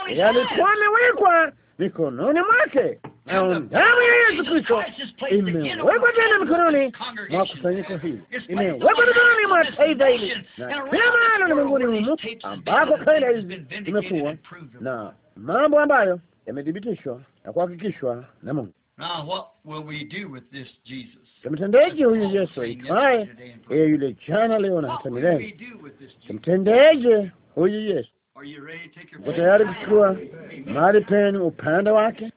alikuwa amewekwa mikononi mwake, na damu ya Yesu Kristo imewekwa tena mikononi mwa kusanyiko hili, imewekwa mikononi mwa taifa hili na kila mahali ulimwenguni humu ambako kaida hizi na mambo ambayo yamethibitishwa na kuhakikishwa na Mungu. Tumtendeje huyu Yesu aitwaye yeye yule jana, leo na hata milele? Tumtendeje huyu Yesu? Mko tayari kuchukua mahali penu upande wake?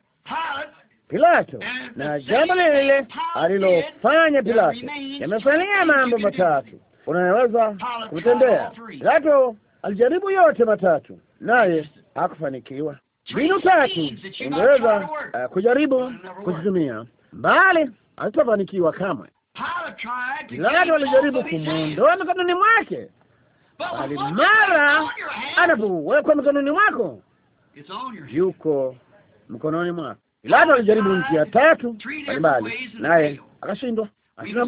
Pilato na jambo lile alilofanya Pilato yamefanyia mambo matatu, unaweza kutendea. Pilato alijaribu yote matatu, naye hakufanikiwa. Mbinu tatu ungeweza uh, eh, kujaribu kuzitumia, mbali hazitafanikiwa kamwe. Pilato alijaribu kumwondoa mikononi mwake bali mara anapowekwa mikononi mwako yuko mkononi mwako. Pilato alijaribu njia tatu mbalimbali, naye akashindwa. Hatuna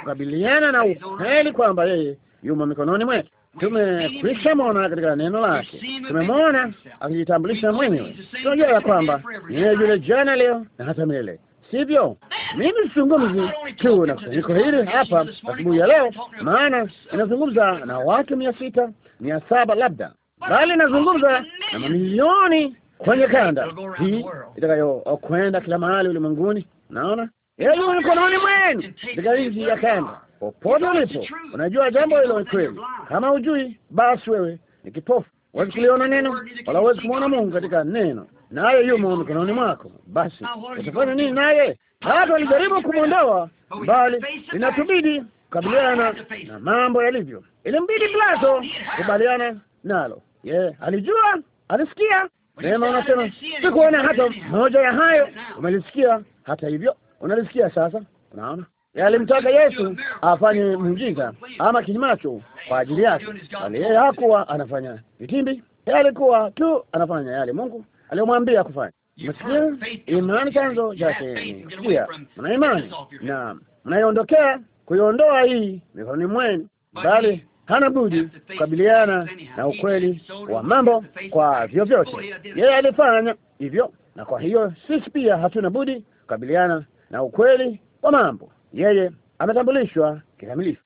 kukabiliana na ukweli kwamba yeye yumo mikononi mwetu. Tumekwisha mwona katika neno lake, tumemwona akijitambulisha mwenyewe. Tunajua ya kwamba yeye yule jana, leo na hata milele, sivyo? mimi sizungumzi ah, tu na kusanyiko hili hapa asubuhi ya leo, maana inazungumza na watu mia sita mia saba labda, bali inazungumza na mamilioni kwenye kanda hii itakayokwenda kila mahali ulimwenguni. Naona yeye mikononi mwenu katika hizi ya kanda, popote ulipo, unajua jambo hilo ni kweli. Kama hujui, basi wewe ni kipofu, huwezi kuliona neno wala huwezi kumwona Mungu katika neno naye yumo mikononi mwako, basi utafanya nini naye? Hata alijaribu kumwondoa, bali inatubidi kukabiliana na mambo yalivyo. Ilimbidi Plato kubaliana nalo. Ye alijua, alisikia sema. Unasema sikuona hata moja ya hayo, umelisikia. Hata hivyo unalisikia sasa. Unaona, ye alimtaka Yesu afanye muujiza ama kimacho kwa ajili yake, bali yeye hakuwa anafanya vitimbi, Yeye alikuwa tu anafanya yale Mungu aliyomwambia kufanya. Msikia imani, chanzo chake kusikia. Mna imani na mnaiondokea kuiondoa hii mikononi mwenu, bali hana budi kukabiliana na ukweli wa mambo kwa vyovyote. Yeye alifanya hivyo, na kwa hiyo sisi pia hatuna budi kukabiliana na ukweli wa mambo. Yeye ametambulishwa kikamilifu.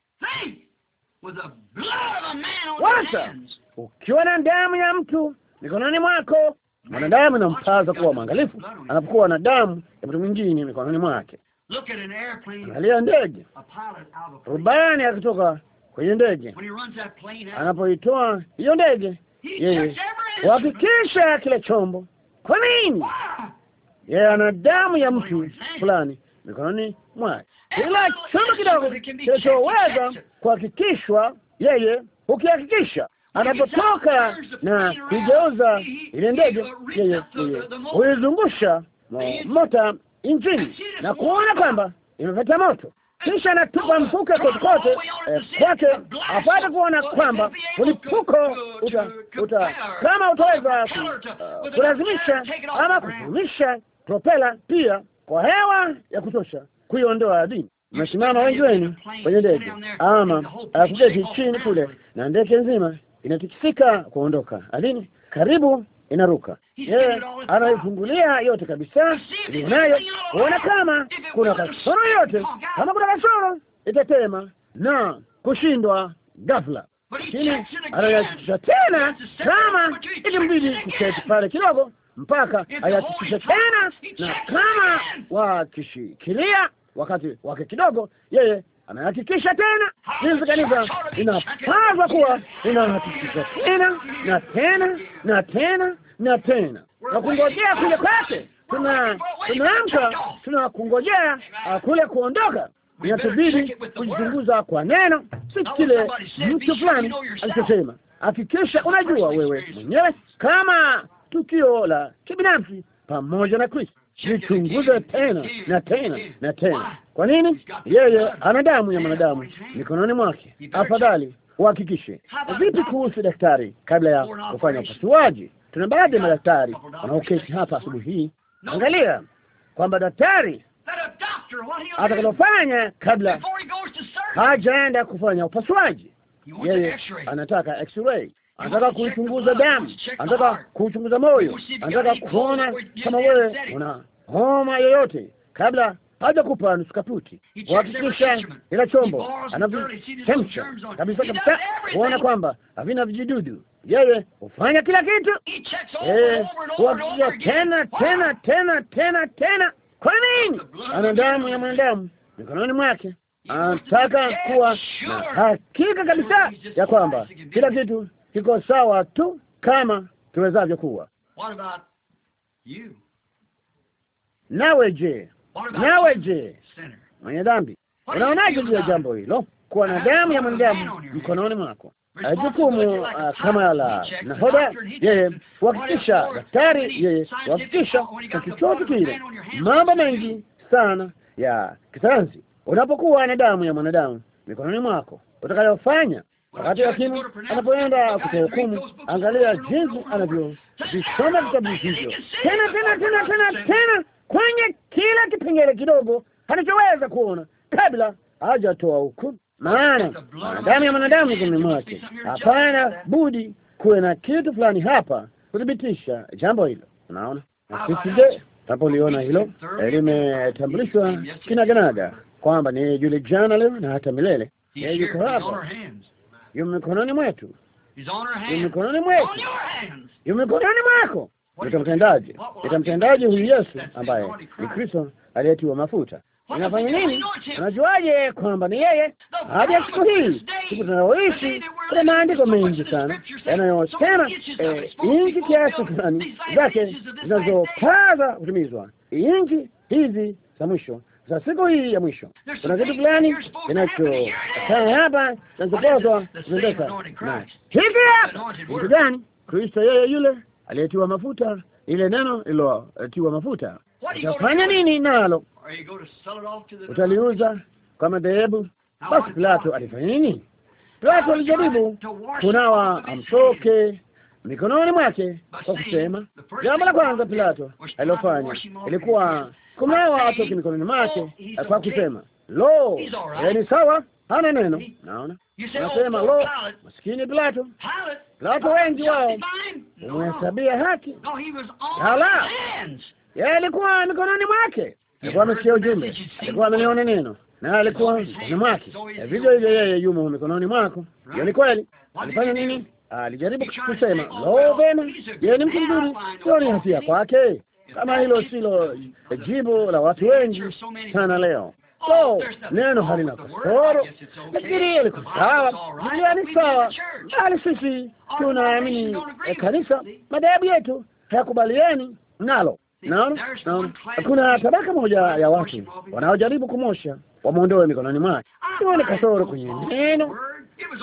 Wacha ukiwa na damu ya mtu mikononi mwako Mwanadamu inampasa kuwa mwangalifu anapokuwa na damu ya mtu mwingine mikononi mwake. Angalia ndege, rubani akitoka kwenye ndege, anapoitoa hiyo ndege, yeye huhakikisha kile chombo. Kwa nini? Yeye ana damu ya mtu fulani mikononi mwake. Kila chombo kidogo kinachoweza kuhakikishwa, yeye hukihakikisha anapotoka na kugeuza ile ndege, yeye huizungusha mota injini na kuona kwamba imepata moto, kisha anatupa mfuke kotekote kwake apate kuona kwamba mlipuko uta, uta kama utaweza uh, kulazimisha ama kuzulisha propela pia kwa hewa ya kutosha kuiondoa ardhini. Mnasimama wengi wenu kwenye ndege ama akugeti uh, chini kule na ndege nzima inatikisika kuondoka, alini karibu inaruka yeye, anaifungulia yote kabisa ilionayo, kuona kama kuna kasoro yote, oh, kama kuna kasoro itatema na kushindwa ghafla, lakini anayatikisha tena, kama ikimbidi kuketi pale kidogo mpaka ayatikisha tena, na kama wakishikilia wakati wake kidogo, yeye anahakikisha tena. Jinsi kanisa inapaswa kuwa inahakikisha tena na tena na tena na tena, na kungojea kule kwake. Tuna tunaamka tunakungojea ah, kule kuondoka. Inatubidi kujichunguza kwa neno, si kile mtu fulani alichosema. Hakikisha unajua wewe mwenyewe kama tukio la kibinafsi pamoja na Kristo. Jichunguze tena na tena na tena. Kwa nini? Yeye ana damu ya mwanadamu mikononi mwake. Afadhali uhakikishe. Vipi kuhusu daktari kabla ya kufanya upasuaji? Tuna baadhi ya madaktari wanaoketi hapa asubuhi hii. Angalia kwamba daktari atakalofanya kabla hajaenda kufanya upasuaji, yeye anataka x-ray anataka kuichunguza damu, anataka kuchunguza moyo, anataka kuona kama wewe una homa yoyote kabla hajakupa nusu kaputi, kuhakikisha ila chombo anavichemsha kabisa kabisa, kuona kwamba havina vijidudu. Yeye hufanya kila kitu, huhakikisha tena tena tena tena tena. Kwa nini? Ana damu ya mwanadamu mikononi mwake, anataka kuwa na hakika kabisa ya kwamba kila kitu kiko sawa tu kama tuwezavyo kuwa. Nawe je, nawe je, mwenye dhambi, unaonaje juu ya jambo hilo, kuwa na damu ya mwanadamu mkononi mwako? Jukumu ah, kama la nahoda, yeye kuhakikisha, daktari yeye kuhakikisha na kichoto kile, mambo mengi sana ya kisayansi. Unapokuwa na damu ya mwanadamu mikononi mwako, utakayofanya wakati hakimu anapoenda kutohukumu, angalia jinsi anavyovisoma vitabu hivyo tena tena tena tena tena kwenye kila kipengele kidogo anachoweza kuona kabla hajatoa hukumu. Maana mwanadamu ya mwanadamu mkononi mwake, hapana budi kuwe na kitu fulani hapa kuthibitisha jambo hilo. Unaona, na sisi je, tapoliona hilo eh, limetambulishwa kinaganaga kwamba ni yule jana, leo na hata milele. Yeye yuko hapa yu mikononi mwetu, yu mikononi mwetu, yu mikononi mwako. Nitamtendaje? Nitamtendaje huyu Yesu ambaye ni Kristo aliyetiwa mafuta? Inafanya nini? Unajuaje kwamba ni yeye? Hadi ya siku hii, siku tunayoishi, kuna maandiko mengi sana yanayosema inji kiasi fulani zake zinazopaza kutumizwa, inji hizi za mwisho za siku hii ya mwisho kuna kitu fulani kinachokaa hapa kinachopozwa kuendeka hivi. Kitu gani? Kristo yeye yule aliyetiwa mafuta, ile neno lilotiwa mafuta. Utafanya nini nalo? Utaliuza kwa madhehebu? Basi Pilato alifanya nini? Pilato alijaribu kunawa amtoke mikononi mwake kwa kusema, jambo la kwanza Pilato alilofanya ilikuwa kumnao watoki mikononi mwake kwa kusema lo, yeye eh, ni sawa, hana neno. Naona nasema oh, lo, maskini Pilato. Pilato wengi wao umehesabia haki. Hala, yeye alikuwa mikononi mwake, alikuwa amesikia ujumbe, alikuwa ameniona neno na alikuwa mikononi mwake. Eh, vivyo hivyo yeye yumo mikononi mwako. Hiyo ni kweli. Alifanya nini? Alijaribu kusema oh, lo, vema, yeye ni mtu mzuri, sioni hatia kwake. Kama hilo silo jibu la watu wengi sana leo. So, neno halina kasoro, lakini liko sawa, Biblia ni sawa, bali sisi tunaamini e, kanisa, madhehebu yetu hayakubaliani nalo. Naona kuna tabaka moja ya watu wanaojaribu kumosha, wamwondoe mikononi mwake. Sioni kasoro kwenye neno,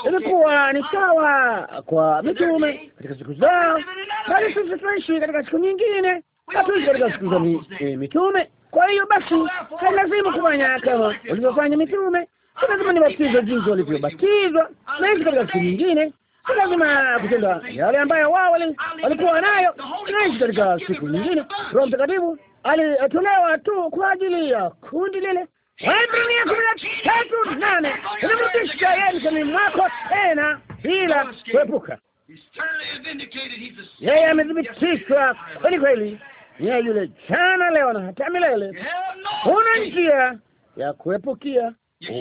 ilikuwa ni sawa kwa mitume katika siku zao, bali sisi tunaishi katika siku nyingine hatuishi katika siku za eh, mitume. Kwa hiyo basi, lazima kufanya kama walivyofanya mitume. Si lazima nibatizwe jinsi walivyobatizwa, naishi katika siku nyingine. Si lazima kutenda yale ambayo wao walikuwa nayo, naishi katika siku nyingine. Roho Mtakatifu alitolewa tu kwa ajili ya kundi lile. Waebrania kumi na tatu nane inamrudisha yeye mkononi mwako tena bila kuepuka. Yeye amethibitishwa kweli kweli nia yule jana, leo na hata milele. Una njia ya kuepukia,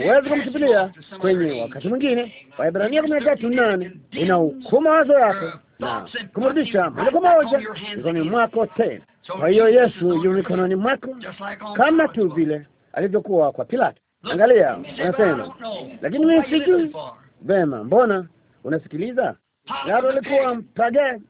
huwezi kumtupilia kwenye wakati mwingine. Waebrania kumi na tatu nane inahukuma wazo yako na kumrudisha moja kwa moja mikononi mwako tena. Kwa hiyo Yesu yu mikononi mwako kama tu vile alivyokuwa kwa Pilato. Angalia, unasema lakini mimi sijui vema. Mbona unasikiliza? Labda alikuwa mpagani,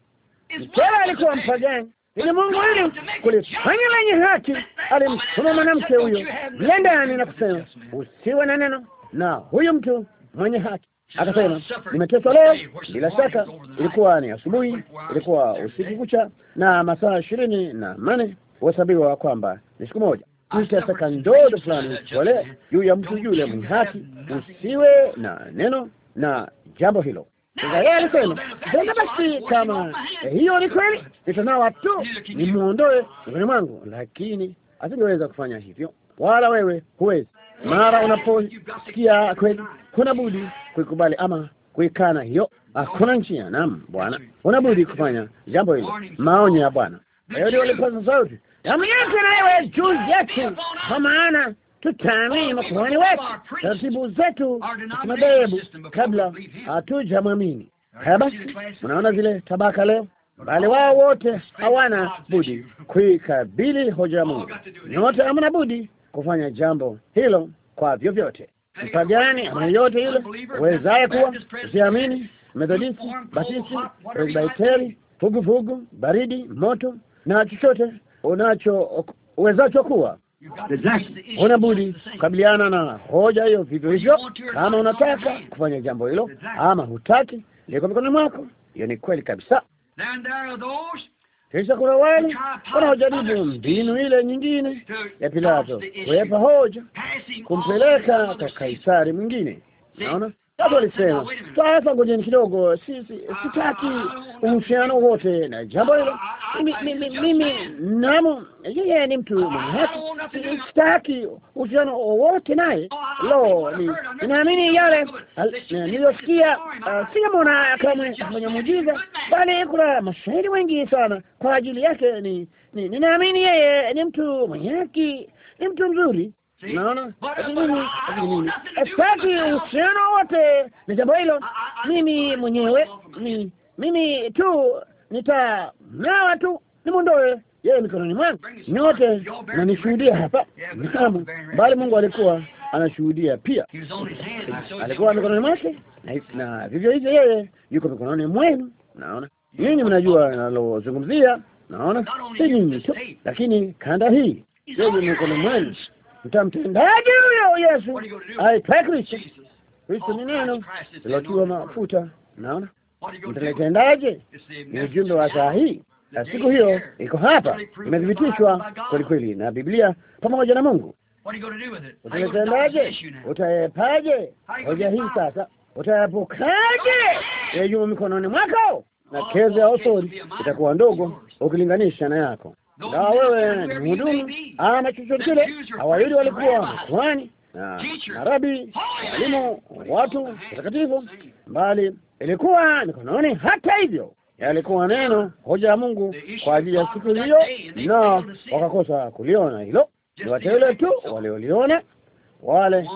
Mkela alikuwa mpagani ili Mungu wenu kulifanya lenye haki. Alimtuma mwanamke huyo mle ndani na kusema, usiwe na neno na huyu mtu mwenye haki. Akasema, nimeteswa leo. Bila shaka ilikuwa ni asubuhi, ilikuwa usiku kucha na masaa ishirini na nane huhesabiwa kwamba ni siku moja. Nitasaka ndodo fulani wale juu ya mtu yule mwenye haki, usiwe na neno na jambo hilo sasa yeye alisema bwana, basi, kama eh, hiyo ni kweli, nitanawa tu nimwondoe mikononi mwangu, lakini asingeweza kufanya hivyo, wala wewe huwezi. Mara unaposikia kweli, kuna budi kuikubali ama kuikana hiyo, hakuna njia. Naam, Bwana, unabudi kufanya jambo hilo. Maonyo ya Bwana, hiyo ndio sauti damu yake na wewe juu yetu, kwa maana tutanii makuhani wetu, taratibu zetu za madhehebu kabla hatujamwamini. Haya basi, unaona zile tabaka leo, bali wao wote hawana budi kuikabili hoja ya Mungu. Nyote hamna budi kufanya jambo hilo kwa vyovyote. Mpagani ama yote yule wezaye kuwa usiamini Methodisti, Batisti, Presbiteri, fugufugu baridi, moto na chochote unacho uwezacho kuwa una budi kukabiliana na hoja hiyo vivyo hivyo. Kama unataka kufanya jambo hilo ama hutaki, liko mikono mwako. Hiyo ni kweli kabisa. Kisha kuna wale wanaojaribu mbinu ile nyingine ya Pilato, kuepa hoja, kumpeleka kwa Kaisari mwingine. Naona Tatu alisema sasa, ngojeni kidogo, ah, sitaki ah, ah, uhusiano wote na jambo hilo. Mimi namu, yeye ni mtu mwenye haki, sitaki uhusiano wowote naye. Lo, ninaamini yale niliyosikia. Sijamwona kamwe mwenye muujiza, bali kuna mashahidi wengi sana kwa ajili yake. Ninaamini yeye ni mtu mwenye haki, ni mtu mzuri naona ah, eh, sitaki uhusiano wote na jambo hilo. Ah, ah, mimi mwenyewe mimi tu, nitamnawa tu, nimwondoe yeye mikononi mwangu. Nyote nanishuhudia hapa naam, bali Mungu alikuwa anashuhudia pia, alikuwa mikononi mwake, na vivyo hivyo yeye yuko mikononi mwenu. Naona nyinyi mnajua nalozungumzia, naona si nyinyi tu, lakini kanda hii yeye mikononi mwenu utamtendaje huyo Yesu aitwaye Kristo? Kristo ni oh, neno lilotiwa mafuta. Naona mtalitendaje? Ni ujumbe wa saa hii na siku hiyo iko hapa, imethibitishwa kwelikweli kweli na Biblia pamoja na Mungu. Utalitendaje? Utaepaje hoja hii sasa? Utaepukaje? yeyumo mikononi mwako, na oh, kezo ya osori itakuwa ndogo ukilinganisha na yako na wewe ni mhudumu ama chochote kile. Hawaidi walikuwa makuhani na marabi, walimu, watu watakatifu, bali ilikuwa mikononi. Hata hivyo, yalikuwa neno hoja ya Mungu kwa ajili ya siku hiyo, na wakakosa kuliona hilo. Ni wateule tu walioliona, wale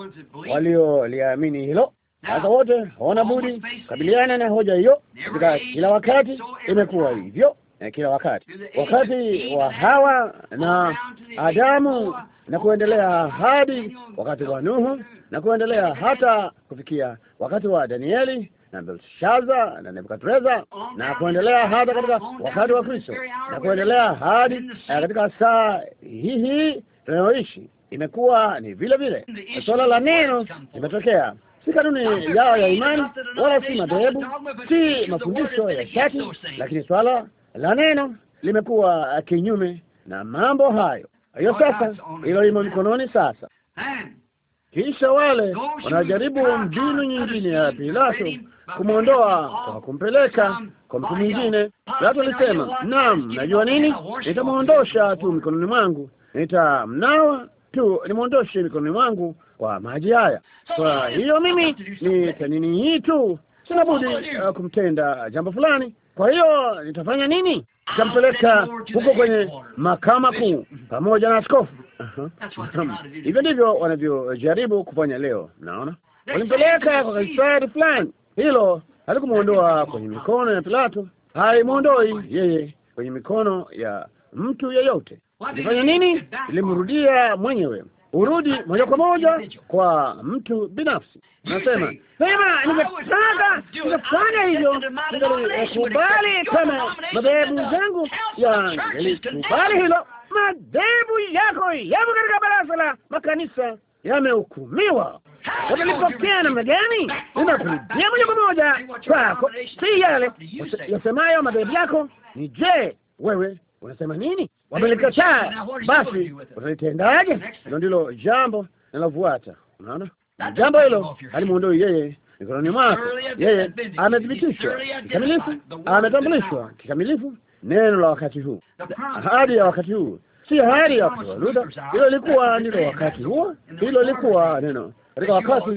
walioliamini hilo. Sasa wote hawana budi kabiliana na hoja hiyo katika kila wakati, imekuwa hivyo. Eh, kila wakati, wakati wa Hawa na Adamu na kuendelea hadi wakati wa Nuhu na kuendelea hata kufikia wakati wa Danieli na Belshaza na Nebukadreza na kuendelea hata katika wakati wa Kristo na kuendelea hadi eh, katika saa hii hii tunayoishi, imekuwa ni vile vile. Suala la neno limetokea, si kanuni yao ya imani wala si madhehebu, si mafundisho ya shati, lakini swala la neno limekuwa kinyume na mambo hayo. Hiyo sasa, hilo limo mikononi sasa. Kisha wale wanajaribu mbinu nyingine ya Pilato kumwondoa kwa kumpeleka kwa mtu mwingine. Pilato alisema, naam, najua nini, nitamwondosha tu mikononi mwangu, nitamnawa tu, nimwondoshe mikononi mwangu kwa maji haya. Kwa hiyo mimi nitanini hii tu, sinabudi uh, kumtenda jambo fulani kwa hiyo nitafanya nini? Nitampeleka huko kwenye makao kuu pamoja na askofu. Uh-huh. Hivyo ndivyo wanavyojaribu kufanya leo. Naona walimpeleka kwa Kaisari fulani. Hilo halikumwondoa kwenye mikono ya Pilato, haimwondoi yeye kwenye mikono ya mtu yeyote. Nitafanya nini? Ilimrudia mwenyewe urudi moja kwa moja kwa mtu binafsi. Nasema sema, ningetaka ningefanya hivyo, ningelikubali kama madhehebu zangu ya yangelikubali hilo. Madhehebu yako yapo katika baraza la makanisa, yamehukumiwa. Watalipokea namna gani? Inakurudia moja kwa moja kwako, si yale yasemayo madhehebu yako. Ni je, wewe unasema nini? wamelikataa, basi utalitendaje? Hilo ndilo jambo linalofuata. Unaona, jambo hilo halimuondoi yeye mikononi mwako. Yeye amethibitishwa kikamilifu, ametambulishwa kikamilifu, neno la wakati huu, ahadi ya wakati huu si ahadi ya wakati wa Luther. Hilo lilikuwa ndilo wakati huo, hilo lilikuwa neno katika wakati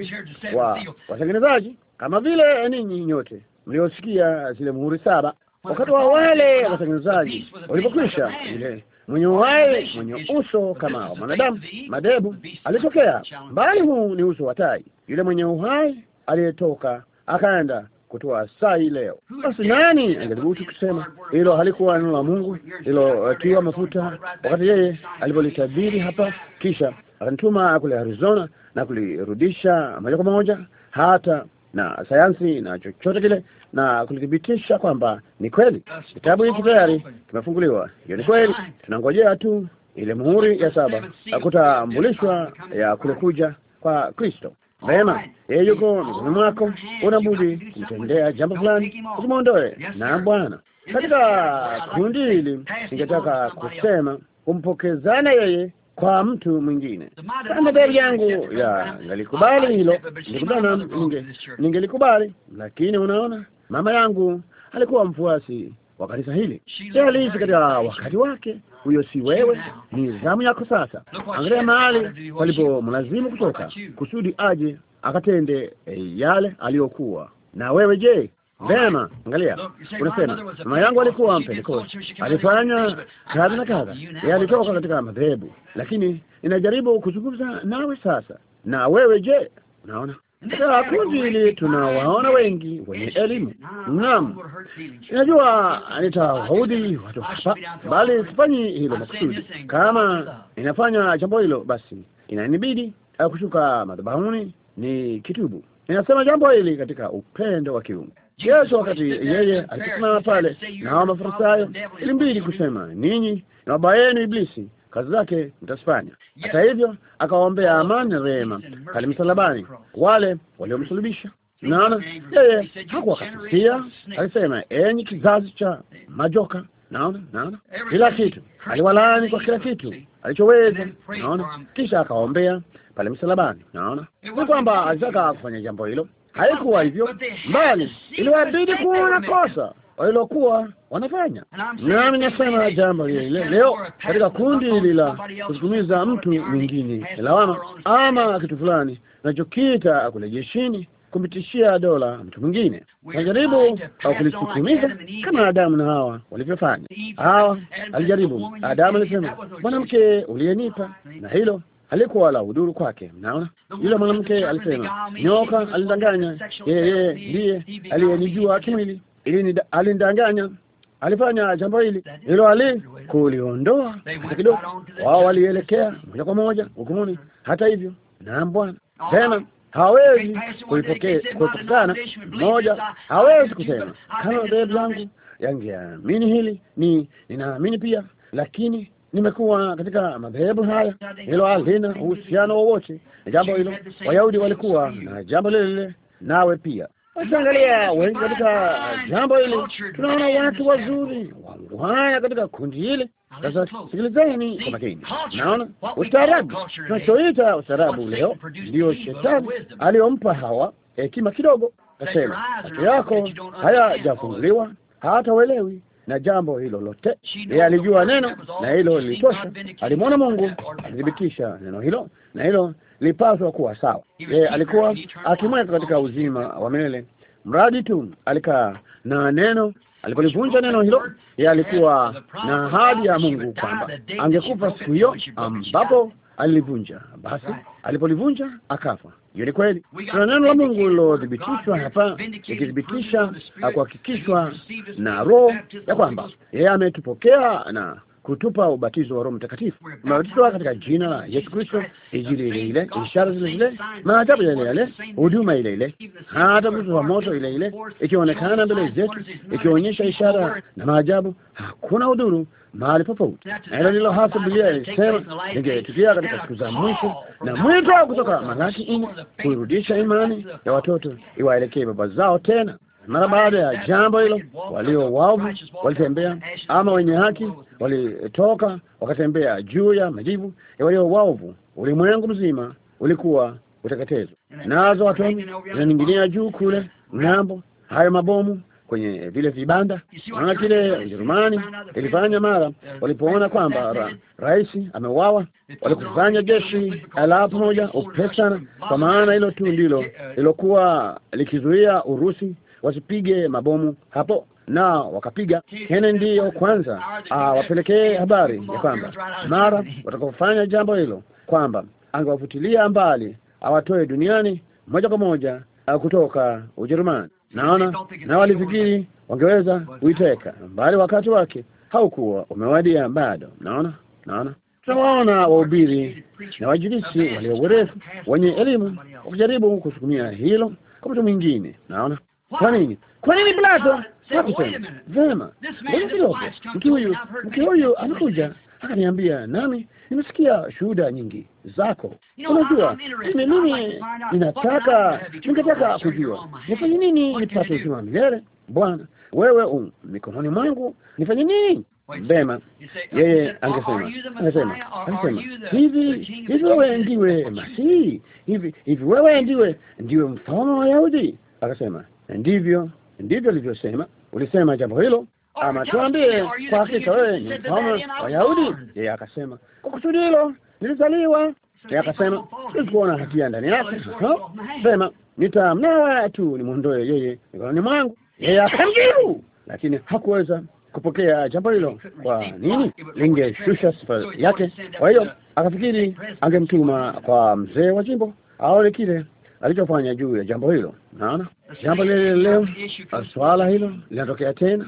wa watengenezaji, kama vile ninyi nyote mliosikia zile muhuri saba wakati wa wale watengenezaji walipokwisha, yule mwenye uhai mwenye uso kama wa mwanadamu madebu alitokea, bali huu ni uso wa tai. Yule mwenye uhai aliyetoka akaenda kutoa sai leo. Basi nani angethubutu kusema hilo halikuwa neno la Mungu lilotiwa mafuta, wakati yeye alipolitabiri hapa, kisha akanituma kule Arizona na kulirudisha moja kwa moja hata na sayansi na chochote kile na kulithibitisha kwamba ni kweli. Kitabu hiki tayari kimefunguliwa. Hiyo ni kweli, tunangojea tu ile muhuri ya saba kutambulishwa ya kule kuja kwa Kristo. Vema, yeye yuko mizoni mwako, unabudi kumtendea jambo fulani usimwondoe. Na Bwana, katika kundi hili ningetaka kusema kumpokezana yeye kwa mtu mwingine. Madhehebu yangu ya ngalikubali hilo, ningelikubali lakini, unaona, mama yangu alikuwa mfuasi wa kanisa hili, aliishi katika wakati wake. Huyo si wewe, ni zamu yako sasa. Angalia mahali mlazimu kutoka kusudi aje akatende eh, yale aliyokuwa na wewe. Je, Vema, angalia, unasema mama yangu alikuwa Mpentekoste, alifanya kadha na kadha, yeye alitoka katika madhehebu, lakini ninajaribu kuzungumza nawe sasa. Na wewe je, unaona katika kundi hili tunawaona wengi wenye elimu. Naam, inajua nitawaudhi watu hapa, bali sifanyi hilo makusudi. Kama uh, inafanya jambo hilo, basi inanibidi uh, kushuka madhabahuni ni kitubu. Ninasema jambo hili katika upendo wa kiungu. Yesu wakati yeye aliposimama pale na hao Mafarisayo, ilimbidi kusema ninyi na baba yenu Iblisi kazi zake mtazifanya. Hata hivyo akawaombea amani na rehema pale msalabani wale waliomsulubisha. Naona yeye hakuwakasisia, alisema enyi kizazi cha majoka. Naona, naona kila kitu aliwalaani kwa kila kitu alichoweza. Naona kisha akaombea pale msalabani. Naona ni kwamba alitaka kufanya jambo hilo Haikuwa hivyo, bali iliwabidi kuona kosa walilokuwa wanafanya. Nami nasema jambo lile leo katika kundi hili la kusukumiza mtu mwingine lawama ama kitu fulani unachokiita kule jeshini kumpitishia dola mtu mwingine, najaribu au kulisukumiza kama Adamu na Hawa walivyofanya. Hawa alijaribu, Adamu alisema, mwanamke uliyenipa, na hilo alikuwa la huduru kwake. Mnaona, yule mwanamke alisema nyoka alidanganya yeye, ndiye aliyenijua kimwili, alinidanganya alifanya jambo hili hilo ali kuliondoa hata kidogo. Wao walielekea moja kwa moja hukumuni. Hata hivyo, naam Bwana, tena hawezi kuipokezana moja, uh, hawezi uh, kusema kama bebu yangu yangeamini hili, ni ninaamini pia, lakini nimekuwa katika madhehebu haya, hilo halina uhusiano wowote na jambo hilo. Wayahudi walikuwa na jambo lile lile, nawe pia wakiangalia wengi katika jambo hili, tunaona watu wazuri waungwana katika kundi hili. Sasa sikilizeni kwa makini, naona ustaarabu, tunachoita ustaarabu leo ndiyo shetani aliyompa Hawa hekima kidogo, kasema macho yako hayajafunguliwa, hata welewi na jambo hilo lote. Yeye alijua neno na hilo lilitosha. Alimwona Mungu akithibitisha neno hilo, na hilo lilipaswa kuwa sawa. Yeye alikuwa akimweka katika uzima wa milele, mradi tu alikaa na neno. Alipolivunja neno hilo, yeye alikuwa na ahadi ya Mungu kwamba angekufa siku hiyo ambapo alilivunja. Basi alipolivunja akafa. Hiyo ni kweli. Tuna neno la Mungu lilothibitishwa hapa, ikithibitisha kuhakikishwa na Roho ya kwamba yeye ametupokea na kutupa ubatizo wa Roho Mtakatifu, umebatizwa katika jina la Yesu Kristo, injili ile ile, ishara zile zile, maajabu yale yale, huduma ile ile, hata mtu wa moto ile ile ikionekana mbele zetu, ikionyesha ishara na maajabu. Hakuna udhuru mahali popote, na hilo ndilo hasa Biblia ilisema lingetukia katika siku za mwisho, na mwito kutoka Malaki nne kuirudisha imani ya watoto iwaelekee baba zao tena. Mara baada ya jambo hilo, walio waovu walitembea, ama wenye haki walitoka wakatembea juu ya majivu ya walio waovu. Ulimwengu mzima ulikuwa utakatezwa, nazo atomi zinaning'inia juu kule ng'ambo, hayo mabomu kwenye vile vibanda. Naona kile Ujerumani ilifanya mara walipoona kwamba ra, rais ameuawa, walikufanya jeshi la pamoja upesi sana, kwa maana hilo tu ndilo lilokuwa likizuia Urusi wasipige mabomu hapo na wakapiga hene. Ndiyo kwanza ah, wapelekee habari ya kwamba mara watakapofanya jambo hilo, kwamba angewafutilia mbali awatoe duniani moja kwa moja ah, kutoka Ujerumani naona na walifikiri wangeweza kuiteka, bali wakati wake haukuwa umewadia bado. Naona naona tunawaona wahubiri na wajilisi walio werevu wenye elimu wakijaribu kusukumia hilo kwa mtu mwingine. Naona kwa nini, kwa nini Plato hakusema vema? Kidogo, mki huyu mki huyu amekuja akaniambia, nami nimesikia shuhuda nyingi zako. Unajua, mimi mimi ninataka ningetaka kujua nifanye nini nipate uzima wa milele Bwana, wewe mikononi mwangu, nifanye nini? Bema, yeye angesema angesema angesema hivi hivi, wewe ndiwe Masihi? Hivi hivi, wewe ndiwe ndiwe mfalme wa Wayahudi? Akasema ndivyo, ndivyo alivyosema. Ulisema jambo hilo ama tuambie, kwa hakika wewe ni mfalme wa Wayahudi? Yeye akasema kwa kusudi hilo nilizaliwa akasema sikuwa na hatia ndani yake, sema nitamnawa tu nimwondoe yeye mikononi mwangu. Yeye akamjibu, lakini hakuweza kupokea jambo hilo. Kwa nini? Lingeshusha sifa yake. Kwa hiyo akafikiri angemtuma kwa mzee wa jimbo aone kile alichofanya juu ya jambo hilo. Naona jambo lile leo, swala hilo linatokea tena.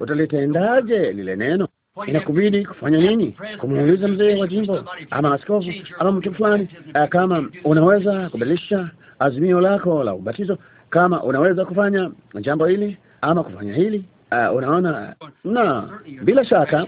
Utalitendaje lile neno? inakubidi kufanya nini? Kumuuliza mzee wa jimbo ama askofu ama mtu fulani, eh, kama unaweza kubadilisha azimio lako la ubatizo, kama unaweza kufanya jambo hili ama kufanya hili. Uh, unaona, na bila shaka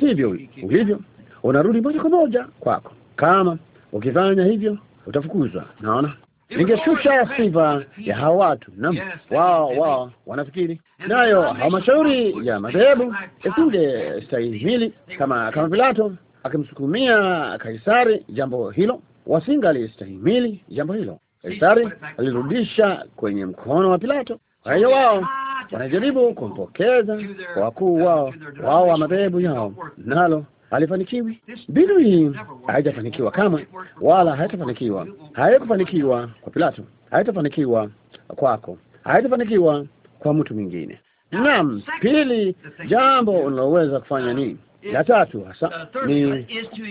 sivyo ulivyo, unarudi moja kwa moja kwako. Kama ukifanya hivyo utafukuzwa. Naona ningeshusha sifa ya hawa watu nam wao wao wanafikiri nayo, halmashauri ya madhehebu isinge stahimili kama kama Pilato akimsukumia Kaisari jambo hilo, wasingali stahimili jambo hilo. Kaisari alirudisha kwenye mkono wa Pilato. Kwa hiyo wao wanajaribu kumpokeza kwa wakuu wao wao wa madhehebu yao, nalo alifanikiwi. Mbinu hii haijafanikiwa kamwe, wala haitafanikiwa, haikufanikiwa kwa Pilato, haitafanikiwa kwako, haitafanikiwa kwa mtu mwingine. Naam, pili, jambo unaloweza kufanya ni La tatu hasa ni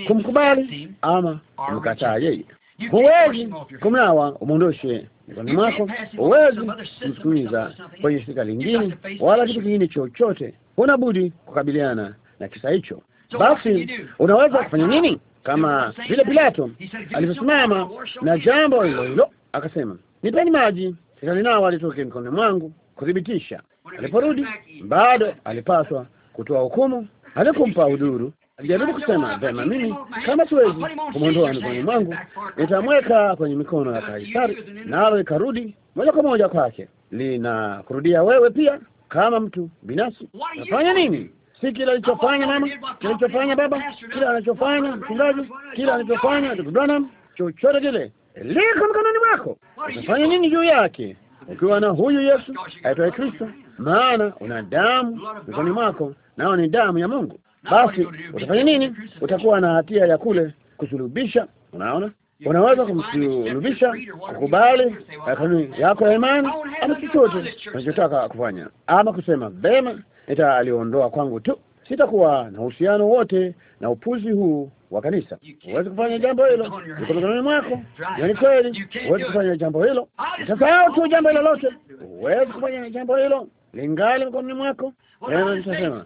kumkubali ama kumkataa yeye. Huwezi kumnawa umwondoshe mikononi mwako, huwezi kumsukumiza kwenye shirika lingine wala kitu kingine chochote. Huna budi kukabiliana na kisa hicho basi unaweza kufanya nini? Kama vile Pilato alivyosimama na jambo hilo hilo akasema, nipeni maji, nao alitoke mkononi mwangu kuthibitisha. Aliporudi bado alipaswa kutoa hukumu, alikumpa udhuru. Alijaribu kusema vema, mimi kama siwezi kumwondoa mikononi mwangu, nitamweka kwenye mikono ya Kaisari, nalo ikarudi moja kwa moja kwake, linakurudia wewe pia. Kama mtu binafsi, nafanya nini? si kile alichofanya mama, alichofanya baba, kile anachofanya mchungaji, kile anachofanya ndugu Branham, chochote kile liko mkononi mwako. Utafanya nini juu yake? Ukiwa na huyu Yesu aitwaye Kristo, maana una damu mkononi mwako, nao ni damu ya Mungu. Basi utafanya nini? Utakuwa na hatia ya kule kusulubisha. Unaona, unaweza kumsulubisha, kukubali kanuni yako ya imani ama chochote unachotaka kufanya, ama kusema vema nitaliondoa kwangu tu. Sitakuwa na uhusiano wote na upuzi huu wa kanisa. Huwezi yaani kufanya jambo hilo, iko mikononi mwako. Ni kweli, huwezi kufanya jambo hilo. Nitasahau tu jambo hilo lote. Huwezi kufanya jambo hilo, lingali mikononi mwako. nitasema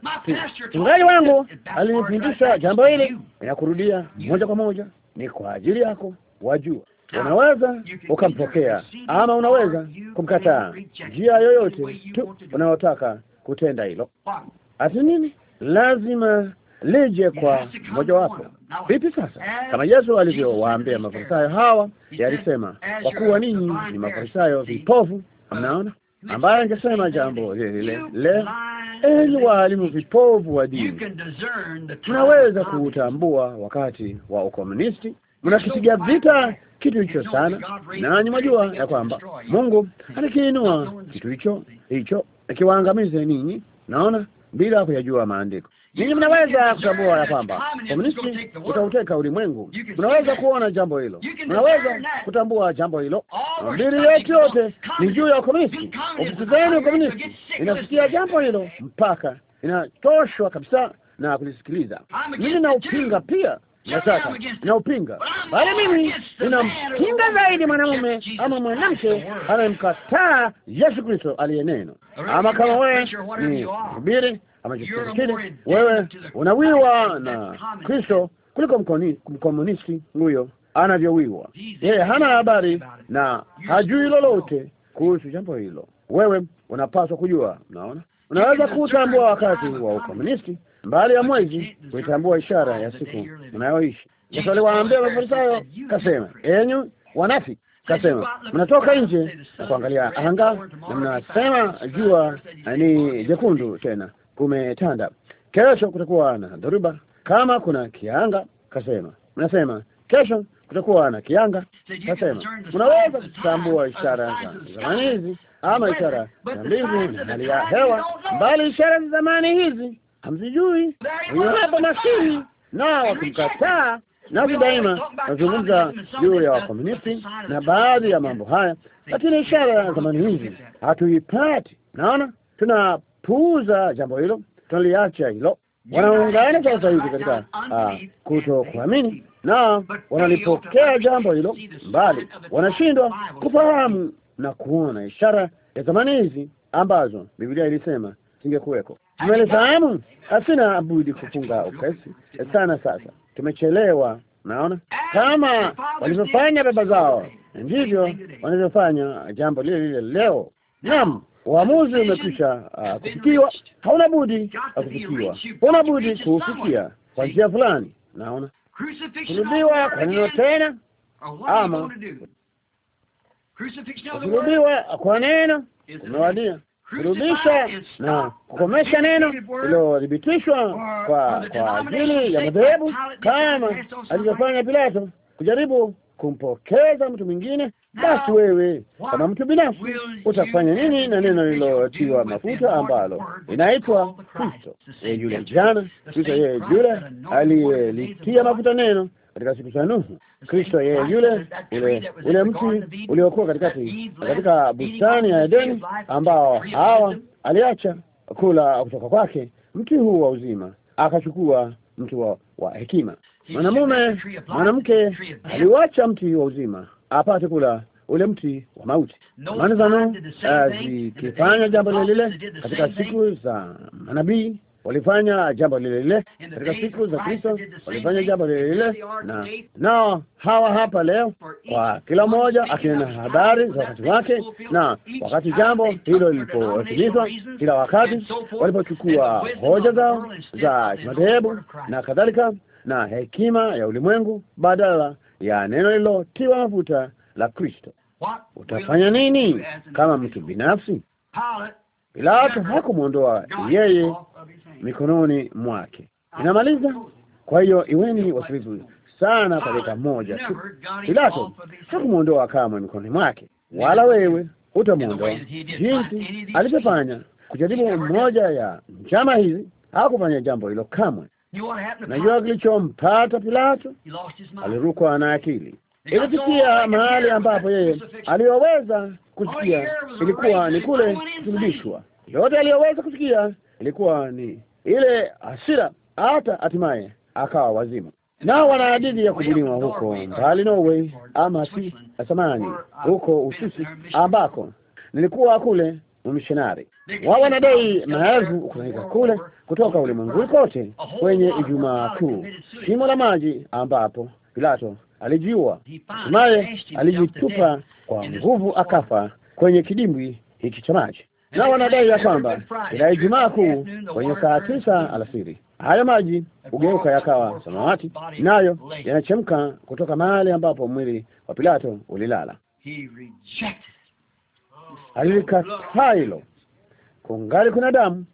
mchungaji wangu alinifundisha jambo hili, inakurudia moja kwa moja. Ni kwa ajili yako, wajua ah, unaweza ukampokea ama unaweza kumkataa, njia yoyote tu unayotaka kutenda hilo. Ati nini? Lazima lije kwa mojawapo. Vipi sasa? Kama Yesu alivyowaambia Mafarisayo hawa, yalisema kwa kuwa ninyi ni Mafarisayo vipofu. Mnaona, ambaye angesema jambo lile leo le, enyi waalimu vipovu wa dini, mnaweza kuutambua wakati wa ukomunisti. Mnakipiga vita kitu hicho sana, nanyi mwajua ya kwamba Mungu anakiinua kitu hicho hicho ikiwaangamize ninyi. Naona bila kuyajua maandiko, ninyi mnaweza kutambua ya kwamba komunisti utauteka ulimwengu. Mnaweza kuona jambo hilo, mnaweza kutambua jambo hilo. Mbili yetu yote ni juu ya komunisti. zenu komunisti, inafikia jambo hilo mpaka inatoshwa kabisa na kulisikiliza. Mimi naupinga pia na sasa naupinga, bali mimi ninampinga zaidi mwanamume ama mwanamke anayemkataa Yesu Kristo aliye neno. Ama kama wewe ni mhubiri ama kii, wewe unawiwa na Kristo kuliko mkomunisti huyo anavyowiwa yeye. Hana habari na hajui lolote kuhusu jambo hilo. Wewe unapaswa kujua. naona unaweza kutambua wakati wa ukomunisti mbali ya mwezi kuitambua ishara ya siku unayoishi. Yesu aliwaambia Mafarisayo, kasema enyu wanafiki, kasema mnatoka nje na kuangalia anga na mnasema jua ni jekundu, tena kumetanda, kesho kutakuwa na dhoruba kama kuna kianga. Kasema mnasema kesho kutakuwa na kianga. Kasema mnaweza kutambua ishara za zamani hizi ama ishara za mbingu na hali ya hewa, mbali ishara za zamani hizi hamzijui huyo hapo maskini, na wakimkataa nasi daima nazungumza juu ya wakomunisti na baadhi ya mambo haya, lakini ishara ya zamani hizi hatuipati. Naona tunapuuza jambo hilo, tunaliacha hilo. Wanaungana sasa hivi katika ah, kuto kuamini, na wanalipokea jambo hilo mbali, wanashindwa kufahamu na kuona ishara ya zamani hizi ambazo Biblia ilisema zingekuweko. Mmelifahamu, hasina budi kufunga upesi sana. Sasa tumechelewa, naona kama walivyofanya baba zao, ndivyo wanavyofanya jambo lile lile leo. Naam, uamuzi umekwisha uh, kufikiwa. Hauna budi uh, kufikiwa, hauna budi kuufikia kwa njia fulani. Naona kurudiwa kwa neno tena, ama kurudiwa kwa neno umewadia kurudisha na kukomesha neno lililothibitishwa kwa kwa ajili ya madhehebu, kama alivyofanya Pilato kujaribu kumpokeza mtu mwingine. Basi wewe kama mtu binafsi utafanya nini na neno lililotiwa mafuta ambalo inaitwa Kristo? Yeye yule jana Kristo, yeye yule aliyelitia mafuta neno katika siku za Nuhu, Kristo yeye yule ule ule mti uliokuwa katikati katika bustani ya Edeni, ambao hawa aliacha kula kutoka kwake, mti huu wa uzima, akachukua mti wa, wa hekima. Mwanamume mwanamke aliuacha mti wa uzima apate kula ule mti wa mauti. Maana za Nuhu eh, zikifanya jambo lile katika siku za manabii walifanya jambo lile lile katika siku za Kristo, walifanya jambo lile lile na nao hawa hapa leo, kwa kila mmoja akinena habari za wakati wake, na wakati jambo hilo lilipotimizwa, kila wakati walipochukua hoja zao za kimadhehebu na kadhalika na hekima ya ulimwengu badala ya neno tiwa mafuta la Kristo. Utafanya nini kama mtu binafsi? Pilato hakumwondoa yeye mikononi mwake. Inamaliza, kwa hiyo iweni wasifu sana dakika moja tu. Pilato hakumwondoa kamwe mikononi mwake, wala wewe utamwondoa jinsi alivyofanya kujaribu mmoja ya njama hizi. Hakufanya jambo hilo kamwe. Najua kilichompata Pilato, alirukwa na akili. Ilifikia mahali ambapo yeye aliyoweza kusikia ilikuwa ni kule kusulubishwa. Yote aliyoweza kusikia ilikuwa ni ile hasira, hata hatimaye akawa wazima. Nao wana hadithi ya kubuniwa huko mbali Norway, ama si asamani huko Uswisi ambako nilikuwa kule mmishinari wao wanadai maelfu kutoka kule kutoka ulimwenguni kote kwenye Ijumaa Kuu, shimo la maji ambapo Pilato alijiua, hatimaye alijitupa kwa nguvu, akafa kwenye kidimbwi hiki cha maji na wanadai ya kwamba ila Ijumaa Kuu kwenye saa tisa alasiri haya maji hugeuka yakawa samawati, nayo yanachemka kutoka mahali ambapo mwili wa Pilato ulilala. Alilikataa hilo, kungali kuna damu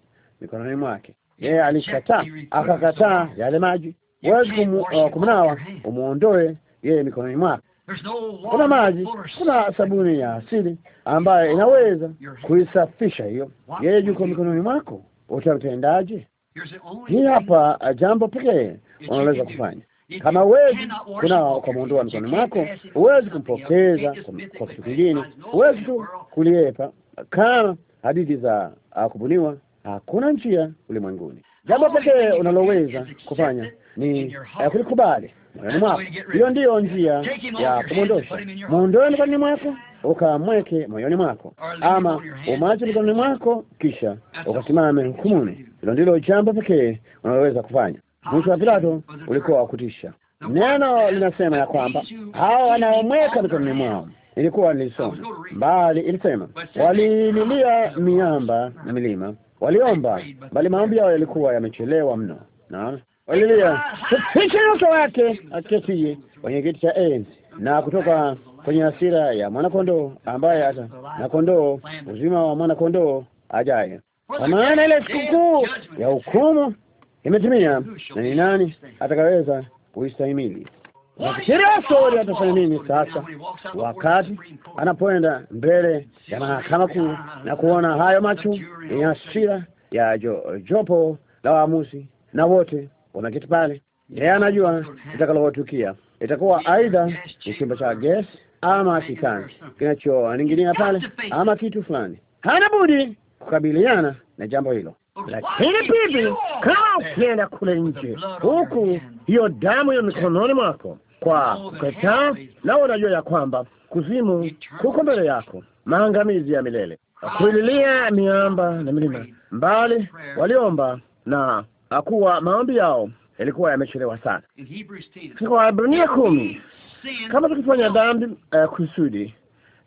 mikononi mwake. Yeye alikataa, akakataa yale maji. Huwezi kumnawa umwondoe yeye mikononi mwake kuna maji, kuna sabuni ya asili ambayo oh, inaweza kuisafisha hiyo. Yeye yuko mikononi mwako, utamtendaje? Hii hapa uh, jambo pekee unaweza kufanya. Kama huwezi kuna ukamwondoa mikononi mwako, huwezi kumpokeza kwa kitu kingine, huwezi tu kuliepa. Kama hadithi za kubuniwa, hakuna njia ulimwenguni. Jambo pekee unaloweza kufanya ni eh, kulikubali moyoni eh, mwako. Hiyo ndiyo njia ya kumwondosha. Mwondoe mikononi mwako, ukamweke moyoni mwako, ama umache mikononi mwako, kisha ukasimame hukumuni. Hilo ndilo jambo pekee unaloweza kufanya. Mwisho wa ah, Pilato ulikuwa wakutisha Neno linasema ya kwamba hao wanaomweka mikononi mwao ilikuwa nilisoma bali ilisema walililia miamba na milima, waliomba bali maombi yao yalikuwa yamechelewa mno. Naona Haleluya! kupisha uso wake aketie kwenye kiti cha enzi na kutoka kwenye hasira ya mwanakondoo ambaye hata na kondoo uzima wa mwanakondoo ajaye. Kwa maana ile sikukuu ya hukumu imetimia, na ni nani atakaweza kuistahimili? Wakisiriasori atafanya nini sasa, wakati anapoenda mbele ya mahakama kuu na kuona hayo macho yenye hasira ya jopo la waamuzi na wote kuna kitu pale, yeye anajua itakalotukia. Itakuwa aidha kisimba cha gesi ama kitani kinachoninginia pale ama kitu fulani. Hana budi kukabiliana na jambo hilo. Lakini pipi kama ukienda kule nje, huku hiyo damu ya mikononi mwako kwa kukataa, na unajua ya kwamba kuzimu kuko mbele yako, maangamizi ya milele, kuililia miamba na milima mbali, waliomba na kuwa maombi yao yalikuwa yamechelewa sana. Katika Waebrania kumi, kama tukifanya dhambi uh, kusudi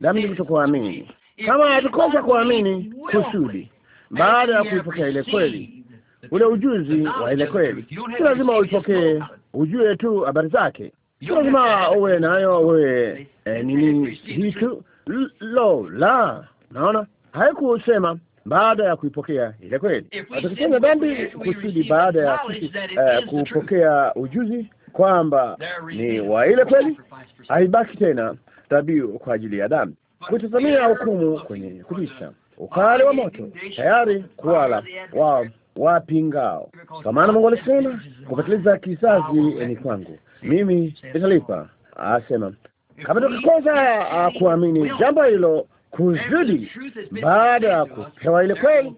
dhambi kutokuamini, kama hatukosa kuamini kusudi, baada ya kuipokea ile kweli, ule ujuzi wa ile kweli, si lazima uipokee, ujue tu habari zake, si lazima uwe nayo wewe. Eh, nini hii lo la, naona haikusema baada ya kuipokea ile kweli. Tukifanya dhambi kusudi baada ya uh, kupokea ujuzi kwamba ni wa ile kweli, haibaki tena dhabihu kwa ajili ya dhambi, kutazamia hukumu kwenye kutisha ukali wa moto, tayari kuwala wao wapingao. Kwa maana Mungu alisema, kupatiliza kizazi ni kwangu mimi, nitalipa asema. Kama tukikosa kuamini jambo hilo kuzidi baada ya kupewa ile kweli,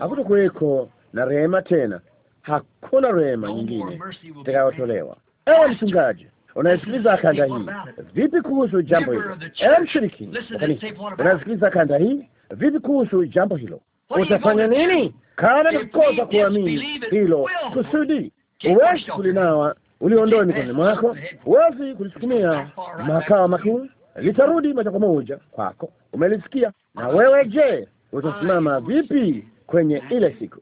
hakutakuweko na rehema tena, hakuna rehema nyingine itakayotolewa. Ewe mchungaji unayesikiliza kanda hii, vipi kuhusu jambo hilo? Ewe mshiriki wa kanisa kanda hii, vipi kuhusu jambo hilo? Utafanya nini kama tukosa kuamini hilo kusudi? Huwezi kulinawa, uliondoe mikononi mwako, huwezi kulisukumia makao makuu litarudi moja kwa moja kwako. Umelisikia? Na wewe je, utasimama vipi kwenye ile siku?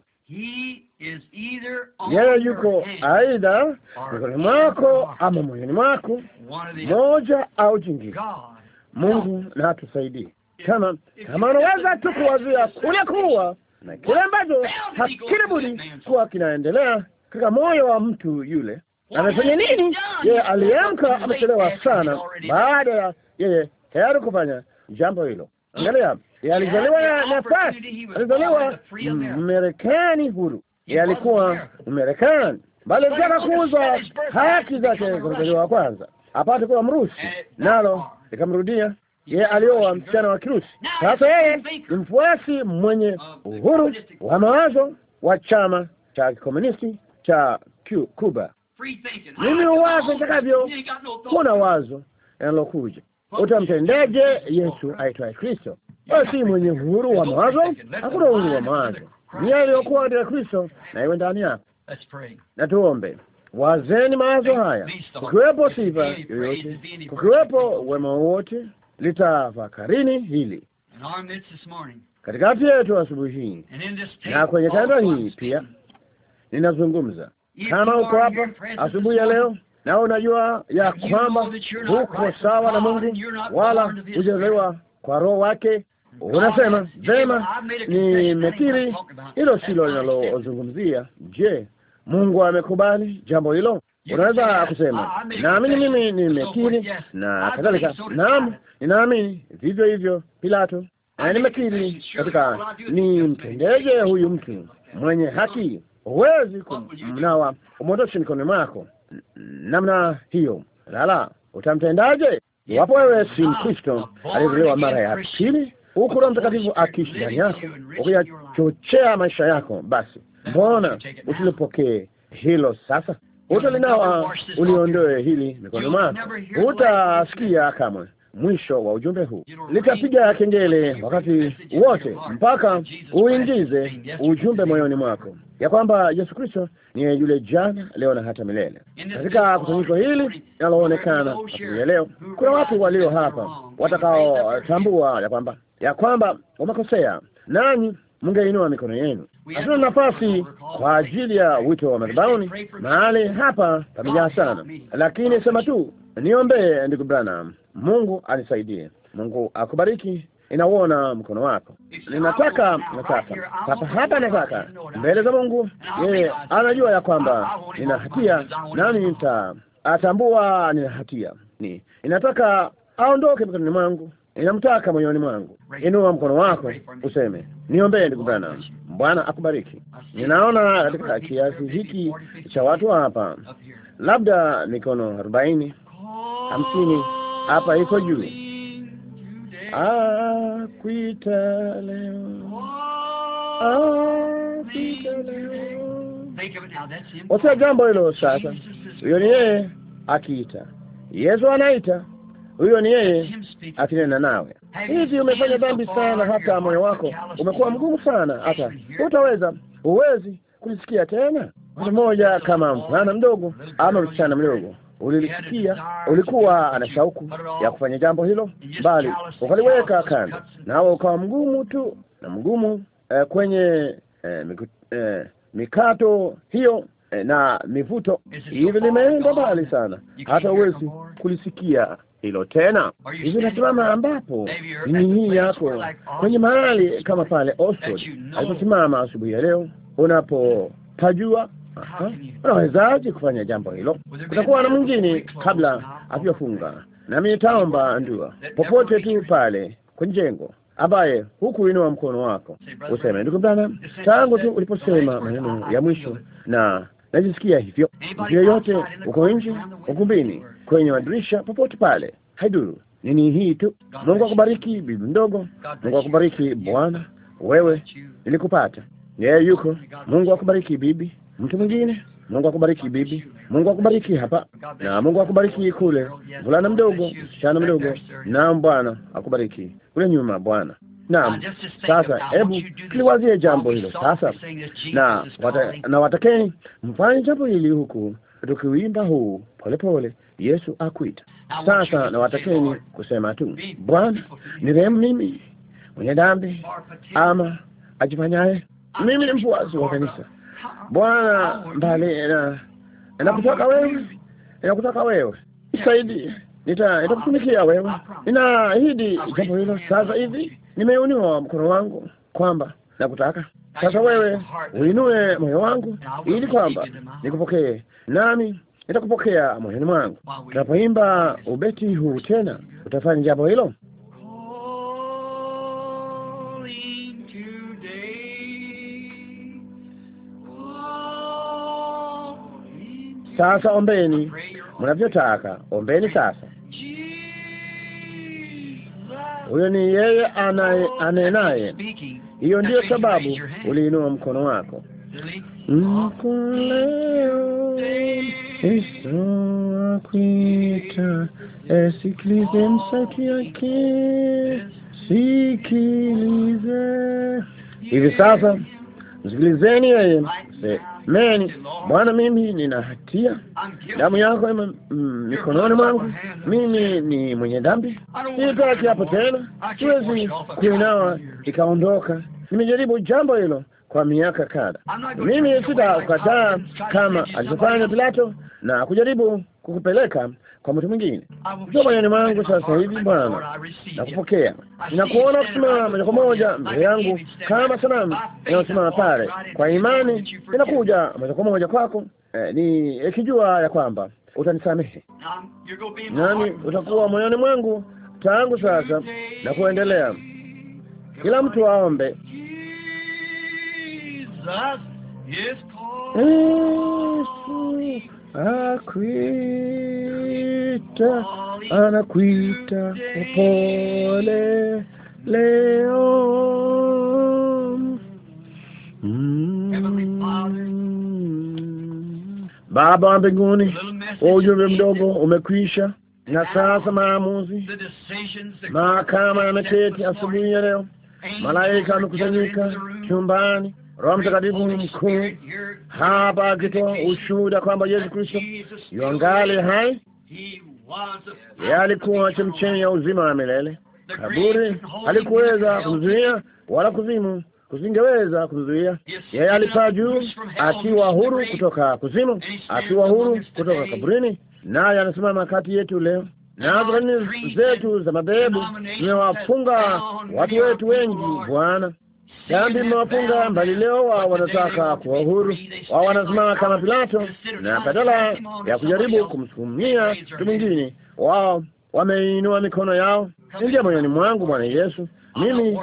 Yeye yuko aidha mikononi mwako ama moyoni mwako, moja au jingine. Mungu na atusaidie. Kama kama unaweza tu kuwazia kule kuwa na kile ambacho hakiribudi budi kuwa kinaendelea katika moyo wa mtu yule amefanya nini? Yeye aliamka amechelewa sana, baada ya yeye tayari kufanya jambo hilo. Angalia, yeye alizaliwa nafasi, alizaliwa Marekani huru, yeye alikuwa Marekani, bali alitaka kuuzwa haki zake za kuzaliwa wa kwanza apate kuwa Mrusi, nalo ikamrudia yeye alioa msichana wa Kirusi. Sasa yeye ni mfuasi mwenye uhuru wa mawazo wa chama cha kikomunisti cha Cuba mimi uwazo nitakavyo. Kuna wazo yanalokuja utamtendeje Yesu aitwaye Kristo? Si mwenye uhuru wa mawazo? Hakuna uhuru wa mawazo, ni aliyokuwa katika Kristo na iwe ndani yako. Na tuombe. Wazeni mawazo haya, kukiwepo sifa yoyote, kukiwepo wema wowote, litafakarini hili katikati yetu asubuhi hii na kwenye tanda hii pia ninazungumza kama uko hapa asubuhi ya leo na unajua ya kwamba huko sawa na Mungu wala hujazaliwa kwa roho wake, unasema vema, nimekiri hilo silo linalozungumzia. Je, Mungu amekubali jambo hilo? Unaweza kusema naamini, mimi nimekiri na kadhalika. Naam, ninaamini vivyo hivyo Pilato, na nimekiri katika nimtendeje huyu mtu mwenye haki huwezi kumnawa umwondoshe mikono mwako namna hiyo. Lala, utamtendaje iwapo wewe si Mkristo ah, aliyezaliwa mara ya pili, huku Roho Mtakatifu akiishi ndani yako, ukiyachochea maisha yako? Basi mbona usilipokee hilo sasa? Utalinawa, ah, uliondoe hili mikono mwako, utasikia kamwe mwisho wa ujumbe huu. Nitapiga kengele wakati wote mpaka uingize ujumbe moyoni mwako ya kwamba Yesu Kristo ni yule jana, leo na hata milele. Katika kusanyiko hili linaloonekana ya leo, kuna watu walio hapa watakaotambua ya kwamba ya kwamba wamekosea, nanyi mngeinua mikono yenu. Hatuna nafasi kwa ajili ya wito wa madhabahuni, mahali hapa pamejaa sana, lakini sema tu niombee, ndugu Branham Mungu anisaidie. Mungu akubariki. Inauona mkono wako, ninataka nataka hapa hapa, nataka mbele za Mungu. Yeye anajua ya kwamba nina hatia, nani nita atambua nina hatia ni inataka aondoke mikononi mwangu, inamtaka moyoni mwangu. Inua mkono wako useme, niombee ndugu bwana. Bwana akubariki. Ninaona katika kiasi hiki cha watu hapa, labda mikono arobaini hamsini hapa iko juu. Akuita leo, akuita leo. Wasia jambo hilo sasa. Huyo ni yeye akiita. Yesu anaita. Huyo ni yeye akinena nawe. Hivi umefanya dhambi sana, hata moyo wako umekuwa mgumu sana, hata utaweza huwezi kulisikia tena. Mtu mmoja kama mvulana mdogo ama msichana mdogo ulilisikia, ulikuwa ana shauku ya kufanya jambo hilo, bali ukaliweka kando, nawe ukawa mgumu tu na mgumu eh, kwenye eh, miku, eh, mikato hiyo eh, na mivuto hivi, limeenda mbali sana, hata uwezi kulisikia hilo tena. Hivi nasimama ambapo ni hii yako kwenye mahali kama pale Oxford aliposimama asubuhi ya leo, unapopajua unawezaje kufanya jambo hilo? Kutakuwa na mwingine kabla hajafunga, nami nitaomba ndua popote tu pale kwenye jengo ambaye inua mkono wako useme, ndugu bwana, tangu tu uliposema maneno ya mwisho na najisikia hivyo. Mtu yeyote uko nje, ukumbini, kwenye madirisha, popote pale, haiduru nini hii tu. Mungu akubariki bibi ndogo, Mungu akubariki bwana, wewe nilikupata. Yeye yuko. Mungu akubariki bibi, Mtu mwingine. Mungu akubariki bibi, Mungu akubariki hapa na Mungu akubariki kule, mvulana mdogo, msichana mdogo. Naam, Bwana akubariki kule nyuma, Bwana. Naam, sasa hebu tuliwazie jambo hilo sasa, na na watakeni mfanye jambo hili huku tukiuimba huu polepole, Yesu akuita. Sasa na watakeni kusema tu, Bwana rehemu mimi mwenye dhambi, ama ajifanyaye mimi ni mfuasi wa kanisa Bwana mbali na inakutoka wewe, inakutoka wewe saidi, nitakutumikia wewe. Ninaahidi jambo hilo sasa hivi. Nimeuniwa mkono wangu kwamba nakutaka sasa wewe uinue moyo wangu ili kwamba nikupokee, nami nitakupokea moyoni mwangu. Tunapoimba ubeti huu tena, utafanya jambo hilo. Sasa ombeni mnavyotaka, ombeni sasa. Huyo ni yeye anenaye. Hiyo ndiyo sababu uliinua mkono wako mko leo. esikilize msaki yake, sikilize hivi sasa, msikilizeni yeye meni, Bwana, mimi nina hatia, damu yako ime mm, mikononi mwangu, mimi ni mwenye dhambi, nilitoa kiapo tena, siwezi kuinawa ikaondoka. Nimejaribu jambo hilo kwa miaka kadha. Mimi sitakataa kama alichofanya Pilato na kujaribu kukupeleka kwa mtu mwingine. Sio moyoni mwangu sasa hivi, Bwana, nakupokea, ninakuona kusimama moja kwa moja mbele yangu kama sanamu inayosimama pale. Kwa imani inakuja moja kwa moja kwako, eh, ni ikijua ya kwamba utanisamehe, nami utakuwa moyoni mwangu tangu sasa na kuendelea. Kila mtu aombe Yesu akwita, anakwita upole leo. Mm. Baba wa mbinguni, ujumbe mdogo umekwisha, na sasa maamuzi, mahakama yameketi asubuhi ya leo, malaika amekusanyika chumbani Roho Mtakatifu mkuu hapa akitoa ushuhuda kwamba Yesu Kristo yongali hai. Yeye alikuwa chemchemi ya uzima wa milele. Kaburi alikuweza kumzuia wala kuzimu kusingeweza kuzuia yeye. Alipaa juu akiwa huru kutoka kuzimu, akiwa huru kutoka kaburini, naye anasimama kati yetu leo. Na zetu za madhehebu zimewafunga watu wetu wengi, Bwana dhambi mmewafunga, mbali leo wao wanataka kuwa huru. Wao wanasimama kama Pilato, na badala ya kujaribu kumsukumia mtu mwingine, wao wameinua mikono yao. Ingia moyoni mwangu, Bwana Yesu, mimi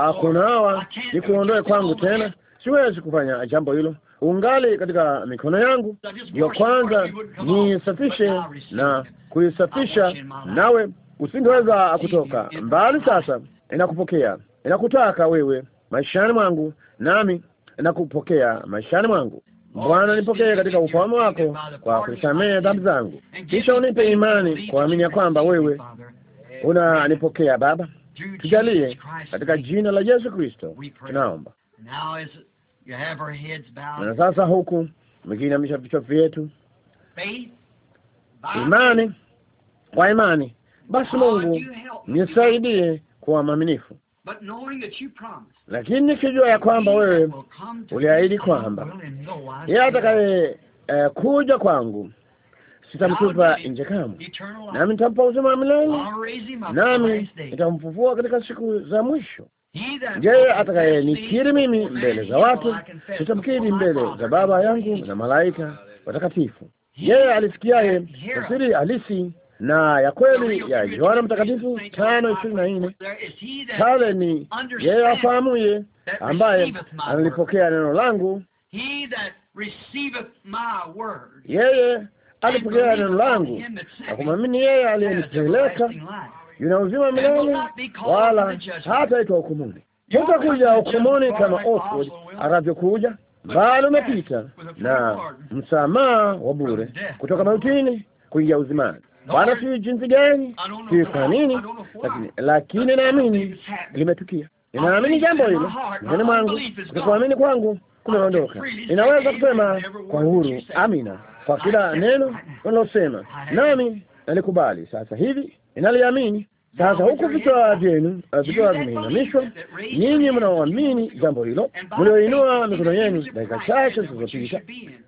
akunawa nikuondoe kwangu tena. Siwezi kufanya jambo hilo, ungali katika mikono yangu. Ndiyo kwanza nisafishe na kuisafisha, nawe usingeweza kutoka mbali. Sasa inakupokea inakutaka wewe maishani mwangu, nami nakupokea maishani mwangu. Bwana, nipokee katika ufahamu wako kwa kunisamehe dhambi zangu, kisha unipe imani kuamini ya kwamba wewe unanipokea Baba. Tujalie katika jina la Yesu Kristo tunaomba. Na sasa huku mkiinamisha vichwa vyetu, imani kwa imani. Basi Mungu nisaidie kuwa mwaminifu lakini nikijua ya kwamba wewe uliahidi kwamba yeye atakaye uh, kuja kwangu sitamtupa nje kamwe, nami nitampa uzima wa milele, nami nitamfufua katika siku za mwisho. atakaye nikiri mimi mbele za watu, sitamkiri mbele za Baba yangu na malaika watakatifu. Yeye alisikiaye tafsiri halisi na ya kweli ya Yohana Mtakatifu tano ishirini na nne pale ni yeye afahamuye ambaye analipokea neno langu, yeye alipokea neno langu na kumwamini yeye aliyenipeleka yuna uzima milele, wala hataitwa hukumuni. Hutakuja hukumuni kama Oswald anavyokuja, mbali umepita na msamaha wa bure kutoka mautini kuingia uzimani. Bwana, eh, sijui jinsi gani, sijui kwa nini, lakini lakini naamini limetukia. Ninaamini jambo hilo ndani mwangu, kutokuamini kwangu kumeondoka. inaweza kusema kwa uhuru amina kwa kila neno unalosema, nami nalikubali sasa hivi, ninaliamini sasa huku vichwa vyenu uh, vikiwa vimeinamishwa, ninyi mnaoamini jambo hilo, mlioinua mikono yenu dakika chache zilizopita,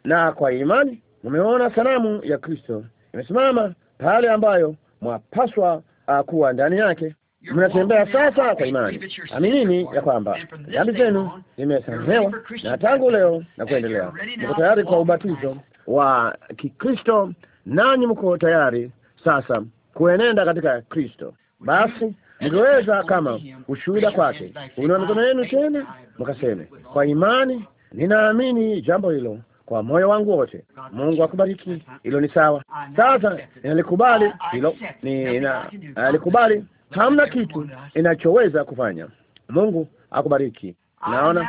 na kwa imani mmeona sanamu ya Kristo imesimama pale ambayo mwapaswa ah, kuwa ndani yake. Mnatembea sasa kwa imani, aminini ya kwamba dhambi zenu zimesamehewa, na tangu leo na kuendelea mko tayari kwa ubatizo wa Kikristo, nanyi mko tayari sasa kuenenda katika Kristo. Basi mkiweza kama ushuhuda kwake, una mikono yenu tena mkaseme kwa imani, ninaamini jambo hilo kwa moyo wangu wote. Mungu akubariki. Hilo ni sawa. Sasa ninalikubali hilo, ninalikubali. Hamna kitu inachoweza kufanya. Mungu akubariki. Naona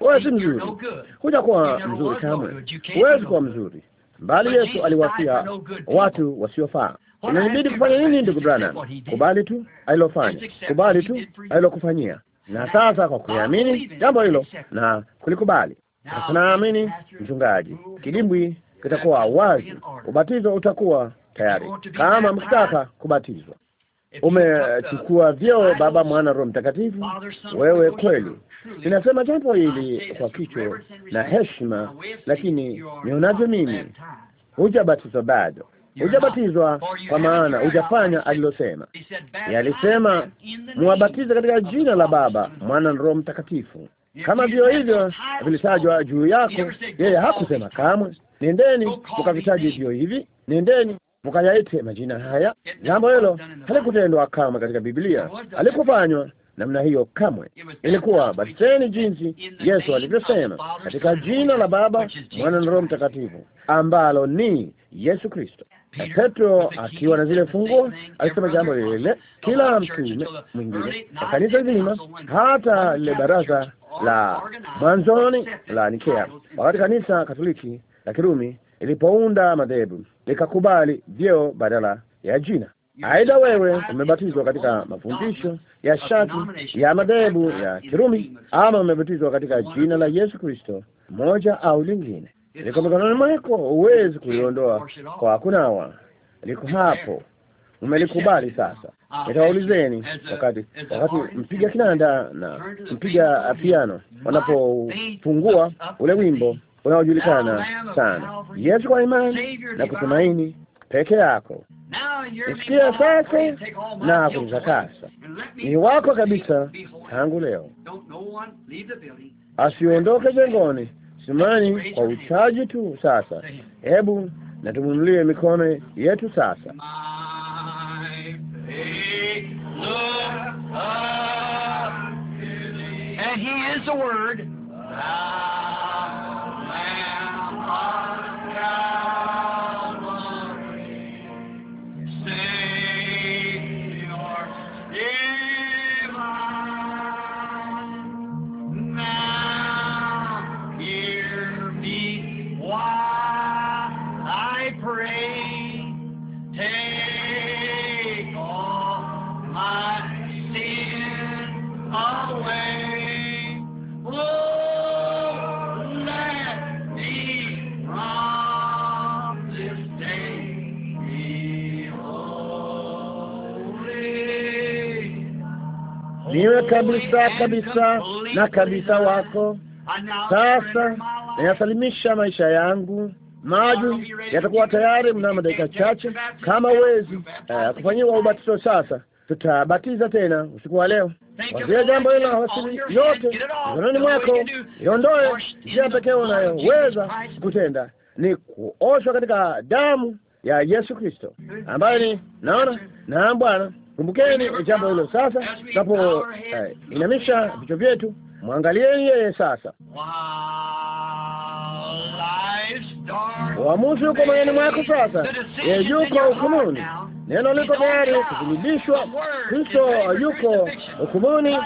wewe si mzuri, huja kuwa mzuri kamwe, huwezi kuwa mzuri, bali Yesu aliwafia watu wasiofaa. inabidi kufanya nini, ndugu brana Kubali tu alilofanya, kubali tu alilokufanyia, na sasa kwa kuamini jambo hilo na kulikubali sasa naamini mchungaji, kidimbwi kitakuwa wazi, ubatizo utakuwa tayari kama mkitaka kubatizwa. Umechukua vyeo Baba, Mwana, Roho Mtakatifu. Wewe kweli, ninasema jambo hili kwa kicho na heshima, lakini nionavyo mimi, hujabatizwa bado, hujabatizwa kwa maana hujafanya alilosema. Yalisema muwabatize katika jina la Baba, Mwana Roho Mtakatifu kama vio hivyo vilitajwa juu yako. Yeye hakusema kamwe, nendeni mkavitaje vio hivi, nendeni mkayaite majina haya. Jambo hilo halikutendwa kamwe katika Biblia, halikufanywa namna hiyo kamwe. Ilikuwa batizeni jinsi Yesu alivyosema, katika jina la Baba, Mwana na Roho Mtakatifu, ambalo ni Yesu Kristo. Na Petro akiwa na zile funguo alisema jambo lile lile, kila mtume mwingine, kanisa zima, hata lile baraza la mwanzoni la Nikea, wakati kanisa Katoliki la Kirumi ilipounda madhehebu likakubali vyeo badala ya jina. Aidha, wewe umebatizwa katika mafundisho ya shati ya madhehebu ya Kirumi ama umebatizwa katika jina la Yesu Kristo, moja au lingine liko mikononi mwako, huwezi kuiondoa kwa kunawa, liko hapo umelikubali sasa. Ah, Nitawaulizeni, wakati wakati mpiga kinanda na mpiga piano wanapofungua ule wimbo unaojulikana sana, Yesu kwa imani na kutumaini peke yako, usikia sasa na kutakasa, ni wako kabisa tangu leo. Asiondoke jengoni, simani kwa uchaji tu. Sasa hebu natumunulie mikono yetu sasa And he is the Word. Thou Lamb of God. niwe kabisa kabisa na kabisa wako. Sasa nayasalimisha maisha yangu, maji yatakuwa tayari mnamo dakika chache, kama wezi uh, kufanyiwa ubatizo sasa tutabatiza tena usiku wa leo. Wazia jambo hilo hasili yote mikononi mwako, iondoe njia pekee unayoweza kutenda ni kuoshwa katika damu ya Yesu Kristo, ambayo ni naona na Bwana. Kumbukeni jambo hilo sasa, tunapo eh, inamisha vichwa vyetu, mwangalieni yeye sasa. Uamuzi uko moyoni mwako sasa, yeye yuko ukununi Neno liko tayari kudhulubishwa. Kristo yuko hukumuni.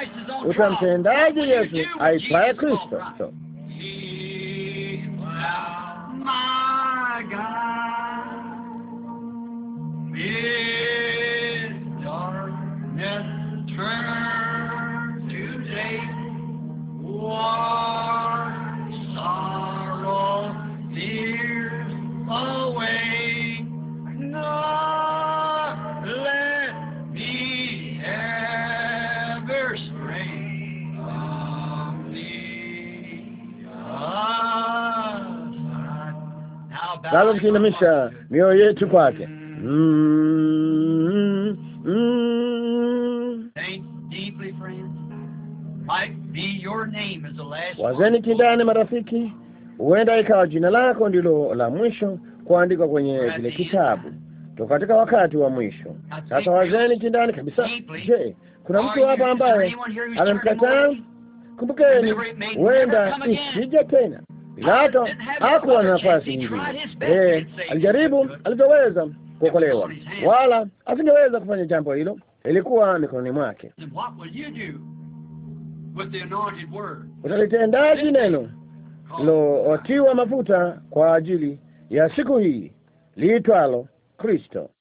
Utamtendaje Yesu aitwaye Kristo? Sorrow, tears away. No. Let me Sasa tukiinamisha mioyo yetu kwake. Mm, Wazeni kindani, marafiki, huenda ikawa jina lako ndilo la mwisho kuandikwa kwenye kile kitabu tu katika wakati wa mwisho sasa. Wazeni kindani kabisa. Je, kuna mtu hapa ambaye amemkataa? Kumbukeni, huenda isije tena. Pilato hakuwa na nafasi nyingine. Eh, alijaribu alivyoweza kuokolewa, wala asingeweza kufanya jambo hilo, ilikuwa mikononi mwake. Utalitendaji neno lilotiwa mafuta kwa ajili ya siku hii liitwalo Kristo.